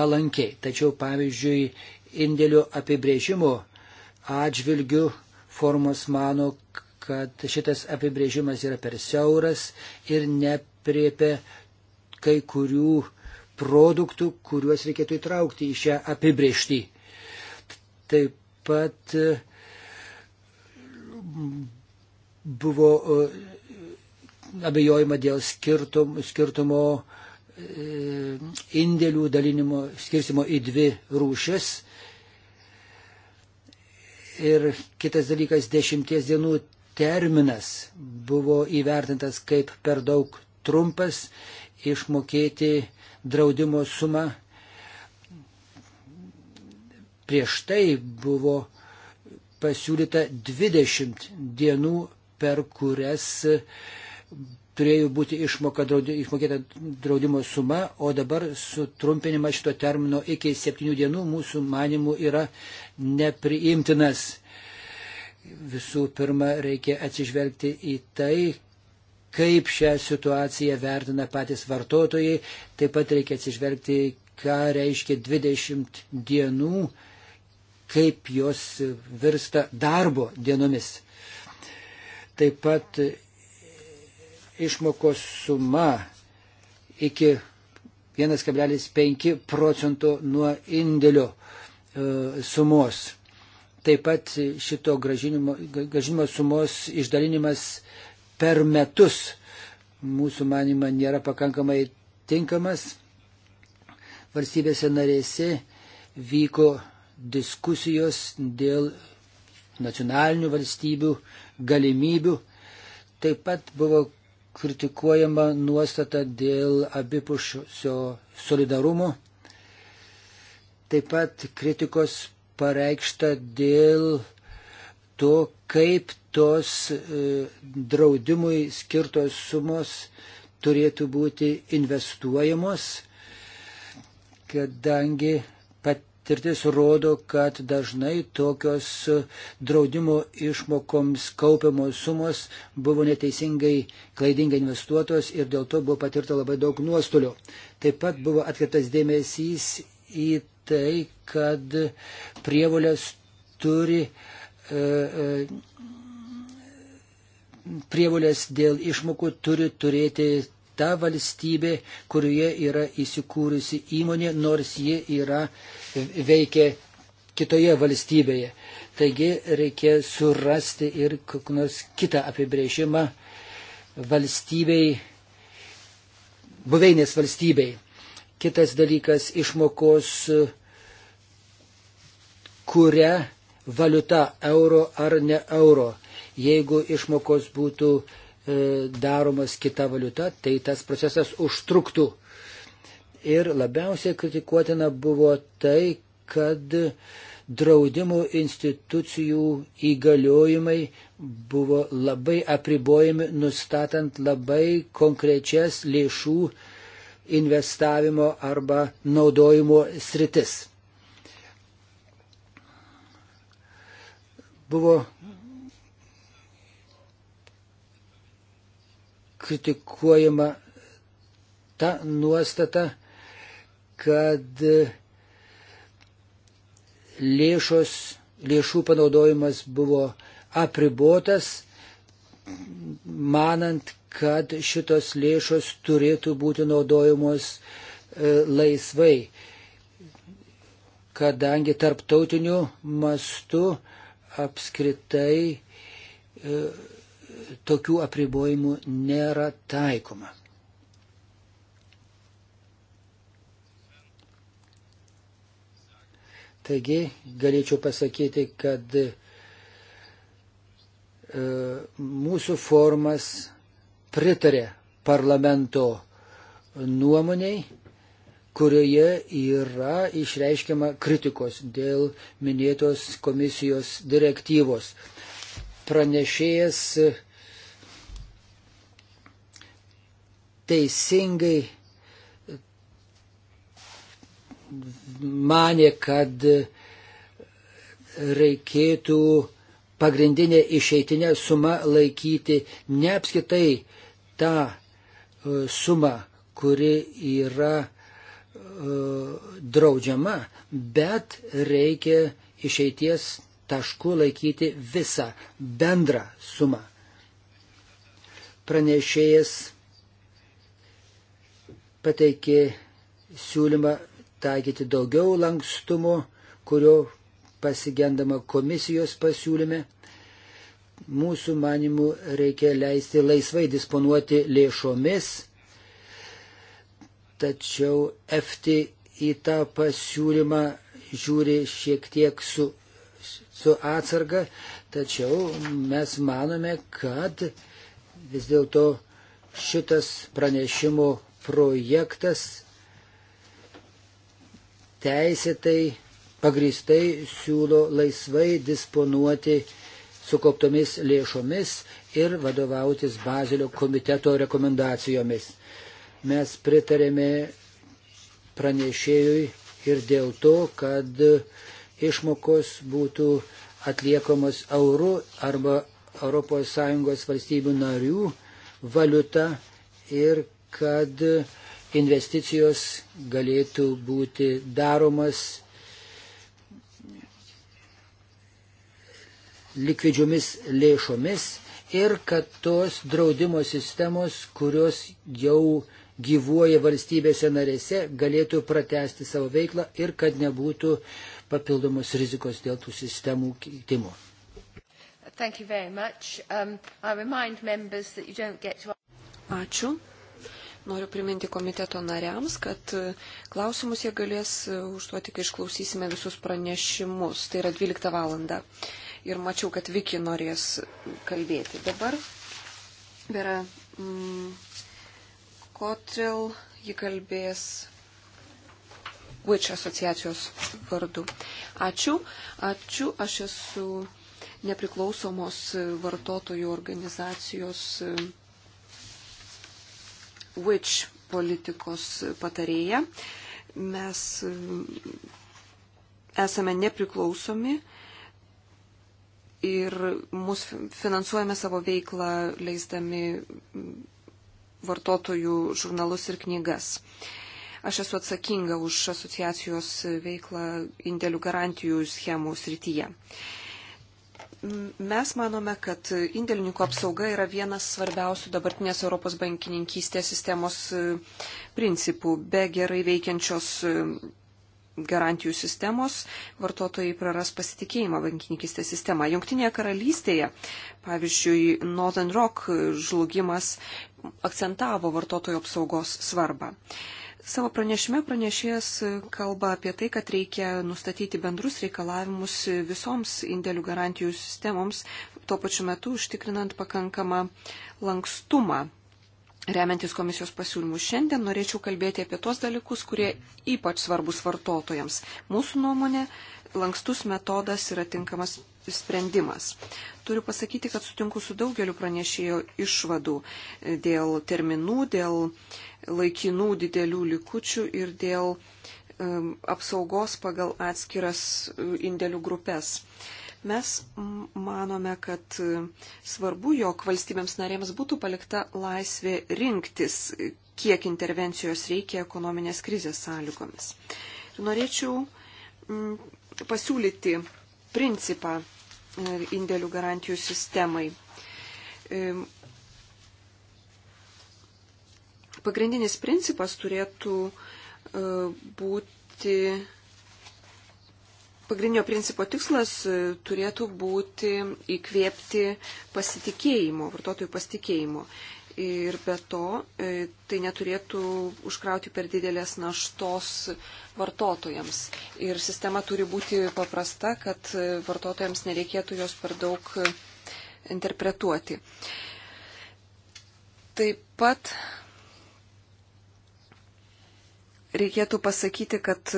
palankiai. Tačiau, pavyzdžiui, indėlių apibrėžimo atžvilgių formos mano, kad šitas apibrėžimas yra per siauras ir nepriepia kai kurių produktų, kuriuos reikėtų įtraukti į šią apibrėžtį. Taip pat e, buvo e, abejojama dėl skirtum, skirtumo e, indėlių dalinimo, skirsimo į dvi rūšis. Ir kitas dalykas - dešimties dienų terminas buvo įvertintas kaip per daug trumpas išmokėti draudimo sumą. Prieš tai buvo pasiūlyta 20 dienų, per kurias turėjo būti išmoka, draudi, išmokėta draudimo suma, o dabar sutrumpinimas šito termino iki 7 dienų mūsų manimų yra nepriimtinas. Visų pirma, reikia atsižvelgti į tai, kaip šią situaciją vertina patys vartotojai. Taip pat reikia atsižvelgti, ką reiškia 20 dienų, kaip jos virsta darbo dienomis. Taip pat išmokos suma iki 1,5 procento nuo indėlio e, sumos. Taip pat šito gražinimo, gražinimo sumos išdalinimas per metus mūsų manima nėra pakankamai tinkamas. Valstybėse narėse vyko diskusijos dėl nacionalinių valstybių galimybių. Taip pat buvo kritikuojama nuostata dėl abipušio solidarumo. Taip pat kritikos pareikšta dėl to, kaip tos e, draudimui skirtos sumos turėtų būti investuojamos, kadangi patirtis rodo, kad dažnai tokios draudimo išmokoms kaupiamos sumos buvo neteisingai, klaidingai investuotos ir dėl to buvo patirta labai daug nuostolių. Taip pat buvo atkreiptas dėmesys į tai, kad prievolės turi e, e, prievolės dėl išmokų turi turėti ta valstybė, kurioje yra įsikūrusi įmonė, nors ji yra veikia kitoje valstybėje. Taigi reikia surasti ir kokį nors kitą apibrėžimą valstybei, buveinės valstybei. Kitas dalykas išmokos, kuria valiuta euro ar ne euro. Jeigu išmokos būtų e, daromas kita valiuta, tai tas procesas užtruktų. Ir labiausiai kritikuotina buvo tai, kad draudimo institucijų įgaliojimai buvo labai apribojami, nustatant labai konkrečias lėšų investavimo arba naudojimo sritis. Buvo kritikuojama ta nuostata, kad lėšos, lėšų panaudojimas buvo apribotas manant, kad šitos lėšos turėtų būti naudojamos e, laisvai, kadangi tarptautiniu mastu apskritai e, tokių apribojimų nėra taikoma. Taigi galėčiau pasakyti, kad E, mūsų formas pritarė parlamento nuomoniai, kurioje yra išreiškiama kritikos dėl minėtos komisijos direktyvos. Pranešėjas teisingai manė, kad reikėtų pagrindinė išeitinė suma laikyti ne apskaitai tą e, sumą, kuri yra e, draudžiama, bet reikia išeities tašku laikyti visą bendrą sumą. Pranešėjas pateikė siūlymą taikyti daugiau lankstumo, kurio pasigendama komisijos pasiūlyme. Mūsų manimų reikia leisti laisvai disponuoti lėšomis, tačiau EFTI į tą pasiūlymą žiūri šiek tiek su, su atsarga, tačiau mes manome, kad vis dėlto šitas pranešimo projektas teisėtai pagristai siūlo laisvai disponuoti sukauptomis lėšomis ir vadovautis Bazilio komiteto rekomendacijomis. Mes pritarėme pranešėjui ir dėl to, kad išmokos būtų atliekamos eurų arba ES valstybių narių valiuta ir kad investicijos galėtų būti daromas likvidžiomis lėšomis ir kad tos draudimo sistemos, kurios jau gyvuoja valstybėse narėse, galėtų pratesti savo veiklą ir kad nebūtų papildomos rizikos dėl tų sistemų keitimo. Um, to... Ačiū. Noriu priminti komiteto nariams, kad uh, klausimus jie galės uh, užduoti, kai išklausysime visus pranešimus. Tai yra 12 valanda ir mačiau, kad Viki norės kalbėti. Dabar yra mm, Kotril, ji kalbės Witch asociacijos vardu. Ačiū, ačiū, aš esu nepriklausomos vartotojų organizacijos mm, Witch politikos patarėja. Mes mm, esame nepriklausomi ir mus finansuojame savo veiklą, leisdami vartotojų žurnalus ir knygas. Aš esu atsakinga už asociacijos veiklą indėlių garantijų schemų srityje. Mes manome, kad indėlininkų apsauga yra vienas svarbiausių dabartinės Europos bankininkystės sistemos principų. Be gerai veikiančios garantijų sistemos, vartotojai praras pasitikėjimą bankininkistės sistemą. Junktinėje karalystėje, pavyzdžiui, Northern Rock žlugimas akcentavo vartotojų apsaugos svarbą. Savo pranešime pranešėjas kalba apie tai, kad reikia nustatyti bendrus reikalavimus visoms indėlių garantijų sistemoms, tuo pačiu metu užtikrinant pakankamą lankstumą remiantis komisijos pasiūlymų šiandien, norėčiau kalbėti apie tos dalykus, kurie ypač svarbus vartotojams. Mūsų nuomonė, lankstus metodas yra tinkamas sprendimas. Turiu pasakyti, kad sutinku su daugeliu pranešėjo išvadų dėl terminų, dėl laikinų didelių likučių ir dėl um, apsaugos pagal atskiras uh, indėlių grupės. Uh, Mes manome, kad svarbu, jog valstybėms narėms būtų palikta laisvė rinktis, kiek intervencijos reikia ekonominės krizės sąlygomis. Ir norėčiau pasiūlyti principą e, indėlių garantijų sistemai. E, pagrindinis principas turėtų e, būti pagrindinio principo tikslas e, turėtų būti įkvėpti pasitikėjimo, vartotojų pasitikėjimo. Ir be to, e, tai neturėtų užkrauti per didelės naštos vartotojams. Ir sistema turi būti paprasta, kad e, vartotojams nereikėtų jos per daug interpretuoti. Taip pat reikėtų pasakyti, kad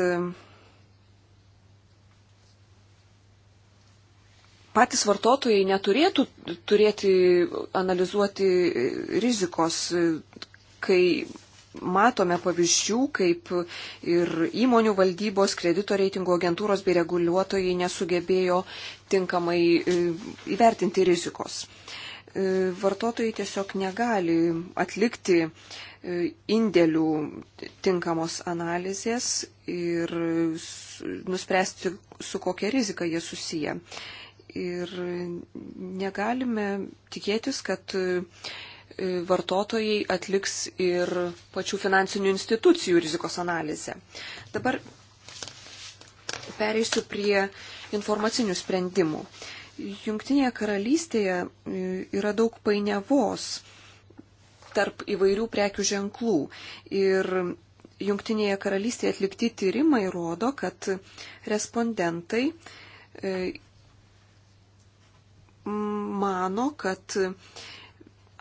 patys vartotojai neturėtų turėti analizuoti rizikos, kai matome pavyzdžių, kaip ir įmonių valdybos, kredito reitingo agentūros bei reguliuotojai nesugebėjo tinkamai e, įvertinti rizikos. E, vartotojai tiesiog negali atlikti e, indėlių tinkamos analizės ir nuspręsti, su kokia rizika jie susiję. Ir negalime tikėtis, kad e, vartotojai atliks ir pačių finansinių institucijų rizikos analizę. Dabar pereisiu prie informacinių sprendimų. Junktinėje karalystėje e, yra daug painiavos tarp įvairių prekių ženklų. Ir Junktinėje karalystėje atlikti tyrimai rodo, kad respondentai e, mano, kad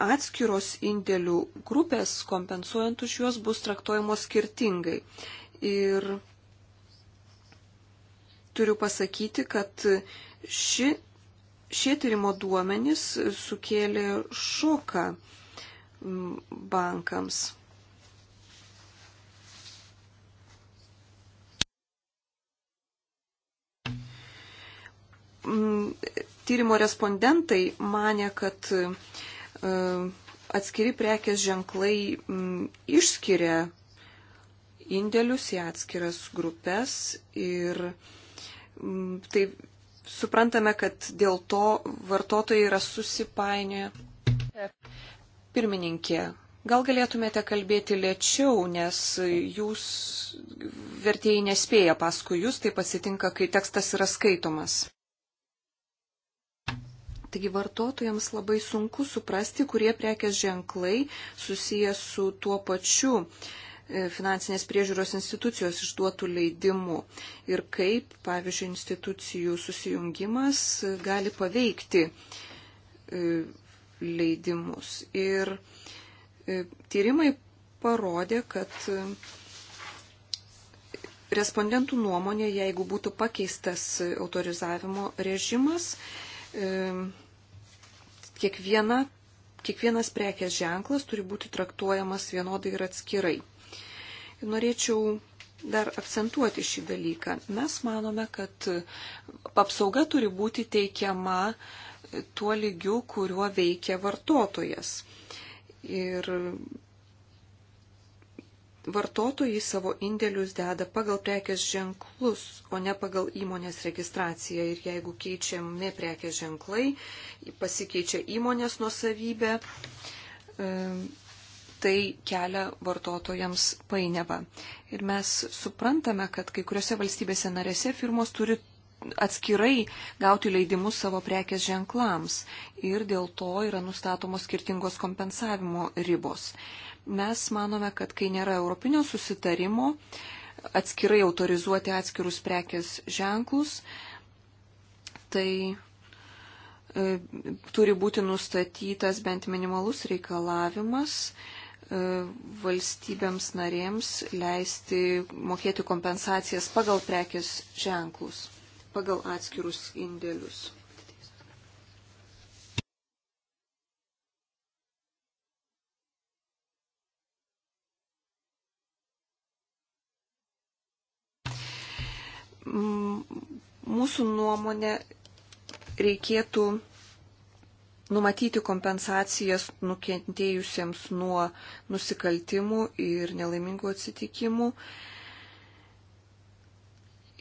atskiros indėlių grupės kompensuojant už juos bus traktuojamos skirtingai. Ir turiu pasakyti, kad ši, šie tyrimo duomenys sukėlė šoką mm, bankams. Mm, tyrimo respondentai mane, kad e, atskiri prekės ženklai išskiria indėlius į atskiras grupės ir tai suprantame, kad dėl to vartotojai yra susipainioję. Pirmininkė, gal galėtumėte kalbėti lėčiau, nes jūs vertėjai nespėja paskui jūs, tai pasitinka, kai tekstas yra skaitomas. Taigi vartotojams labai sunku suprasti, kurie prekės ženklai susijęs su tuo pačiu e, finansinės priežiūros institucijos išduotų leidimų ir kaip, pavyzdžiui, institucijų susijungimas gali paveikti e, leidimus. Ir e, tyrimai parodė, kad respondentų nuomonė, jeigu būtų pakeistas autorizavimo režimas, kiekviena, kiekvienas prekės ženklas turi būti traktuojamas vienodai ir atskirai. Ir norėčiau dar akcentuoti šį dalyką. Mes manome, kad apsauga turi būti teikiama tuo lygiu, kuriuo veikia vartotojas. Ir vartotojai savo indėlius deda pagal prekės ženklus, o ne pagal įmonės registraciją. Ir jeigu keičiami prekės ženklai, pasikeičia įmonės nusavybė, e, tai kelia vartotojams painiavą. Ir mes suprantame, kad kai kuriuose valstybėse narėse firmos turi atskirai gauti leidimus savo prekės ženklams ir dėl to yra nustatomos skirtingos kompensavimo ribos. Mes manome, kad kai nėra europinio susitarimo atskirai autorizuoti atskirus prekės ženklus, tai e, turi būti nustatytas bent minimalus reikalavimas e, valstybėms narėms leisti mokėti kompensacijas pagal prekės ženklus, pagal atskirus indėlius. mūsų nuomonė reikėtų numatyti kompensacijas nukentėjusiems nuo nusikaltimų ir nelaimingų atsitikimų.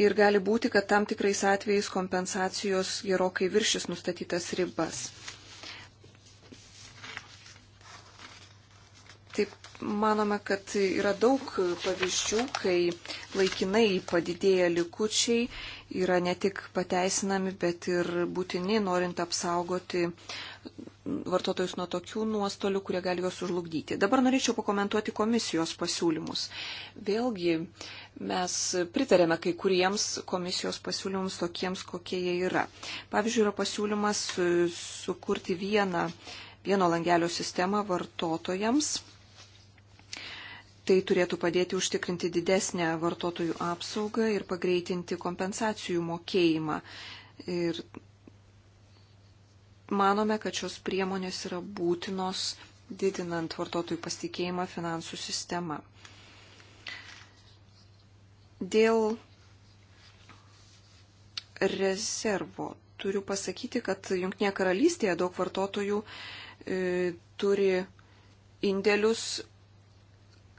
Ir gali būti, kad tam tikrais atvejais kompensacijos gerokai viršis nustatytas ribas. manome, kad yra daug pavyzdžių, kai laikinai padidėję likučiai yra ne tik pateisinami, bet ir būtini, norint apsaugoti vartotojus nuo tokių nuostolių, kurie gali juos užlugdyti. Dabar norėčiau pakomentuoti komisijos pasiūlymus. Vėlgi, mes pritarėme kai kuriems komisijos pasiūlymams tokiems, kokie jie yra. Pavyzdžiui, yra pasiūlymas sukurti vieną vieno langelio sistemą vartotojams Tai turėtų padėti užtikrinti didesnę vartotojų apsaugą ir pagreitinti kompensacijų mokėjimą. Ir manome, kad šios priemonės yra būtinos didinant vartotojų pasitikėjimą finansų sistema. Dėl rezervo turiu pasakyti, kad Junktinėje karalystėje daug vartotojų e, turi indėlius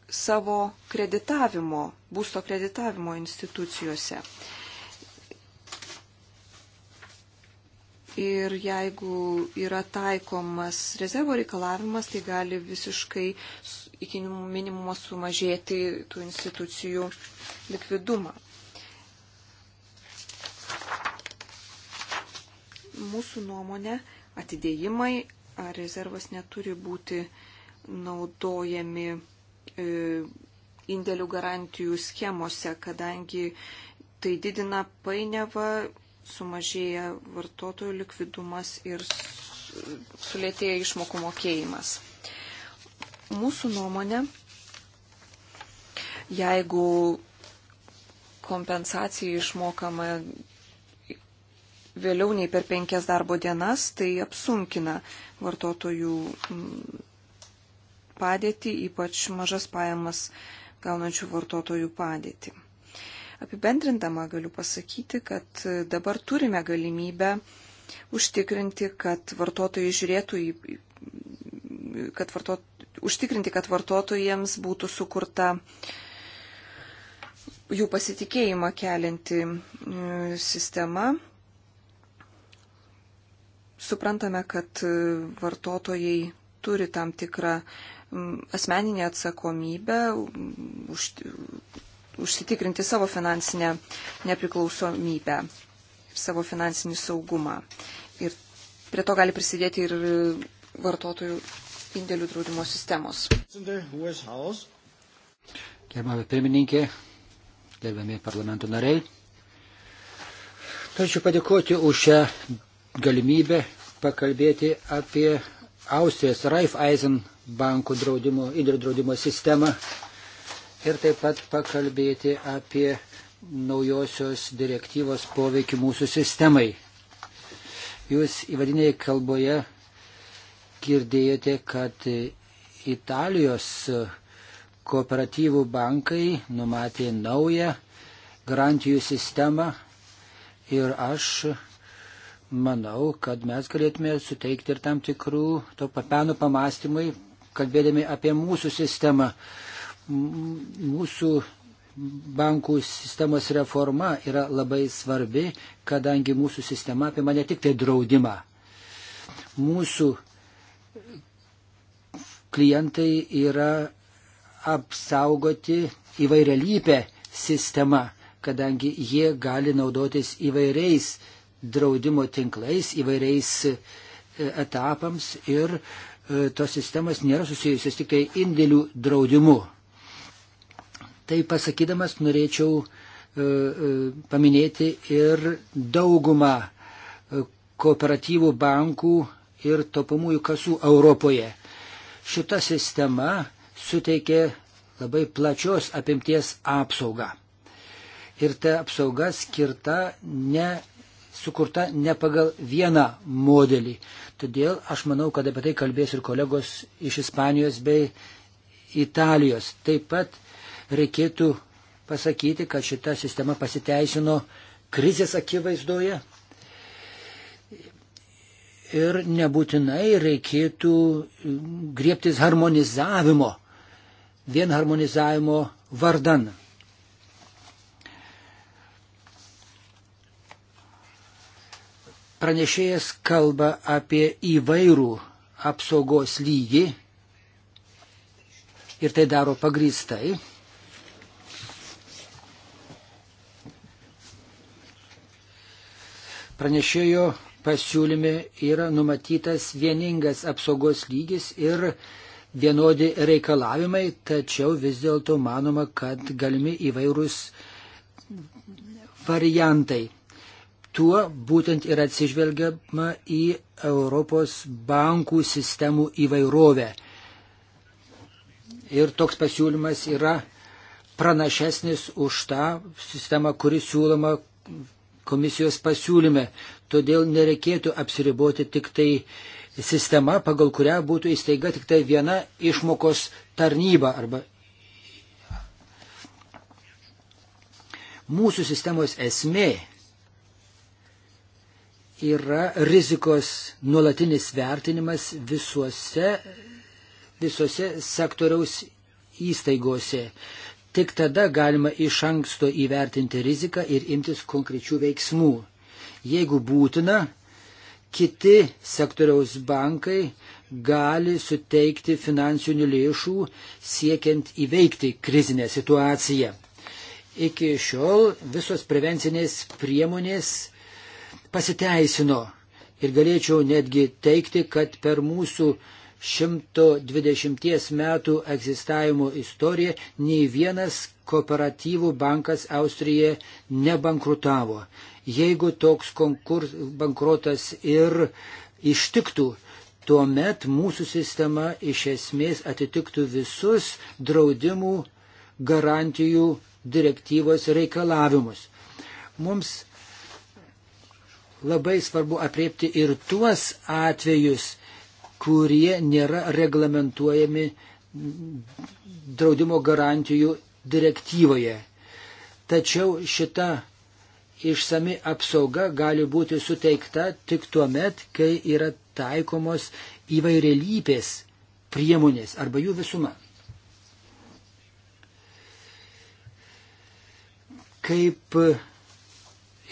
savo kreditavimo, būsto kreditavimo institucijose. Ir jeigu yra taikomas rezervo reikalavimas, tai gali visiškai iki minimumo sumažėti tų institucijų likvidumą. Mūsų nuomonė, atidėjimai ar rezervas neturi būti naudojami E, indėlių garantijų schemose, kadangi tai didina painiavą, sumažėja vartotojų likvidumas ir sulėtėja išmokų mokėjimas. Mūsų nuomonė, jeigu kompensacija išmokama vėliau nei per penkias darbo dienas, tai apsunkina vartotojų padėtį, ypač mažas pajamas gaunančių vartotojų padėtį. Apibendrindama galiu pasakyti, kad dabar turime galimybę užtikrinti, kad vartotojai žiūrėtų į, kad vartot, užtikrinti, kad vartotojams būtų sukurta jų pasitikėjimą kelianti e, sistema. Suprantame, kad e, vartotojai turi tam tikrą asmeninę atsakomybę, už, užsitikrinti savo finansinę nepriklausomybę ir savo finansinį saugumą. Ir prie to gali prisidėti ir vartotojų indėlių draudimo sistemos. Gerbami pirmininkė, gerbami parlamento nariai, norėčiau padėkoti už šią galimybę pakalbėti apie Austrijos Raiffeisen bankų draudimo, indėlių draudimo sistemą ir taip pat pakalbėti apie naujosios direktyvos poveikį mūsų sistemai. Jūs įvadinėje kalboje girdėjote, kad Italijos kooperatyvų bankai numatė naują garantijų sistemą ir aš manau, kad mes galėtume suteikti ir tam tikrų to papenų pamastymui kalbėdami apie mūsų sistemą. Mūsų bankų sistemos reforma yra labai svarbi, kadangi mūsų sistema apima ne tik tai draudimą. Mūsų klientai yra apsaugoti įvairialypę sistemą, kadangi jie gali naudotis įvairiais draudimo tinklais, įvairiais e, etapams ir uh, E, tos sistemos nėra susijusios tik tai indėlių draudimu. Tai pasakydamas norėčiau e, e, paminėti ir daugumą kooperatyvų bankų ir topamųjų kasų Europoje. Šita sistema suteikė labai plačios apimties apsaugą. Ir ta apsauga skirta ne sukurta ne pagal vieną modelį. Todėl aš manau, kad apie tai kalbės ir kolegos iš Ispanijos bei Italijos. Taip pat reikėtų pasakyti, kad šita sistema pasiteisino krizės akivaizdoje. Ir nebūtinai reikėtų mm, griebtis harmonizavimo, vien harmonizavimo vardan. Pranešėjas kalba apie įvairų apsaugos lygį ir tai daro pagristai. Pranešėjo pasiūlyme yra numatytas vieningas apsaugos lygis ir vienodi reikalavimai, tačiau vis dėlto manoma, kad galimi įvairūs variantai tuo būtent yra atsižvelgiama į Europos bankų sistemų įvairovę. Ir toks pasiūlymas yra pranašesnis už tą sistemą, kuri siūloma komisijos pasiūlyme. Todėl nereikėtų apsiriboti tik tai sistema, pagal kurią būtų įsteiga tik tai viena išmokos tarnyba arba mūsų sistemos esmė yra rizikos nuolatinis vertinimas visuose, visuose sektoriaus įstaigose. Tik tada galima iš anksto įvertinti riziką ir imtis konkrečių veiksmų. Jeigu būtina, kiti sektoriaus bankai gali suteikti finansinių lėšų siekiant įveikti krizinę situaciją. Iki šiol visos prevencinės priemonės pasiteisino ir galėčiau netgi teikti, kad per mūsų 120 metų egzistavimo istoriją nei vienas kooperatyvų bankas Austrijoje nebankrutavo. Jeigu toks konkurs, bankrotas ir ištiktų, tuomet mūsų sistema iš esmės atitiktų visus draudimų garantijų direktyvos reikalavimus. Mums labai svarbu apriepti ir tuos atvejus, kurie nėra reglamentuojami draudimo garantijų direktyvoje. Tačiau šita išsami apsauga gali būti suteikta tik tuo met, kai yra taikomos įvairialypės priemonės arba jų visuma. Kaip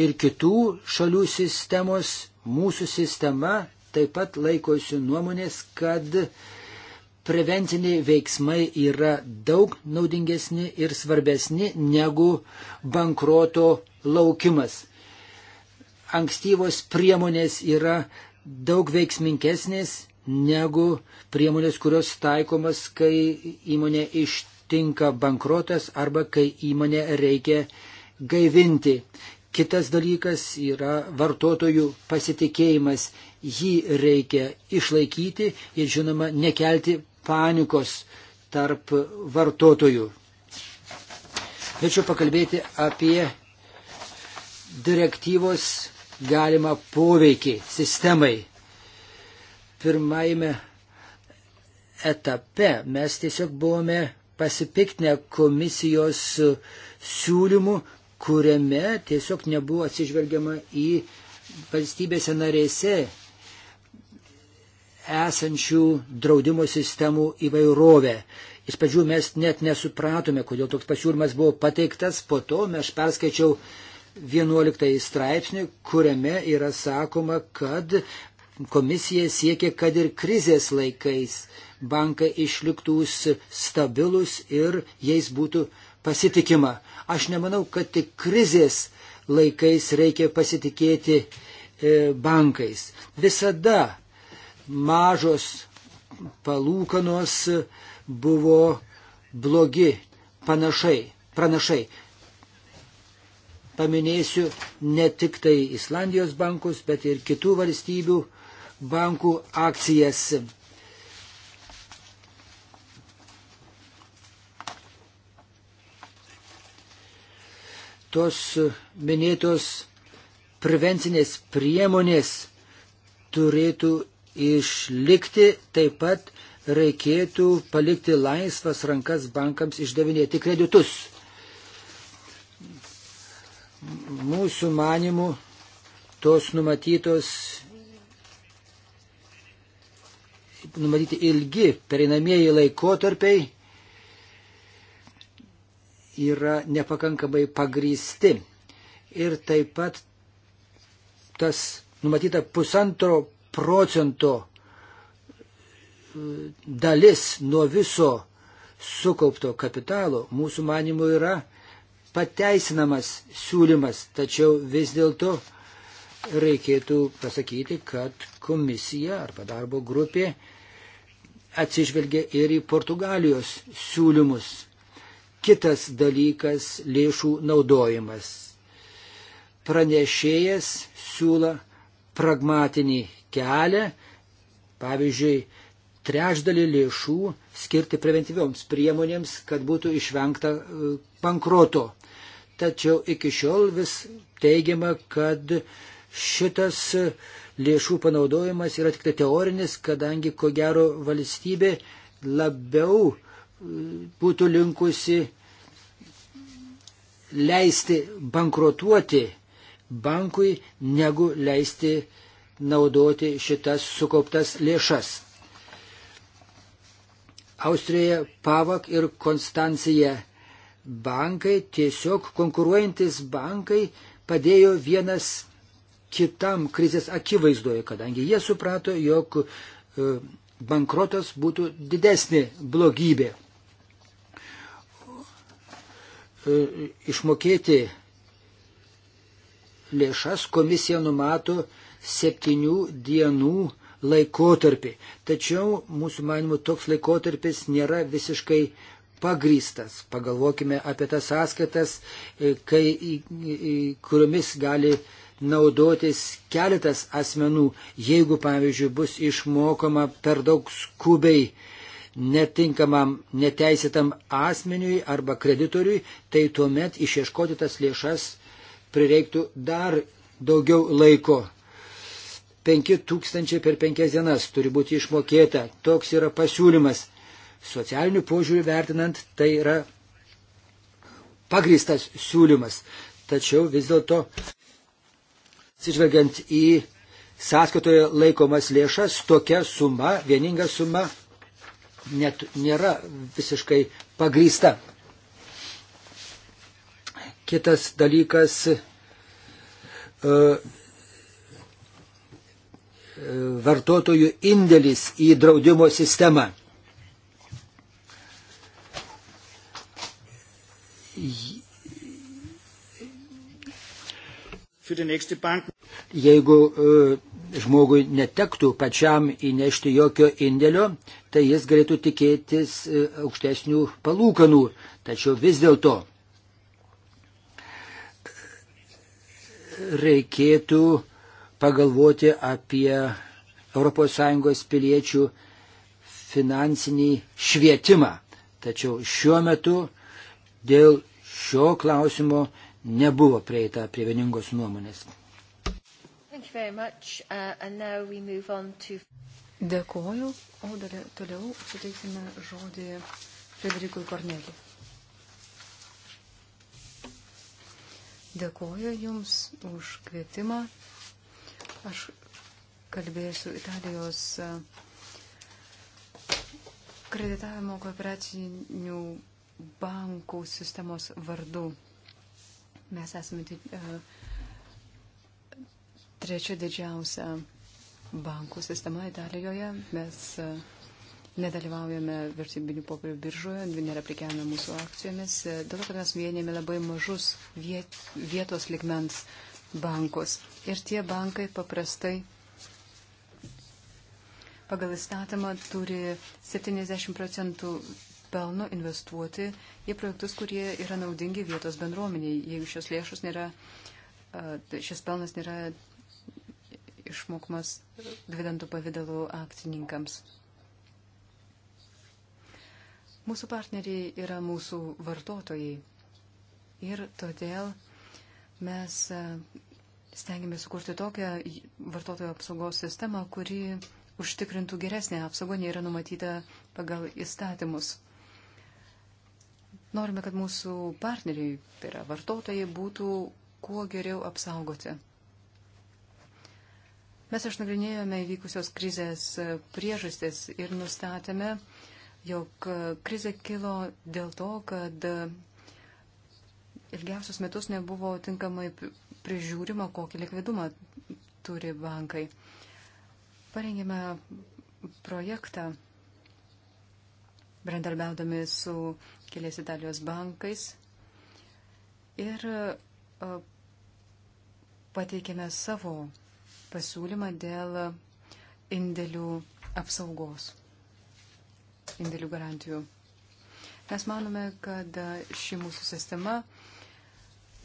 ir kitų šalių sistemos, mūsų sistema taip pat laikosi nuomonės, kad prevenciniai veiksmai yra daug naudingesni ir svarbesni negu bankroto laukimas. Ankstyvos priemonės yra daug veiksminkesnės negu priemonės, kurios taikomas, kai įmonė ištinka bankrotas arba kai įmonė reikia gaivinti. Kitas dalykas yra vartotojų pasitikėjimas. Jį reikia išlaikyti ir, žinoma, nekelti panikos tarp vartotojų. Norėčiau pakalbėti apie direktyvos galimą poveikį sistemai. Pirmajame etape mes tiesiog buvome pasipiktinę komisijos siūlymų kuriame tiesiog nebuvo atsižvelgiama į valstybėse narėse esančių draudimo sistemų įvairovę. Iš pradžių mes net nesupratome, kodėl toks pasiūlymas buvo pateiktas, po to aš perskaičiau 11 straipsnį, kuriame yra sakoma, kad komisija siekia, kad ir krizės laikais bankai išliktų stabilus ir jais būtų pasitikima. Aš nemanau, kad tik krizės laikais reikia pasitikėti e, bankais. Visada mažos palūkanos buvo blogi panašai, pranašai. Paminėsiu ne tik tai Islandijos bankus, bet ir kitų valstybių bankų akcijas. tos minėtos prevencinės priemonės turėtų išlikti, taip pat reikėtų palikti laisvas rankas bankams išdavinėti kreditus. Mūsų manimų tos numatytos numatyti ilgi pereinamieji laikotarpiai yra nepakankamai pagrysti. Ir taip pat tas numatyta pusantro procento e, dalis nuo viso sukaupto kapitalo, mūsų manimų yra pateisinamas siūlymas, tačiau vis dėlto reikėtų pasakyti, kad komisija arba darbo grupė atsižvelgia ir į Portugalijos siūlymus. Kitas dalykas - lėšų naudojimas. Pranešėjas siūla pragmatinį kelią, pavyzdžiui, trečdalį lėšų skirti preventyvioms priemonėms, kad būtų išvengta e, bankroto. Tačiau iki šiol vis teigiama, kad šitas lėšų panaudojimas yra tik tai teorinis, kadangi ko gero valstybė labiau būtų linkusi leisti bankrutuoti bankui, negu leisti naudoti šitas sukauptas lėšas. Austrijoje Pavak ir Konstancija bankai, tiesiog konkuruojantis bankai padėjo vienas kitam krizės akivaizdoje, kadangi jie suprato, jog e, bankrotas būtų didesnė blogybė. E, išmokėti lėšas komisija numato septynių dienų laikotarpį. Tačiau mūsų manimų toks laikotarpis nėra visiškai pagrystas. Pagalvokime apie tas sąskaitas, e, kai, kuriomis gali naudotis keletas asmenų, jeigu, pavyzdžiui, bus išmokama per daug skubiai netinkamam, neteisėtam asmeniui arba kreditoriui, tai tuomet išieškoti tas lėšas prireiktų dar daugiau laiko. 5000 per 5 dienas turi būti išmokėta. Toks yra pasiūlymas. Socialinių požiūrių vertinant, tai yra pagristas siūlymas. Tačiau vis dėlto, atsižvelgiant į sąskaitoje laikomas lėšas, tokia suma, vieninga suma net nėra visiškai pagrysta. Kitas dalykas, e, e, vartotojų indėlis į draudimo sistemą. Für die nächste Bank jeigu e, žmogui netektų pačiam įnešti jokio indėlio, tai jis galėtų tikėtis e, aukštesnių palūkanų. Tačiau vis dėlto reikėtų pagalvoti apie ES piliečių finansinį švietimą. Tačiau šiuo metu dėl šio klausimo nebuvo prieita prie vieningos nuomonės. Thank you very much. Uh, and now we move on to... Dėkoju. O dalė, toliau suteiksime žodį Frederikui Korneliui. Dėkoju Jums už kvietimą. Aš kalbėsiu Italijos uh, kreditavimo kooperacinių bankų sistemos vardu. Mes esame uh, trečia didžiausia bankų sistema Italijoje. Mes e, nedalyvaujame vertybinių popierių biržoje, nėra prikiavime mūsų akcijomis, e, dėl to, kad mes vienėme labai mažus viet, vietos ligmens bankus. Ir tie bankai paprastai pagal įstatymą turi 70 procentų pelno investuoti į projektus, kurie yra naudingi vietos bendruomeniai, jeigu šios lėšos nėra, e, šis pelnas nėra išmokmas dividendų pavydalu akcininkams. Mūsų partneriai yra mūsų vartotojai ir todėl mes e, stengiamės sukurti tokią vartotojo apsaugos sistemą, kuri užtikrintų geresnę apsaugą, nei yra numatyta pagal įstatymus. Norime, kad mūsų partneriai, tai yra vartotojai, būtų kuo geriau apsaugoti. Mes išnagrinėjome įvykusios krizės priežastis ir nustatėme, jog krizė kilo dėl to, kad ilgiausius metus nebuvo tinkamai prižiūrima, kokį likvidumą turi bankai. Parengėme projektą, brandarbiaudami su keliais Italijos bankais ir pateikėme savo pasiūlymą dėl indėlių apsaugos, indėlių garantijų. Mes manome, kad ši mūsų sistema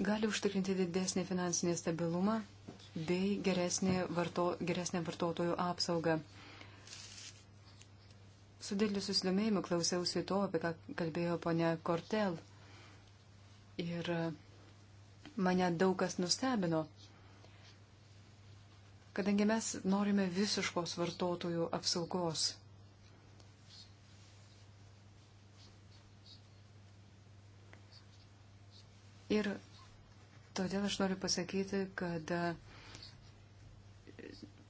gali užtikrinti didesnį finansinį stabilumą bei geresnį varto, geresnę vartotojų apsaugą. Su dideliu susidomėjimu klausiausi to, apie ką kalbėjo ponia Kortel. Ir mane daug kas nustebino kadangi mes norime visiškos vartotojų apsaugos. Ir todėl aš noriu pasakyti, kad e,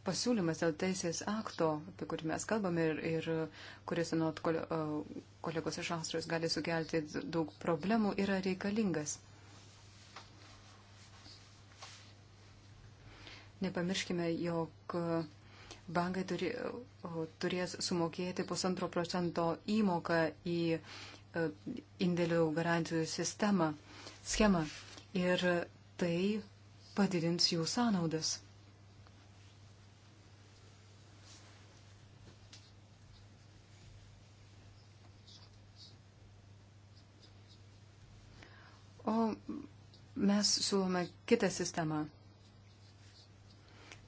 pasiūlymas dėl teisės akto, apie kurį mes kalbame ir, ir kuris, anot e, kolegos iš Austrijos, gali sukelti daug problemų, yra reikalingas. Nepamirškime, jog bankai turi, turės sumokėti pusantro procento įmoką į e, indėlių garantijų sistemą, schemą. Ir tai padidins jų sąnaudas. O mes siūlome kitą sistemą.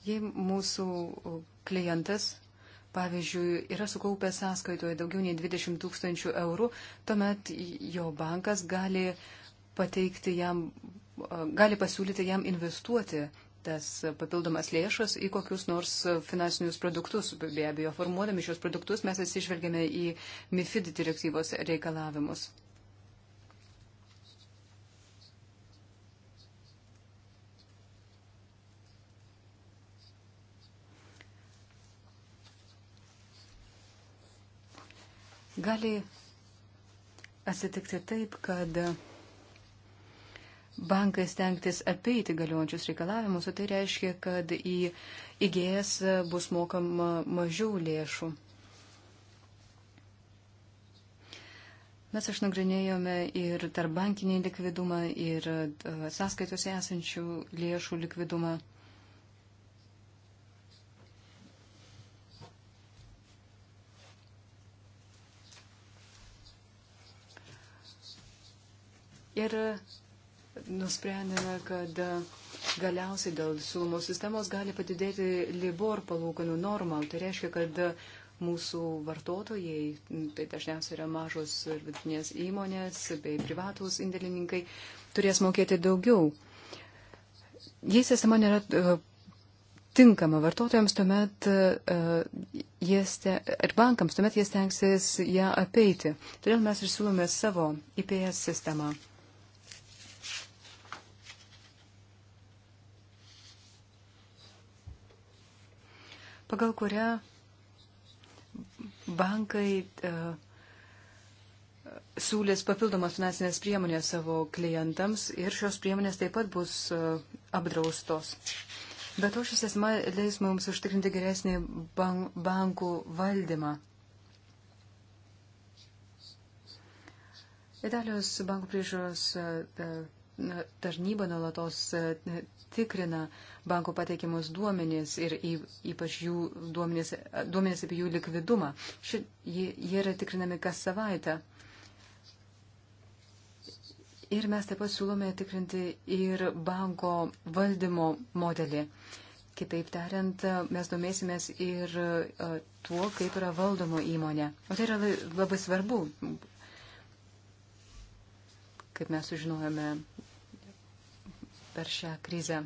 Jei mūsų klientas, pavyzdžiui, yra sukaupęs sąskaitoje daugiau nei 20 tūkstančių eurų, tuomet jo bankas gali pateikti jam, gali pasiūlyti jam investuoti tas papildomas lėšas į kokius nors finansinius produktus. Be abejo, formuodami šios produktus mes atsižvelgiame į MIFID direktyvos reikalavimus. gali atsitikti taip, kad bankai stengtis apeiti galiojančius reikalavimus, o tai reiškia, kad į įgėjas bus mokama mažiau lėšų. Mes išnagrinėjome ir tarbankinį likvidumą, ir e, sąskaitose esančių lėšų likvidumą. Ir nusprendėme, kad galiausiai dėl siūlomos sistemos gali padidėti libor palūkanų norma. Tai reiškia, kad mūsų vartotojai, tai dažniausiai yra mažos ir vidutinės įmonės bei privatus indėlininkai, turės mokėti daugiau. Jei sistema nėra e, tinkama vartotojams, tuomet e, jie ste, ir bankams, tuomet jie stengsis ją apeiti. Todėl mes ir siūlome savo IPS sistemą. pagal kurią bankai e, siūlės papildomas finansinės priemonės savo klientams ir šios priemonės taip pat bus e, apdraustos. Bet to šis esma leis mums užtikrinti geresnį bankų valdymą. Italijos bankų priežiūros e, tarnyba nuolatos e, tikrina banko pateikimus duomenys ir ypač jų duomenys, e, duomenys apie jų likvidumą. Ši, jie, jie yra tikrinami kas savaitę. Ir mes taip pat siūlome tikrinti ir banko valdymo modelį. Kitaip tariant, e, mes domėsimės ir tuo, kaip yra valdomo įmonė. O tai yra labai svarbu, kaip mes sužinojome per šią krizę.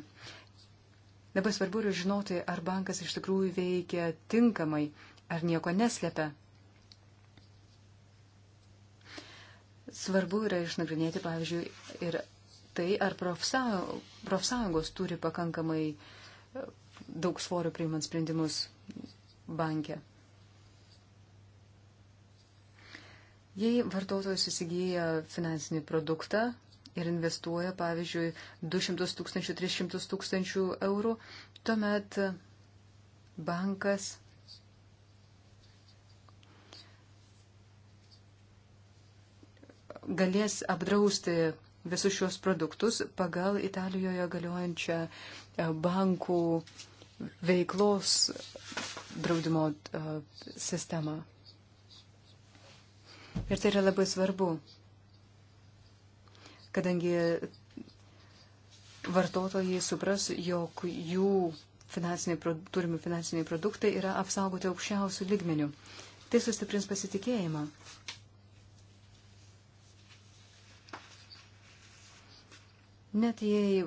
Dabar svarbu yra žinoti, ar bankas iš tikrųjų veikia tinkamai, ar nieko neslepia. Svarbu yra išnagrinėti, pavyzdžiui, ir tai, ar profsąjungos turi pakankamai e, daug svorio priimant sprendimus banke. Jei vartotojas įsigyja finansinį produktą, ir investuoja, pavyzdžiui, 200 tūkstančių, 300 tūkstančių eurų, tuomet bankas galės apdrausti visus šios produktus pagal Italijoje galiojančią e, bankų veiklos draudimo e, sistemą. Ir tai yra labai svarbu, kadangi vartotojai supras, jog jų finansiniai, turimi finansiniai produktai yra apsaugoti aukščiausių lygmenių. Tai sustiprins pasitikėjimą. Net jei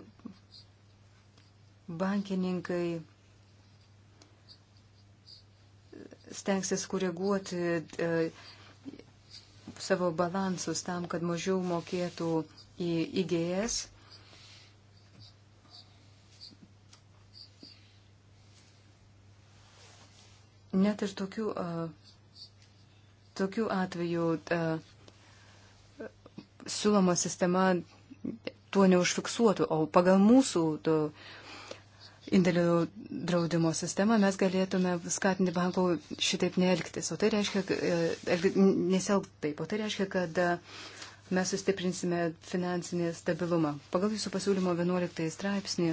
bankininkai stengsis koreguoti e, savo balansus tam, kad mažiau mokėtų į IGS. Net ir tokių, uh, tokių atvejų uh, siūloma sistema tuo neužfiksuotų, o pagal mūsų to, indėlių draudimo sistemą mes galėtume skatinti bankų šitaip neelgtis. O tai reiškia, e, elg, nesielgti taip, o tai reiškia, kad uh, mes sustiprinsime finansinį stabilumą. Pagal jūsų pasiūlymo 11 straipsnį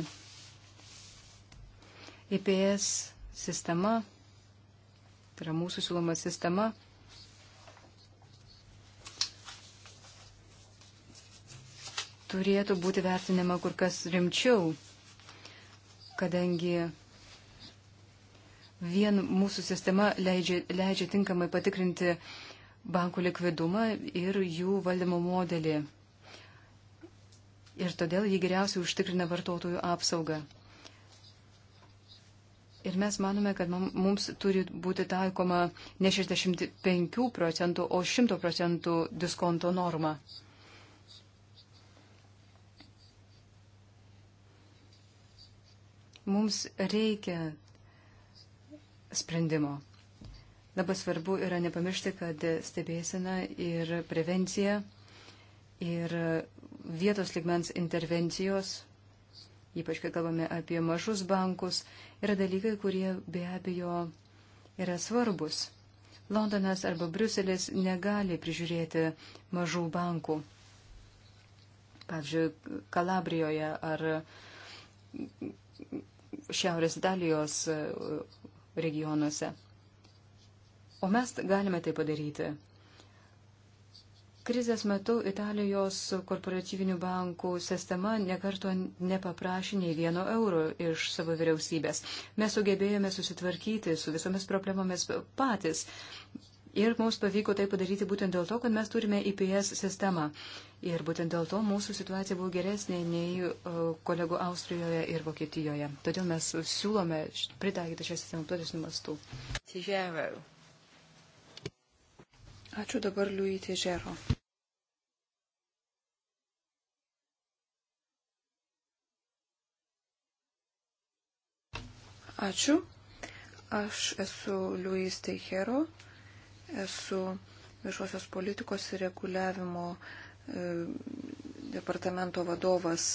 IPS sistema, tai yra mūsų siūloma sistema, turėtų būti vertinama kur kas rimčiau, kadangi vien mūsų sistema leidžia, leidžia tinkamai patikrinti uh, bankų likvidumą ir jų valdymo modelį. Ir todėl jį geriausiai užtikrina vartotojų apsaugą. Ir mes manome, kad mums turi būti taikoma ne 65 procentų, o 100 procentų diskonto norma. Mums reikia sprendimo. Labai svarbu yra nepamiršti, kad stebėsena ir prevencija ir vietos ligmens intervencijos, ypač kai kalbame apie mažus bankus, yra dalykai, kurie be abejo yra svarbus. Londonas arba Bruselis negali prižiūrėti mažų bankų. Pavyzdžiui, Kalabrijoje ar Šiaurės Dalijos regionuose. O mes galime tai padaryti. Krizės metu Italijos korporatyvinių bankų sistema nekarto nepaprašė nei vieno euro iš savo vyriausybės. Mes sugebėjome susitvarkyti su visomis problemomis patys. Ir mums pavyko tai padaryti būtent dėl to, kad mes turime IPS sistemą. Ir būtent dėl to mūsų situacija buvo geresnė nei e, kolegų Austrijoje ir Vokietijoje. Todėl mes siūlome pritaikyti šią sistemą platesnių mastų. Tijero. Ačiū dabar Liui Težero. Ačiū. Aš esu Liujis Teichero, esu viešosios politikos ir reguliavimo e, departamento vadovas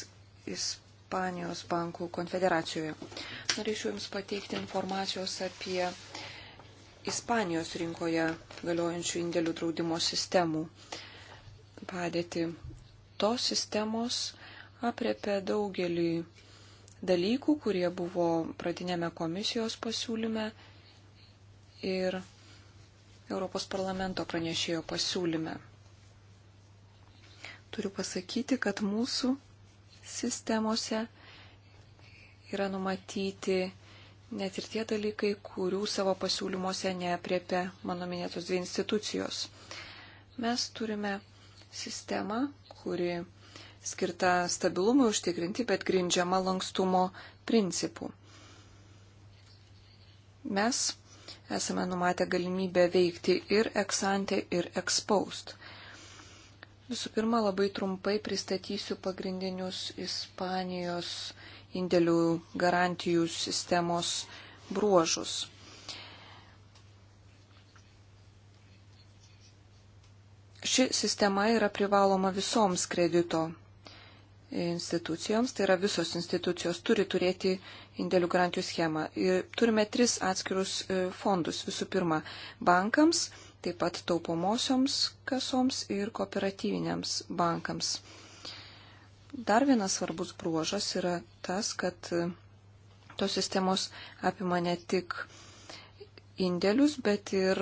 Ispanijos bankų konfederacijoje. Norėčiau Jums pateikti informacijos apie Ispanijos rinkoje galiojančių indėlių draudimo sistemų padėtį. Tos sistemos apriepia daugelį dalykų, kurie buvo pradinėme komisijos pasiūlyme ir Europos parlamento pranešėjo pasiūlyme. Turiu pasakyti, kad mūsų sistemose yra numatyti net ir tie dalykai, kurių savo pasiūlymuose neapriepia mano minėtos dvi institucijos. Mes turime sistemą, kuri skirta stabilumui užtikrinti, bet grindžiama lankstumo principų. Mes esame numatę galimybę veikti ir eksante, ir ekspaust. Visų pirma, labai trumpai pristatysiu pagrindinius Ispanijos indėlių garantijų sistemos bruožus. Ši sistema yra privaloma visoms kredito institucijoms, tai yra visos institucijos turi turėti indėlių garantijų schemą. Ir turime tris atskirus e, fondus. Visų pirma, bankams, taip pat taupomosioms kasoms ir kooperatyviniams bankams. Dar vienas svarbus bruožas yra tas, kad e, tos sistemos apima ne tik indėlius, bet ir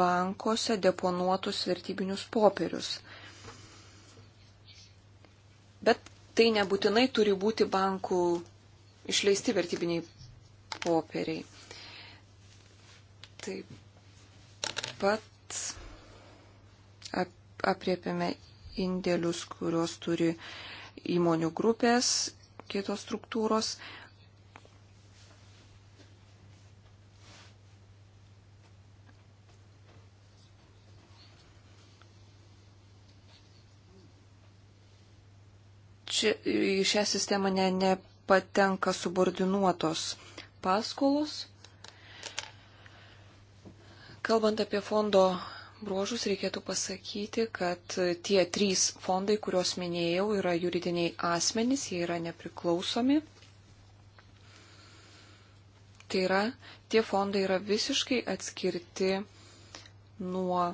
bankuose deponuotus vertybinius popierius. Bet tai nebūtinai turi būti bankų išleisti vertybiniai popieriai. Taip pat apriepėme indėlius, kuriuos turi uh, įmonių grupės, kitos struktūros. Čia, į šią sistemą ne, nepatenka subordinuotos paskolos. Kalbant apie fondo bruožus reikėtų pasakyti, kad tie trys fondai, kuriuos minėjau, yra juridiniai asmenys, jie yra nepriklausomi. Tai yra, tie fondai yra visiškai atskirti nuo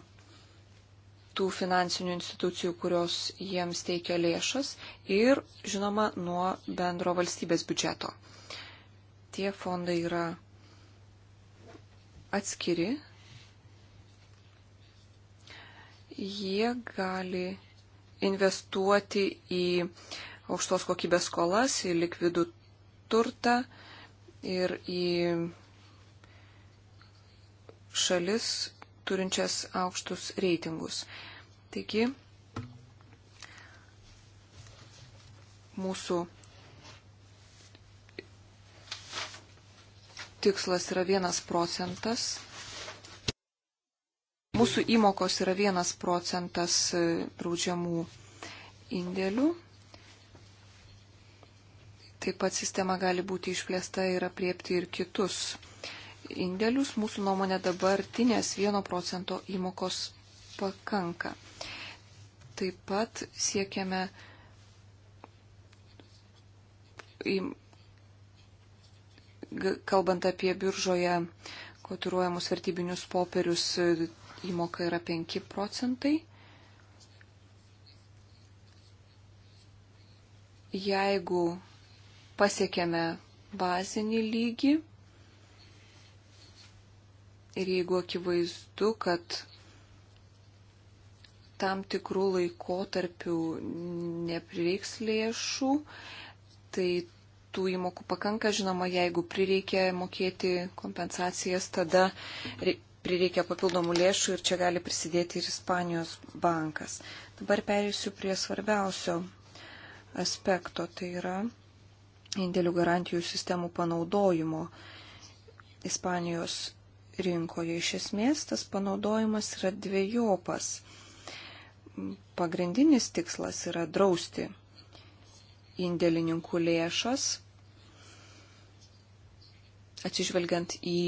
tų finansinių institucijų, kurios jiems teikia lėšas ir, žinoma, nuo bendro valstybės biudžeto. Tie fondai yra atskiri jie gali investuoti į aukštos kokybės skolas, į likvidų turtą ir į šalis turinčias aukštus reitingus. Taigi, mūsų tikslas yra vienas procentas Mūsų įmokos yra vienas procentas e, draudžiamų indėlių. Taip pat sistema gali būti išplėsta ir apriepti ir kitus indėlius. Mūsų nuomonė dabartinės 1 procento įmokos pakanka. Taip pat siekiame kalbant apie biržoje kotiruojamus vertybinius popierius, įmoka yra 5 procentai. Jeigu pasiekėme bazinį lygį ir jeigu akivaizdu, kad tam tikrų laikotarpių neprireiks lėšų, tai tų įmokų pakanka, žinoma, jeigu prireikia mokėti kompensacijas, tada prireikia papildomų lėšų ir čia gali prisidėti ir Ispanijos bankas. Dabar perėsiu prie svarbiausio aspekto, tai yra indėlių garantijų sistemų panaudojimo Ispanijos rinkoje. Iš esmės tas panaudojimas yra dviejopas. Pagrindinis tikslas yra drausti indėlininkų lėšas, atsižvelgiant į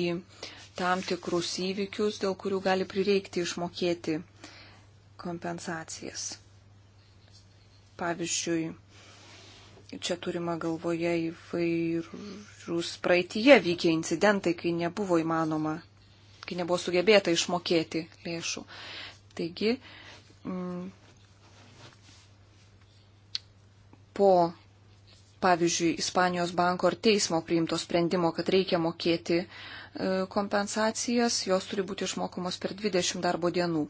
tam tikrus įvykius, dėl kurių gali prireikti išmokėti kompensacijas. Pavyzdžiui, čia turima galvoje įvairūs praeitie vykę incidentai, kai nebuvo įmanoma, kai nebuvo sugebėta išmokėti lėšų. Taigi, m, mm, po, pavyzdžiui, Ispanijos banko ar teismo priimto sprendimo, kad reikia mokėti uh, E, kompensacijas, jos turi būti išmokamos per 20 darbo dienų.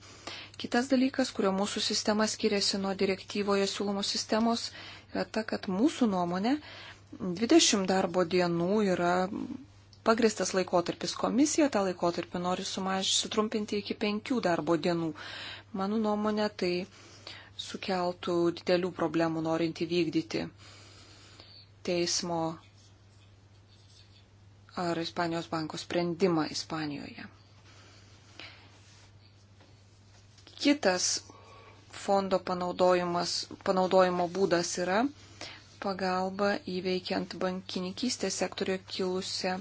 Kitas dalykas, kurio mūsų sistema skiriasi nuo direktyvoje siūlomos sistemos, yra ta, kad mūsų nuomonė 20 darbo dienų yra pagristas laikotarpis. Komisija tą laikotarpį nori sumažinti, sutrumpinti iki 5 darbo dienų. Mano nuomonė tai sukeltų didelių problemų norint įvykdyti teismo ar Ispanijos banko sprendimą Ispanijoje. Kitas fondo panaudojimo būdas yra pagalba įveikiant bankininkystės sektorio kilusią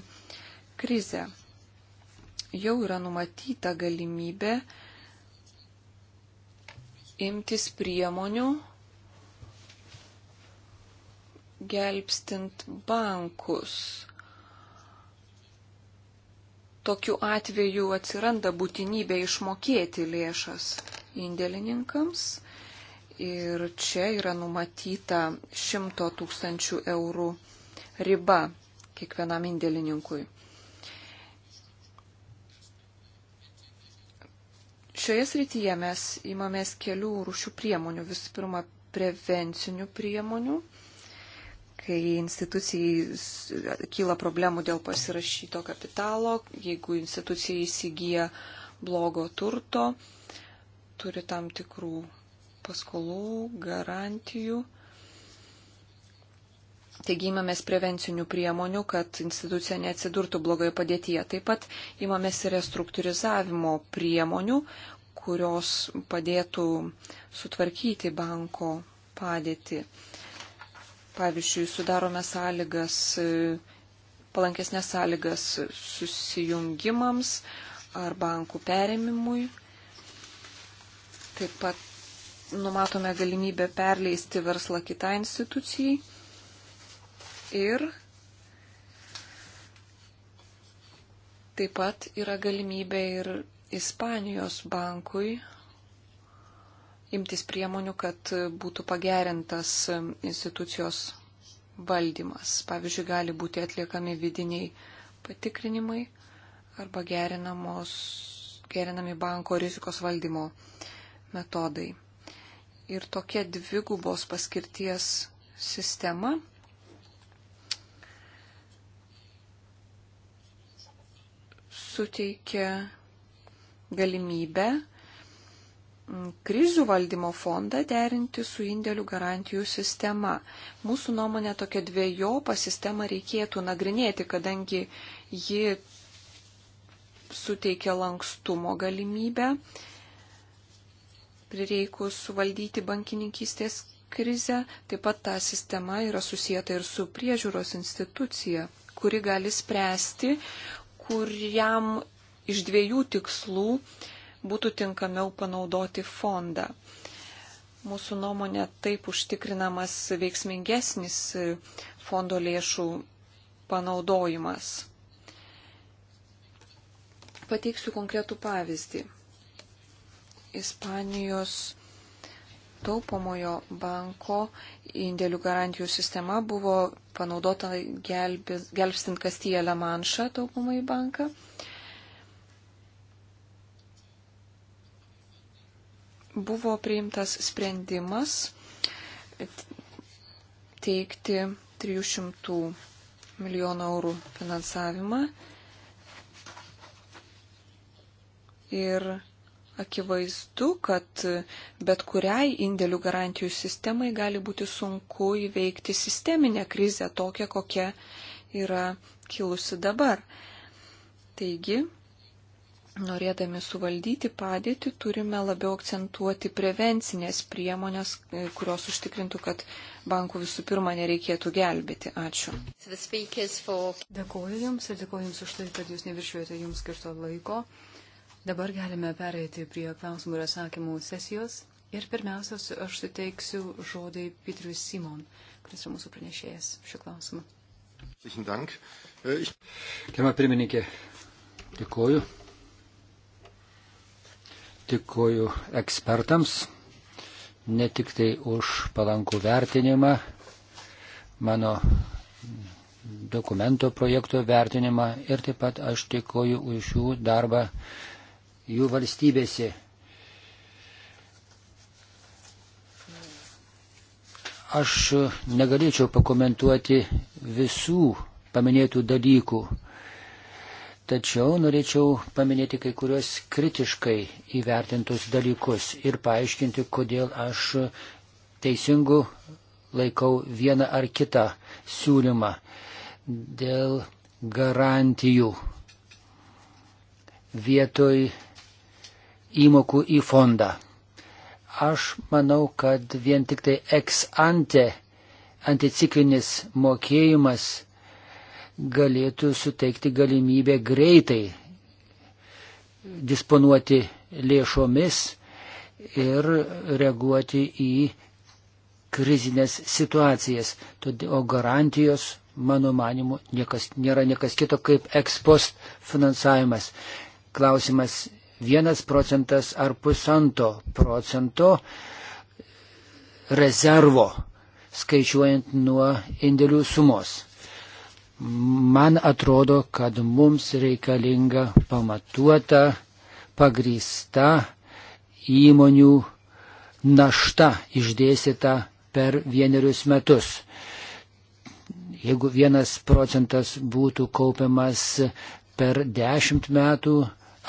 krizę. Jau yra numatyta galimybė imtis priemonių gelbstint bankus tokiu atveju atsiranda būtinybė išmokėti lėšas indėlininkams. Ir čia yra numatyta 100 tūkstančių eurų riba kiekvienam indėlininkui. Šioje srityje mes imamės kelių rūšių priemonių. Visų pirma, prevencinių priemonių kai institucijai kyla problemų dėl pasirašyto kapitalo, jeigu institucija įsigyja blogo turto, turi tam tikrų paskolų, garantijų. Taigi įmamės prevencinių priemonių, kad institucija neatsidurtų blogoje padėtyje. Taip pat įmamės restruktūrizavimo priemonių, kurios padėtų sutvarkyti banko padėtį. Pavyzdžiui, sudarome sąlygas, e, palankesnės sąlygas susijungimams ar bankų perėmimui. Taip pat numatome galimybę perleisti verslą kitą institucijai ir taip pat yra galimybė ir Ispanijos bankui imtis priemonių, kad būtų pagerintas institucijos valdymas. Pavyzdžiui, gali būti atliekami vidiniai patikrinimai arba gerinami banko rizikos valdymo metodai. Ir tokia dvigubos paskirties sistema suteikia galimybę krizių valdymo fondą derinti su indėlių garantijų sistema. Mūsų nuomonė tokia dviejopą sistemą reikėtų nagrinėti, kadangi ji suteikia lankstumo galimybę prireikus suvaldyti bankininkystės krizę. Taip pat ta sistema yra susijęta ir su priežiūros institucija, kuri gali spręsti, kuriam iš dviejų tikslų būtų tinkamiau panaudoti fondą. Mūsų nuomonė taip užtikrinamas veiksmingesnis fondo lėšų panaudojimas. Pateiksiu konkretų pavyzdį. Ispanijos taupomojo banko indėlių garantijų sistema buvo panaudota gelbstint Kastijelę Manšą taupomąjį banką. buvo priimtas sprendimas teikti 300 milijonų eurų finansavimą ir akivaizdu, kad bet kuriai indėlių garantijų sistemai gali būti sunku įveikti sisteminę krizę tokią, kokia yra kilusi dabar. Taigi, norėdami suvaldyti padėtį, turime labiau akcentuoti prevencinės priemonės, e, kurios užtikrintų, kad bankų visų pirma nereikėtų gelbėti. Ačiū. Dėkuoju Jums ir dėkuoju Jums už tai, kad Jūs neviršiuojate Jums skirto laiko. Dabar galime pereiti prie klausimų ir atsakymų sesijos. Ir pirmiausias, aš suteiksiu žodį Petriui Simon, kuris yra mūsų pranešėjas šiuo klausimu. Äh, Gerbiamą pirmininkę, dėkuoju. Dėkuoju ekspertams, ne tik tai už palankų vertinimą, mano dokumento projekto vertinimą ir taip pat aš dėkuoju už jų darbą jų valstybėse. Aš negalėčiau pakomentuoti visų paminėtų dalykų. Tačiau norėčiau paminėti kai kurios kritiškai įvertintus dalykus ir paaiškinti, kodėl aš teisingu laikau vieną ar kitą siūlymą dėl garantijų vietoj įmokų į fondą. Aš manau, kad vien tik tai ex ante anticiklinis mokėjimas galėtų suteikti galimybę greitai disponuoti lėšomis ir reaguoti į krizinės situacijas. O garantijos, mano manimu, niekas, nėra niekas kito kaip ekspost finansavimas. Klausimas vienas procentas ar pusanto procento rezervo, skaičiuojant nuo indėlių sumos. Man atrodo, kad mums reikalinga pamatuota, pagrįsta įmonių našta išdėsita per vienerius metus. Jeigu vienas procentas būtų kaupiamas per dešimt metų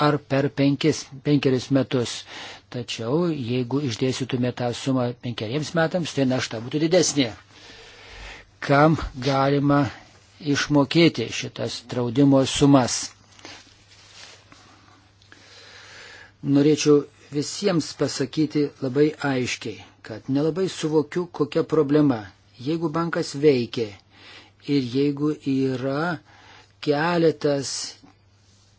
ar per penkis, penkerius metus, tačiau jeigu išdėstytume tą sumą penkeriems metams, tai našta būtų didesnė. Kam galima išmokėti šitas draudimo sumas. Norėčiau visiems pasakyti labai aiškiai, kad nelabai suvokiu, kokia problema. Jeigu bankas veikia ir jeigu yra keletas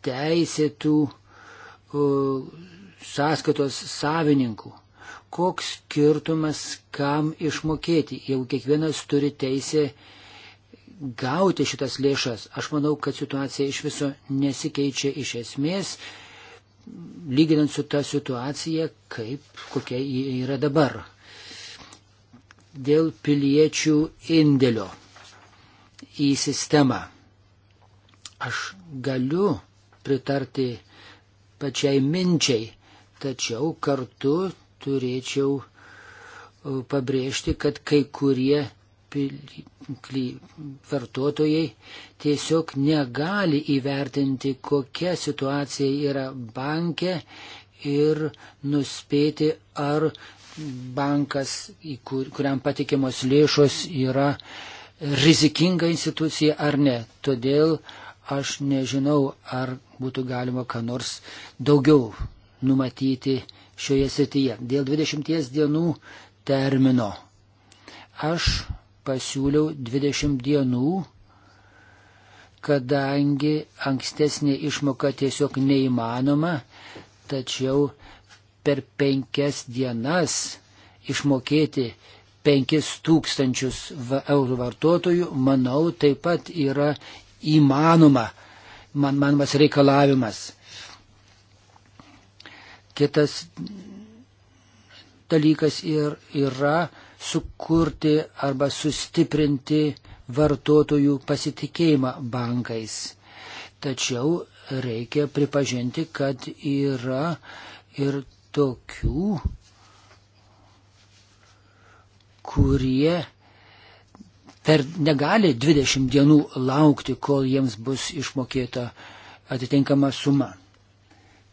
teisėtų uh, sąskaitos savininkų, koks skirtumas kam išmokėti, jeigu kiekvienas turi teisę uh, gauti šitas lėšas. Aš manau, kad situacija iš viso nesikeičia iš esmės, lyginant su ta situacija, kaip kokia ji yra dabar. Dėl piliečių indėlio į sistemą. Aš galiu pritarti pačiai minčiai, tačiau kartu turėčiau uh, pabrėžti, kad kai kurie vartotojai tiesiog negali įvertinti, kokia situacija yra banke ir nuspėti, ar bankas, kur, kuriam patikimos lėšos, yra rizikinga institucija ar ne. Todėl aš nežinau, ar būtų galima ką nors daugiau numatyti šioje srityje. Dėl 20 dienų termino. Aš pasiūliau 20 dienų, kadangi ankstesnė išmoka tiesiog neįmanoma, tačiau per penkias dienas išmokėti 5000 eurų vartotojų, manau, taip pat yra įmanoma, man, manomas reikalavimas. Kitas dalykas ir yra sukurti arba sustiprinti vartotojų pasitikėjimą bankais. Tačiau reikia pripažinti, kad yra ir tokių, kurie per negali 20 dienų laukti, kol jiems bus išmokėta atitinkama suma.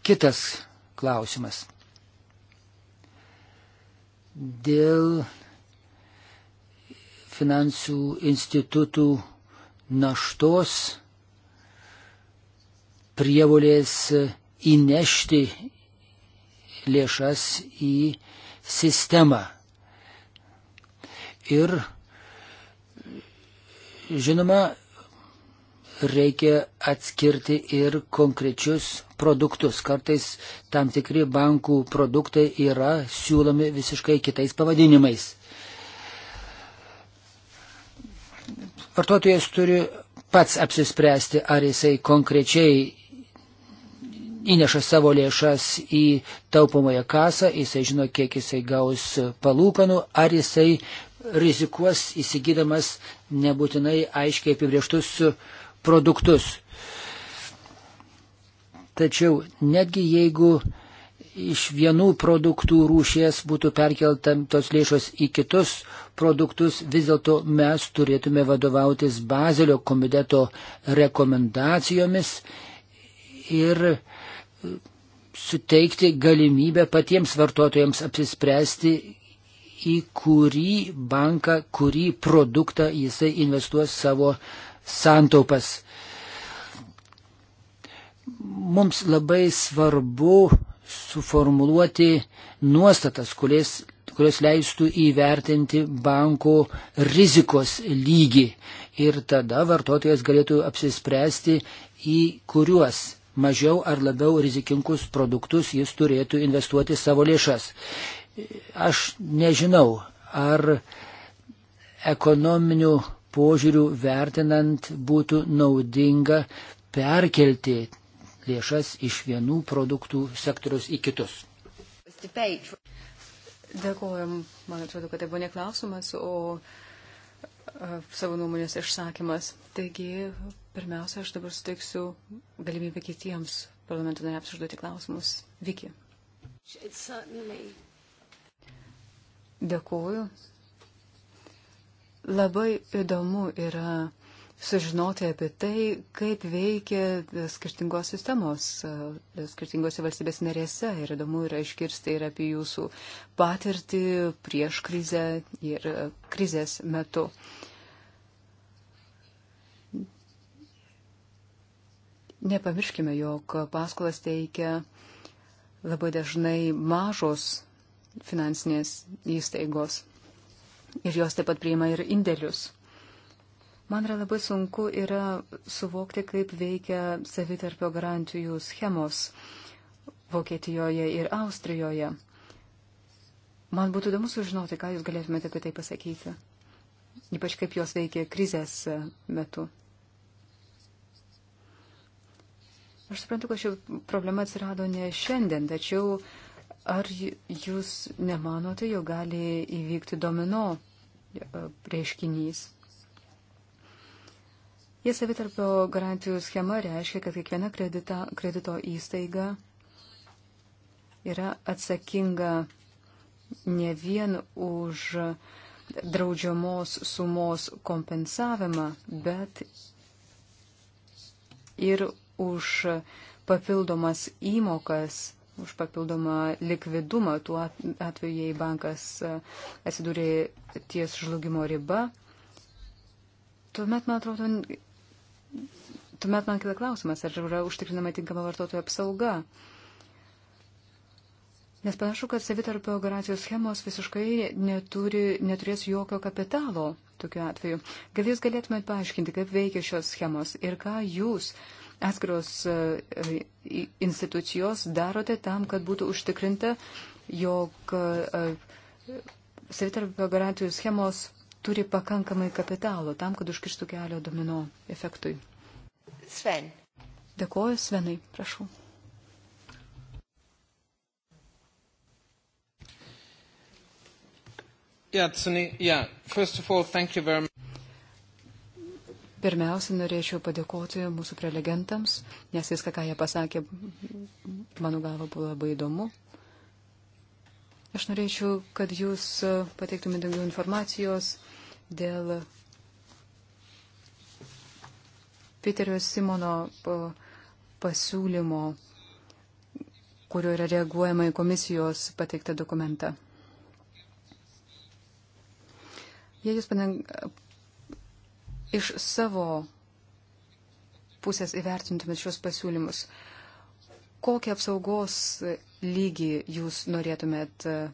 Kitas klausimas. Dėl finansų institutų naštos prievolės įnešti lėšas į sistemą. Ir žinoma, reikia atskirti ir konkrečius produktus. Kartais tam tikri bankų produktai yra siūlomi visiškai kitais pavadinimais. vartotojas turi pats apsispręsti, ar jisai konkrečiai įneša savo lėšas į taupomąją kasą, jisai žino, kiek jisai gaus palūkanų, ar jisai rizikuos įsigydamas nebūtinai aiškiai apibrieštus produktus. Tačiau netgi jeigu iš vienų produktų rūšies būtų perkeltamtos lėšos į kitus produktus, vis dėlto mes turėtume vadovautis Bazelio komiteto rekomendacijomis ir e, suteikti galimybę patiems vartotojams apsispręsti, į kurį banką, kurį produktą jisai investuos savo santaupas. Mums labai svarbu suformuluoti nuostatas, kurias, kurios leistų įvertinti banko rizikos lygį. Ir tada vartotojas galėtų apsispręsti, į kuriuos mažiau ar labiau rizikingus produktus jis turėtų investuoti savo lėšas. Aš nežinau, ar ekonominių požiūrių vertinant būtų naudinga perkelti lėšas iš vienų produktų sektorius į kitus. Dėkojom, man atrodo, kad tai buvo neklausimas, o savo nuomonės išsakymas. Taigi, pirmiausia, aš dabar suteiksiu galimybę kitiems parlamento nariams užduoti klausimus. Viki. Dėkuoju. Labai įdomu yra sužinoti apie tai, kaip veikia skirtingos sistemos e, skirtingose valstybės narėse. Ir įdomu yra iškirsti ir apie jūsų patirtį prieš krizę ir e, krizės metu. Nepamirškime, jog paskolas teikia labai dažnai mažos finansinės įstaigos ir jos taip pat priima ir indėlius. Man yra labai sunku yra suvokti, kaip veikia savitarpio garantijų schemos Vokietijoje ir Austrijoje. Man būtų įdomu sužinoti, ką jūs galėtumėte apie tai pasakyti. Ypač kaip jos veikia krizės metu. Aš suprantu, kad ši problema atsirado ne šiandien, tačiau ar jūs nemanote, jau gali įvykti domino e, reiškinys? Jie savitarpio garantijų schema reiškia, kad kiekviena kredita, kredito įstaiga yra atsakinga ne vien už draudžiamos sumos kompensavimą, bet ir už papildomas įmokas, už papildomą likvidumą tuo atveju, jei bankas atsidūrė ties žlugimo riba. Tuomet, man atrodo, tuomet man kila klausimas, ar yra užtikrinama tinkama vartotojų apsauga. Nes panašu, kad savitarpio garancijos schemos visiškai neturi, neturės jokio kapitalo tokiu atveju. Gal jūs galėtumėt paaiškinti, kaip veikia šios schemos ir ką jūs atskiros e, institucijos darote tam, kad būtų užtikrinta, jog e, savitarpio garantijų schemos turi pakankamai kapitalo tam, kad užkirstų kelio domino efektui. Sven. Dėkoju, Svenai, prašau. Yeah, Tsuni, yeah. First of all, thank you very much. Pirmiausia, norėčiau padėkoti mūsų prelegentams, nes viską, ką jie pasakė, mano galva buvo labai įdomu. Aš norėčiau, kad jūs pateiktumėte daugiau informacijos dėl Piterio Simono pasiūlymo, kurio yra reaguojama į komisijos pateiktą dokumentą. Jei jūs paneng... iš savo pusės įvertintumėt šios pasiūlymus, kokią apsaugos lygį jūs norėtumėt uh,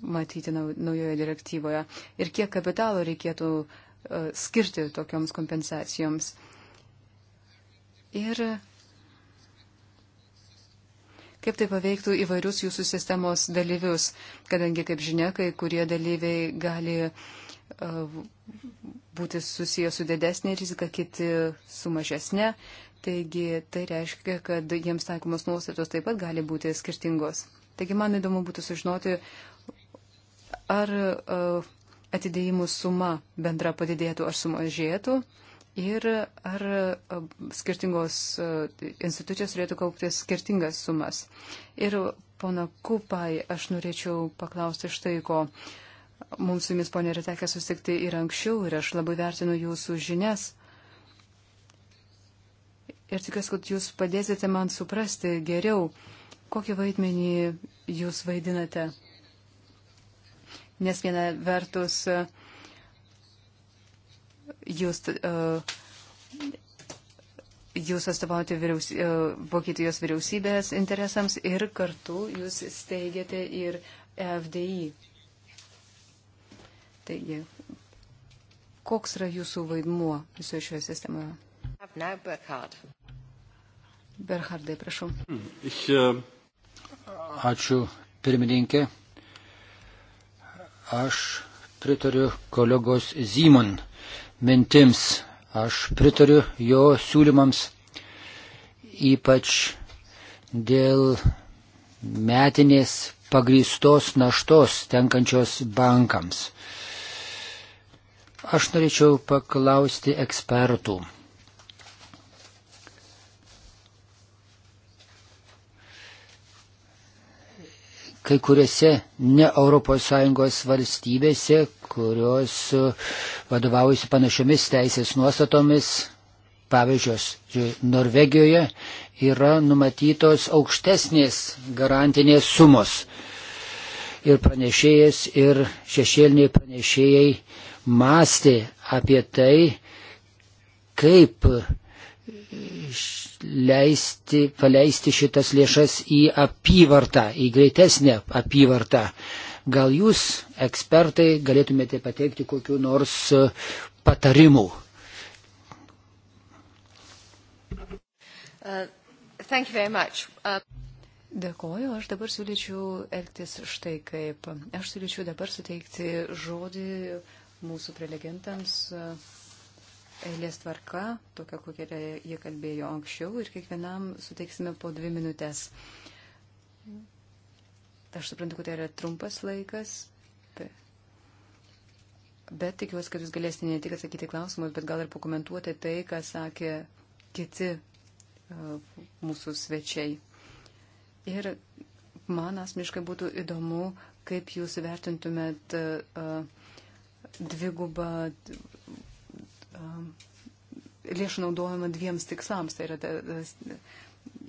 matyti naujoje direktyvoje ir kiek kapitalo reikėtų e, skirti tokioms kompensacijoms. Ir kaip tai paveiktų įvairius jūsų sistemos dalyvius, kadangi, kaip žinia, kai kurie dalyviai gali e, būti susijęs su didesnė rizika, kiti su mažesnė. Taigi tai reiškia, kad jiems taikomos nuostatos taip pat gali būti skirtingos. Taigi man įdomu būtų sužinoti, ar e, atidėjimų suma bendra padidėtų ar sumažėtų ir ar e, skirtingos e, institucijos turėtų kaupti skirtingas sumas. Ir pono Kupai aš norėčiau paklausti štai ko. Mums su jumis, ponė, yra tekę susitikti ir anksčiau ir aš labai vertinu jūsų žinias. Ir tikiuosi, kad jūs padėsite man suprasti geriau, kokį vaidmenį jūs vaidinate nes viena vertus e, jūs, e, jūs atstovauti vyriaus, e, Vokietijos vyriausybės interesams ir kartu jūs steigiate ir FDI. Taigi, koks yra jūsų vaidmuo visoje šioje sistemoje? Berhardai, prašau. Hmm, Ačiū, pirmininkė. Aš pritariu kolegos Zymon mintims, aš pritariu jo siūlymams, ypač dėl metinės pagrįstos naštos tenkančios bankams. Aš norėčiau paklausti ekspertų kai kuriuose ne ES valstybėse, kurios e, vadovaujasi panašiomis teisės nuostatomis, pavyzdžiui, e, Norvegijoje yra numatytos aukštesnės garantinės sumos. Ir pranešėjas, ir šešėliniai pranešėjai mąstė apie tai, kaip leisti, paleisti šitas lėšas į apyvartą, į greitesnę apyvartą. Gal jūs, ekspertai, galėtumėte pateikti kokiu nors e, patarimu? Uh, uh... Dėkoju, aš dabar siūlyčiau elgtis štai kaip. Aš siūlyčiau dabar suteikti žodį mūsų prelegentams. Uh eilės tvarka, tokia, kokia jie kalbėjo anksčiau, ir kiekvienam suteiksime po dvi minutės. Aš suprantu, kad tai yra trumpas laikas, bet tikiuosi, kad jūs galėsite ne tik atsakyti klausimus, bet gal ir pakomentuoti tai, ką sakė kiti e, mūsų svečiai. Ir man asmeniškai būtų įdomu, kaip jūs vertintumėt e, e, dvigubą Um, lėšų naudojama dviems tikslams, tai yra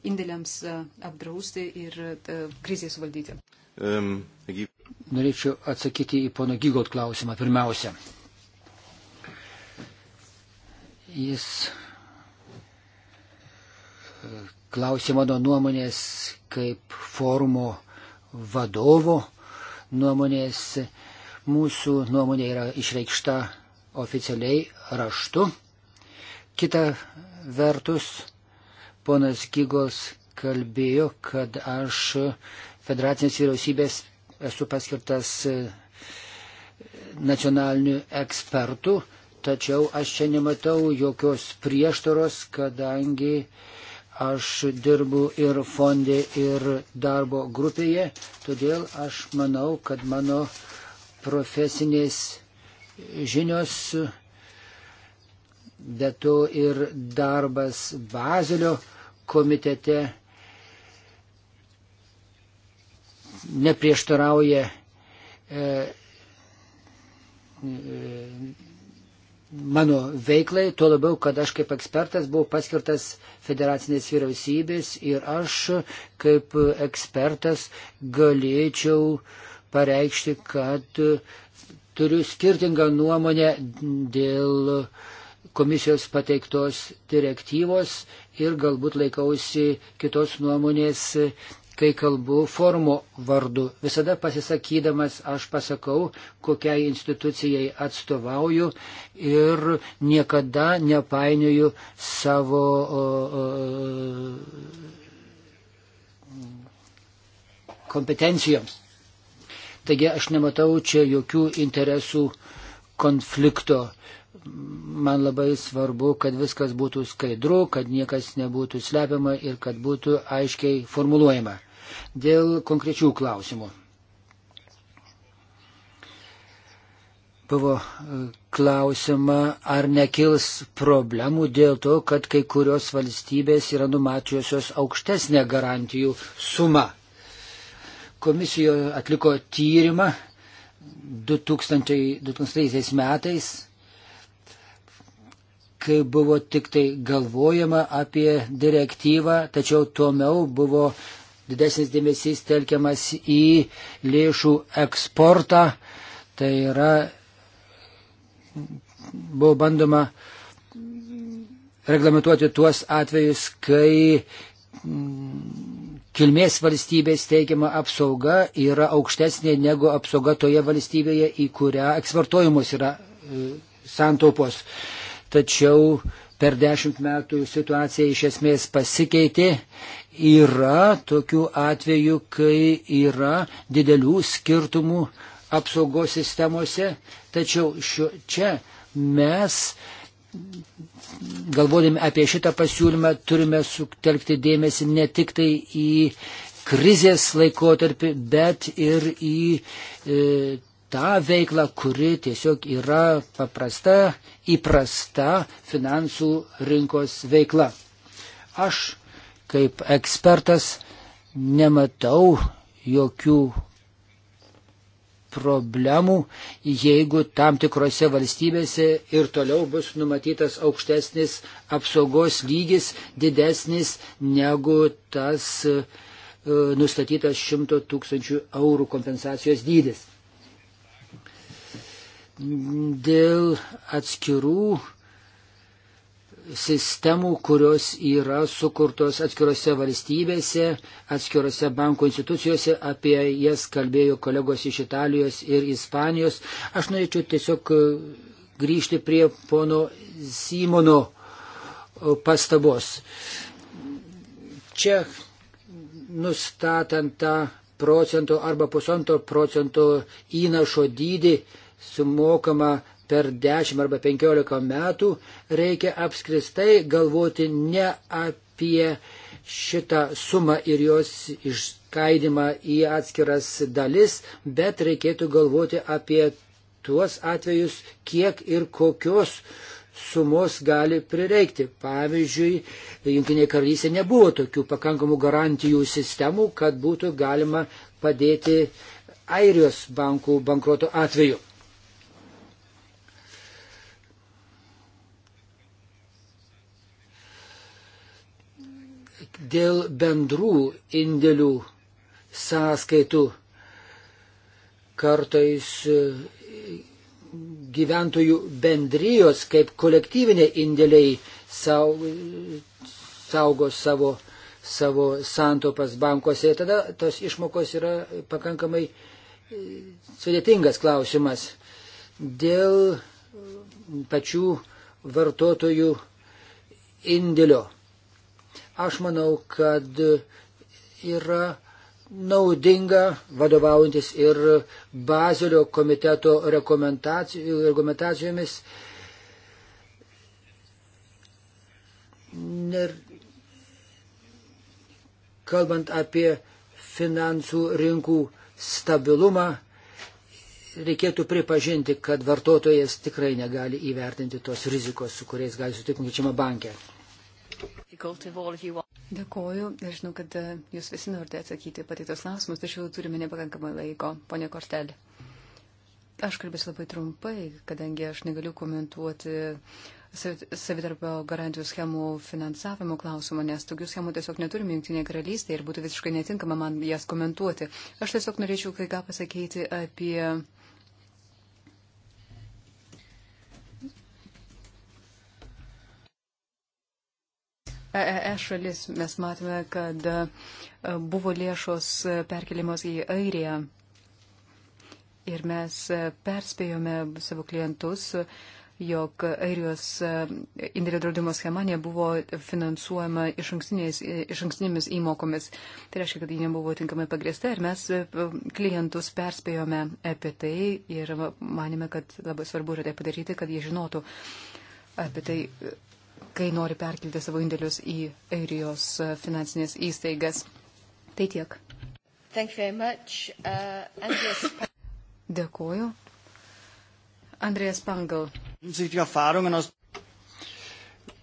indėliams uh, apdrausti ir krizės valdyti. Um, Norėčiau atsakyti į pono Gygot klausimą pirmiausia. Jis uh, klausė mano nuomonės kaip forumo vadovo nuomonės. Mūsų nuomonė yra išreikšta oficialiai raštu. Kita vertus, ponas Gygos kalbėjo, kad aš federacinės vyriausybės esu paskirtas e, nacionaliniu ekspertu, tačiau aš čia nematau jokios prieštaros, kadangi aš dirbu ir fondė, ir darbo grupėje, todėl aš manau, kad mano profesinės žinios, bet to ir darbas Bazilio komitete neprieštarauja e, e, mano veiklai, tuo labiau, kad aš kaip ekspertas buvau paskirtas federacinės vyriausybės ir aš kaip ekspertas galėčiau pareikšti, kad turiu skirtingą nuomonę dėl komisijos pateiktos direktyvos ir galbūt laikausi kitos nuomonės, kai kalbu formo vardu. Visada pasisakydamas aš pasakau, kokiai institucijai atstovauju ir niekada nepainioju savo. O, o, kompetencijoms. Taigi aš nematau čia jokių interesų konflikto. Man labai svarbu, kad viskas būtų skaidru, kad niekas nebūtų slepiama ir kad būtų aiškiai formuluojama. Dėl konkrečių klausimų. Buvo e, klausima, ar nekils problemų dėl to, kad kai kurios valstybės yra numačiusios aukštesnę garantijų sumą. Komisijoje atliko tyrimą 2000, 2000 metais, kai buvo tik tai galvojama apie direktyvą, tačiau tuomeu buvo didesnis dėmesys telkiamas į lėšų eksportą. Tai yra, buvo bandoma reglamentuoti tuos atvejus, kai kilmės valstybės teikiama apsauga yra aukštesnė negu apsauga toje valstybėje, į kurią eksportuojamos yra e, santaupos. Tačiau per dešimt metų situacija iš esmės pasikeitė. Yra tokių atvejų, kai yra didelių skirtumų apsaugos sistemose, tačiau šio, čia mes uh, galvodami apie šitą pasiūlymą, turime sutelkti dėmesį ne tik tai į krizės laikotarpį, bet ir į e, tą veiklą, kuri tiesiog yra paprasta, įprasta finansų rinkos veikla. Aš kaip ekspertas nematau jokių problemų, jeigu tam tikrose valstybėse ir toliau bus numatytas aukštesnis apsaugos lygis, didesnis negu tas e, nustatytas 100 tūkstančių eurų kompensacijos dydis. Dėl atskirų sistemų, kurios yra sukurtos atskirose valstybėse, atskirose bankų institucijose, apie jas kalbėjo kolegos iš Italijos ir Ispanijos. Aš norėčiau tiesiog e, grįžti prie pono Simono e, pastabos. Čia nustatant tą procento arba pusantro procento įnašo dydį sumokama per 10 arba 15 metų reikia apskristai galvoti ne apie šitą sumą ir jos išskaidimą į atskiras dalis, bet reikėtų galvoti apie tuos atvejus, kiek ir kokios sumos gali prireikti. Pavyzdžiui, Junktinėje karalystėje nebuvo tokių pakankamų garantijų sistemų, kad būtų galima padėti Airijos bankų bankruoto atveju. Dėl bendrų indėlių sąskaitų kartais e, gyventojų bendrijos kaip kolektyvinė indėliai saugo savo, savo santopas bankuose. Tada tos išmokos yra pakankamai e, sudėtingas klausimas. Dėl pačių vartotojų indėlio Aš manau, kad yra naudinga vadovaujantis ir Bazilio komiteto rekomendacijomis. Ner... Kalbant apie finansų rinkų stabilumą, reikėtų pripažinti, kad vartotojas tikrai negali įvertinti tos rizikos, su kuriais gali sutikti konkrečiame banke difficult if all of you want. Dėkoju. Aš žinau, kad e, jūs visi norite atsakyti pateiktos klausimus, tačiau turime nepakankamai laiko, ponė Kortelė. Aš kalbėsiu labai trumpai, kadangi aš negaliu komentuoti savitarpio garantijų schemų finansavimo klausimo, nes tokių schemų tiesiog neturime Junktinėje karalystėje ir būtų visiškai netinkama man jas komentuoti. Aš tiesiog norėčiau kai ką pasakyti apie EE e e šalis mes matome, kad e, buvo lėšos perkeliamos į Airiją. Ir mes perspėjome savo klientus, jog Airijos indėlių draudimo schema nebuvo finansuojama iš, iš ankstinėmis įmokomis. Tai reiškia, kad ji nebuvo tinkamai pagrėsta ir mes klientus perspėjome apie tai ir manėme, kad labai svarbu yra tai padaryti, kad jie žinotų apie tai, kai nori perkelti savo indėlius į airijos finansinės įstaigas. Tai tiek. Uh, Dėkuoju. Andrijas Pangal.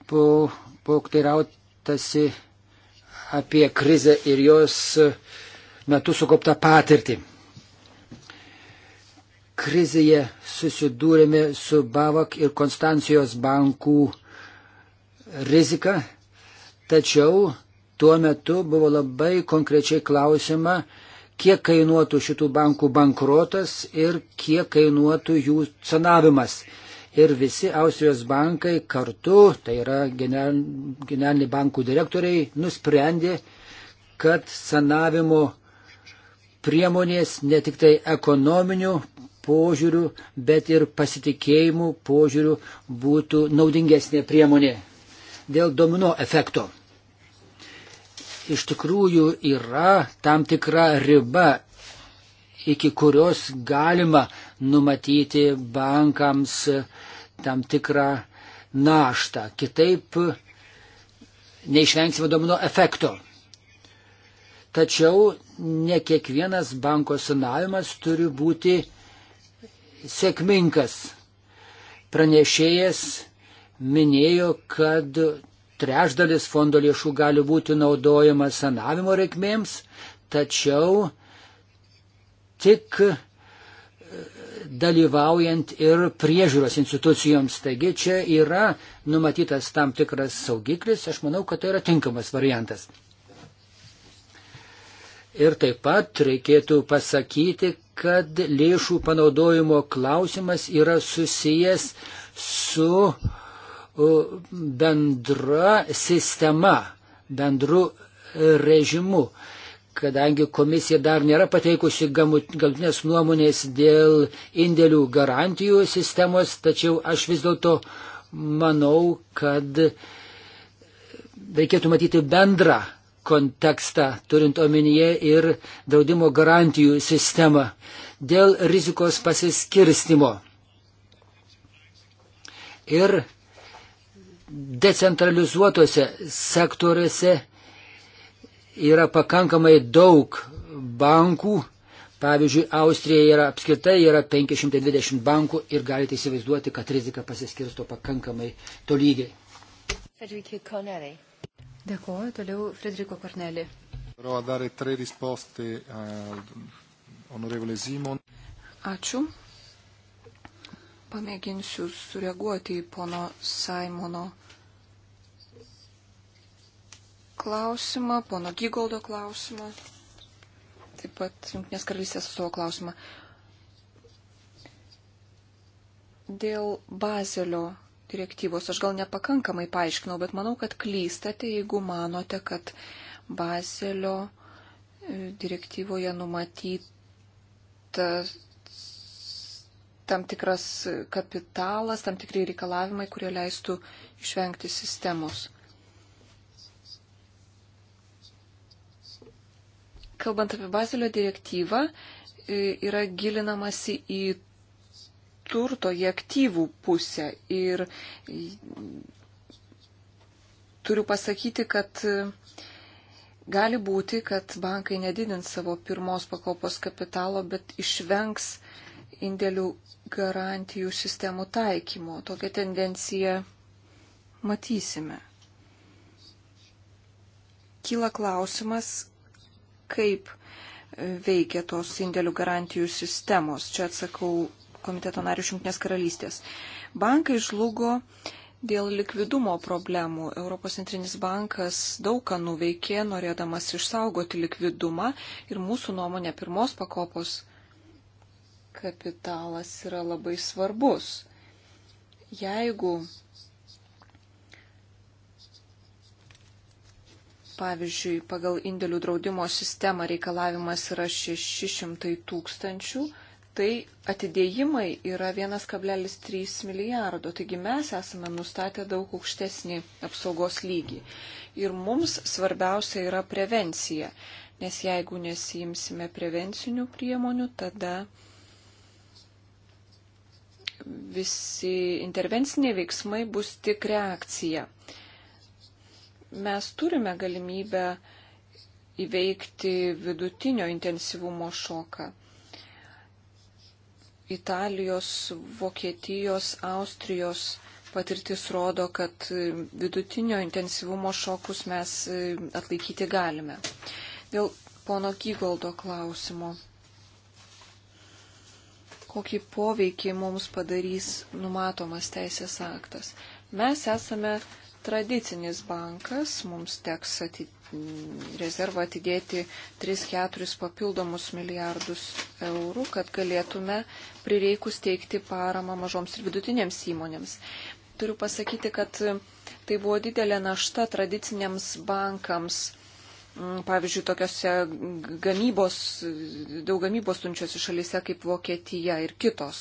Buvo po, teirautasi apie krizę ir jos uh, metu sukauptą patirtį. Krizėje susidūrėme su Bavak ir Konstancijos bankų uh, rizika, tačiau tuo metu buvo labai konkrečiai klausima, kiek kainuotų šitų bankų bankrotas ir kiek kainuotų jų sanavimas. Ir visi Austrijos bankai kartu, tai yra generaliniai bankų direktoriai, nusprendė, kad sanavimo priemonės ne tik tai ekonominių požiūrių, bet ir pasitikėjimų požiūrių būtų naudingesnė priemonė dėl domino efekto. Iš tikrųjų yra tam tikra riba, iki kurios galima numatyti bankams tam tikrą naštą. Kitaip neišvengsime domino efekto. Tačiau ne kiekvienas banko sanavimas turi būti sėkmingas. Pranešėjas minėjo, kad trečdalis fondo lėšų gali būti naudojama sanavimo reikmėms, tačiau tik e, dalyvaujant ir priežiūros institucijoms. Taigi čia yra numatytas tam tikras saugiklis, aš manau, kad tai yra tinkamas variantas. Ir taip pat reikėtų pasakyti, kad lėšų panaudojimo klausimas yra susijęs su uh, E, bendra sistema, bendru režimu, kadangi komisija dar nėra pateikusi galutinės nuomonės dėl indėlių garantijų sistemos, tačiau aš vis dėlto manau, kad reikėtų matyti bendrą kontekstą, turint omenyje ir draudimo garantijų sistemą dėl rizikos pasiskirstimo. Ir decentralizuotose sektoriuose yra pakankamai daug bankų. Pavyzdžiui, Austrija yra apskritai yra 520 bankų ir galite įsivaizduoti, kad rizika pasiskirsto pakankamai tolygiai. Frederiko Corneli. Dėkuoju, toliau Frederiko Corneli. Ačiū. Pamėginsiu sureaguoti į pono Saimono klausimą, pono Gygoldo klausimą, taip pat Junktinės karalystės savo klausimą. Dėl bazelio direktyvos aš gal nepakankamai paaiškinau, bet manau, kad klystate, jeigu manote, kad bazelio e, direktyvoje numatytas tam tikras kapitalas, tam tikrai reikalavimai, kurie leistų išvengti sistemos. Kalbant apie Bazilio direktyvą, e, yra gilinamasi į turto, į aktyvų pusę. Ir turiu pasakyti, kad e, gali būti, kad bankai nedidins savo pirmos pakopos kapitalo, bet išvengs indėlių garantijų sistemų taikymo. Tokią tendenciją matysime. Kyla klausimas, kaip veikia tos indėlių garantijų sistemos. Čia atsakau komiteto narių Šimtinės karalystės. Bankai žlugo dėl likvidumo problemų. Europos centrinis bankas daug ką nuveikė, norėdamas išsaugoti likvidumą ir mūsų nuomonė pirmos pakopos kapitalas yra labai svarbus. Jeigu, pavyzdžiui, pagal indėlių draudimo sistemą reikalavimas yra 600 tūkstančių, tai atidėjimai yra 1,3 milijardo. Taigi mes esame nustatę daug aukštesnį apsaugos lygį. Ir mums svarbiausia yra prevencija, nes jeigu nesijimsime prevencinių priemonių, tada visi intervenciniai veiksmai bus tik reakcija. Mes turime galimybę įveikti vidutinio intensyvumo šoką. Italijos, Vokietijos, Austrijos patirtis rodo, kad vidutinio intensyvumo šokus mes e, atlaikyti galime. Dėl pono Gygoldo klausimo kokį poveikį mums padarys numatomas teisės aktas. Mes esame tradicinis bankas, mums teks atid... rezervą atidėti 3-4 papildomus milijardus eurų, kad galėtume prireikus teikti paramą mažoms ir vidutinėms įmonėms. Turiu pasakyti, kad tai buvo didelė našta tradiciniams bankams Mm, pavyzdžiui, tokiose gamybos, daug gamybos tunčiose šalyse kaip Vokietija ir kitos,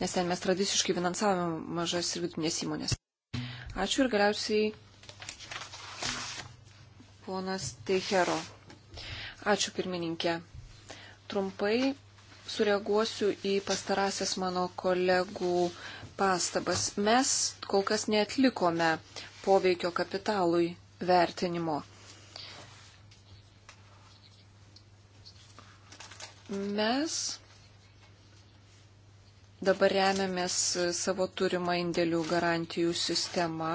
nes ten mes tradiciškai finansavome mažas ir vidutinės įmonės. Ačiū ir galiausiai ponas Teichero. Ačiū pirmininkė. Trumpai sureaguosiu į pastarasias mano kolegų pastabas. Mes kol kas neatlikome poveikio kapitalui vertinimo. Mes dabar remiamės savo turimą indėlių garantijų sistemą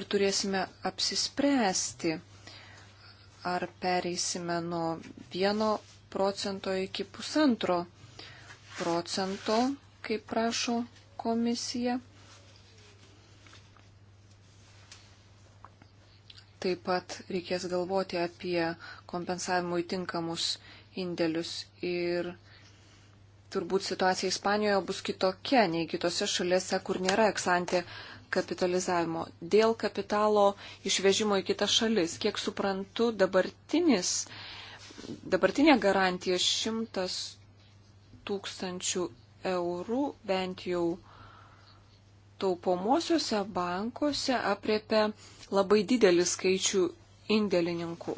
ir turėsime apsispręsti, ar pereisime nuo vieno procento iki pusantro procento, kaip prašo komisija. Taip pat reikės galvoti apie kompensavimui tinkamus indėlius. Ir turbūt situacija Ispanijoje bus kitokia nei kitose šalėse, kur nėra eksantė kapitalizavimo. Dėl kapitalo išvežimo į kitas šalis, kiek suprantu, dabartinis, dabartinė garantija 100 tūkstančių eurų bent jau taupomosiuose bankuose apriepia labai didelį skaičių indėlininkų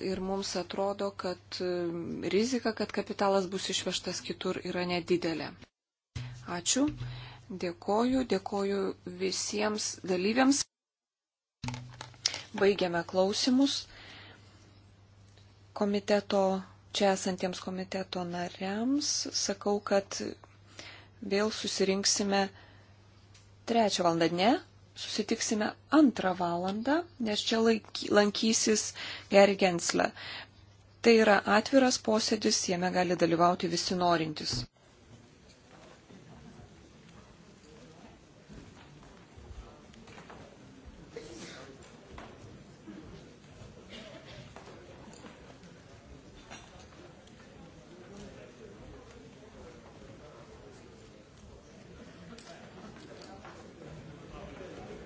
ir mums atrodo, kad um, rizika, kad kapitalas bus išvežtas kitur, yra nedidelė. Ačiū, dėkoju, dėkoju visiems dalyviams. Baigiame klausimus. Komiteto, čia esantiems komiteto nariams sakau, kad vėl susirinksime trečią valandą, ne? susitiksime antrą valandą, nes čia lankysis Geri Gensle. Tai yra atviras posėdis, jame gali dalyvauti visi norintys.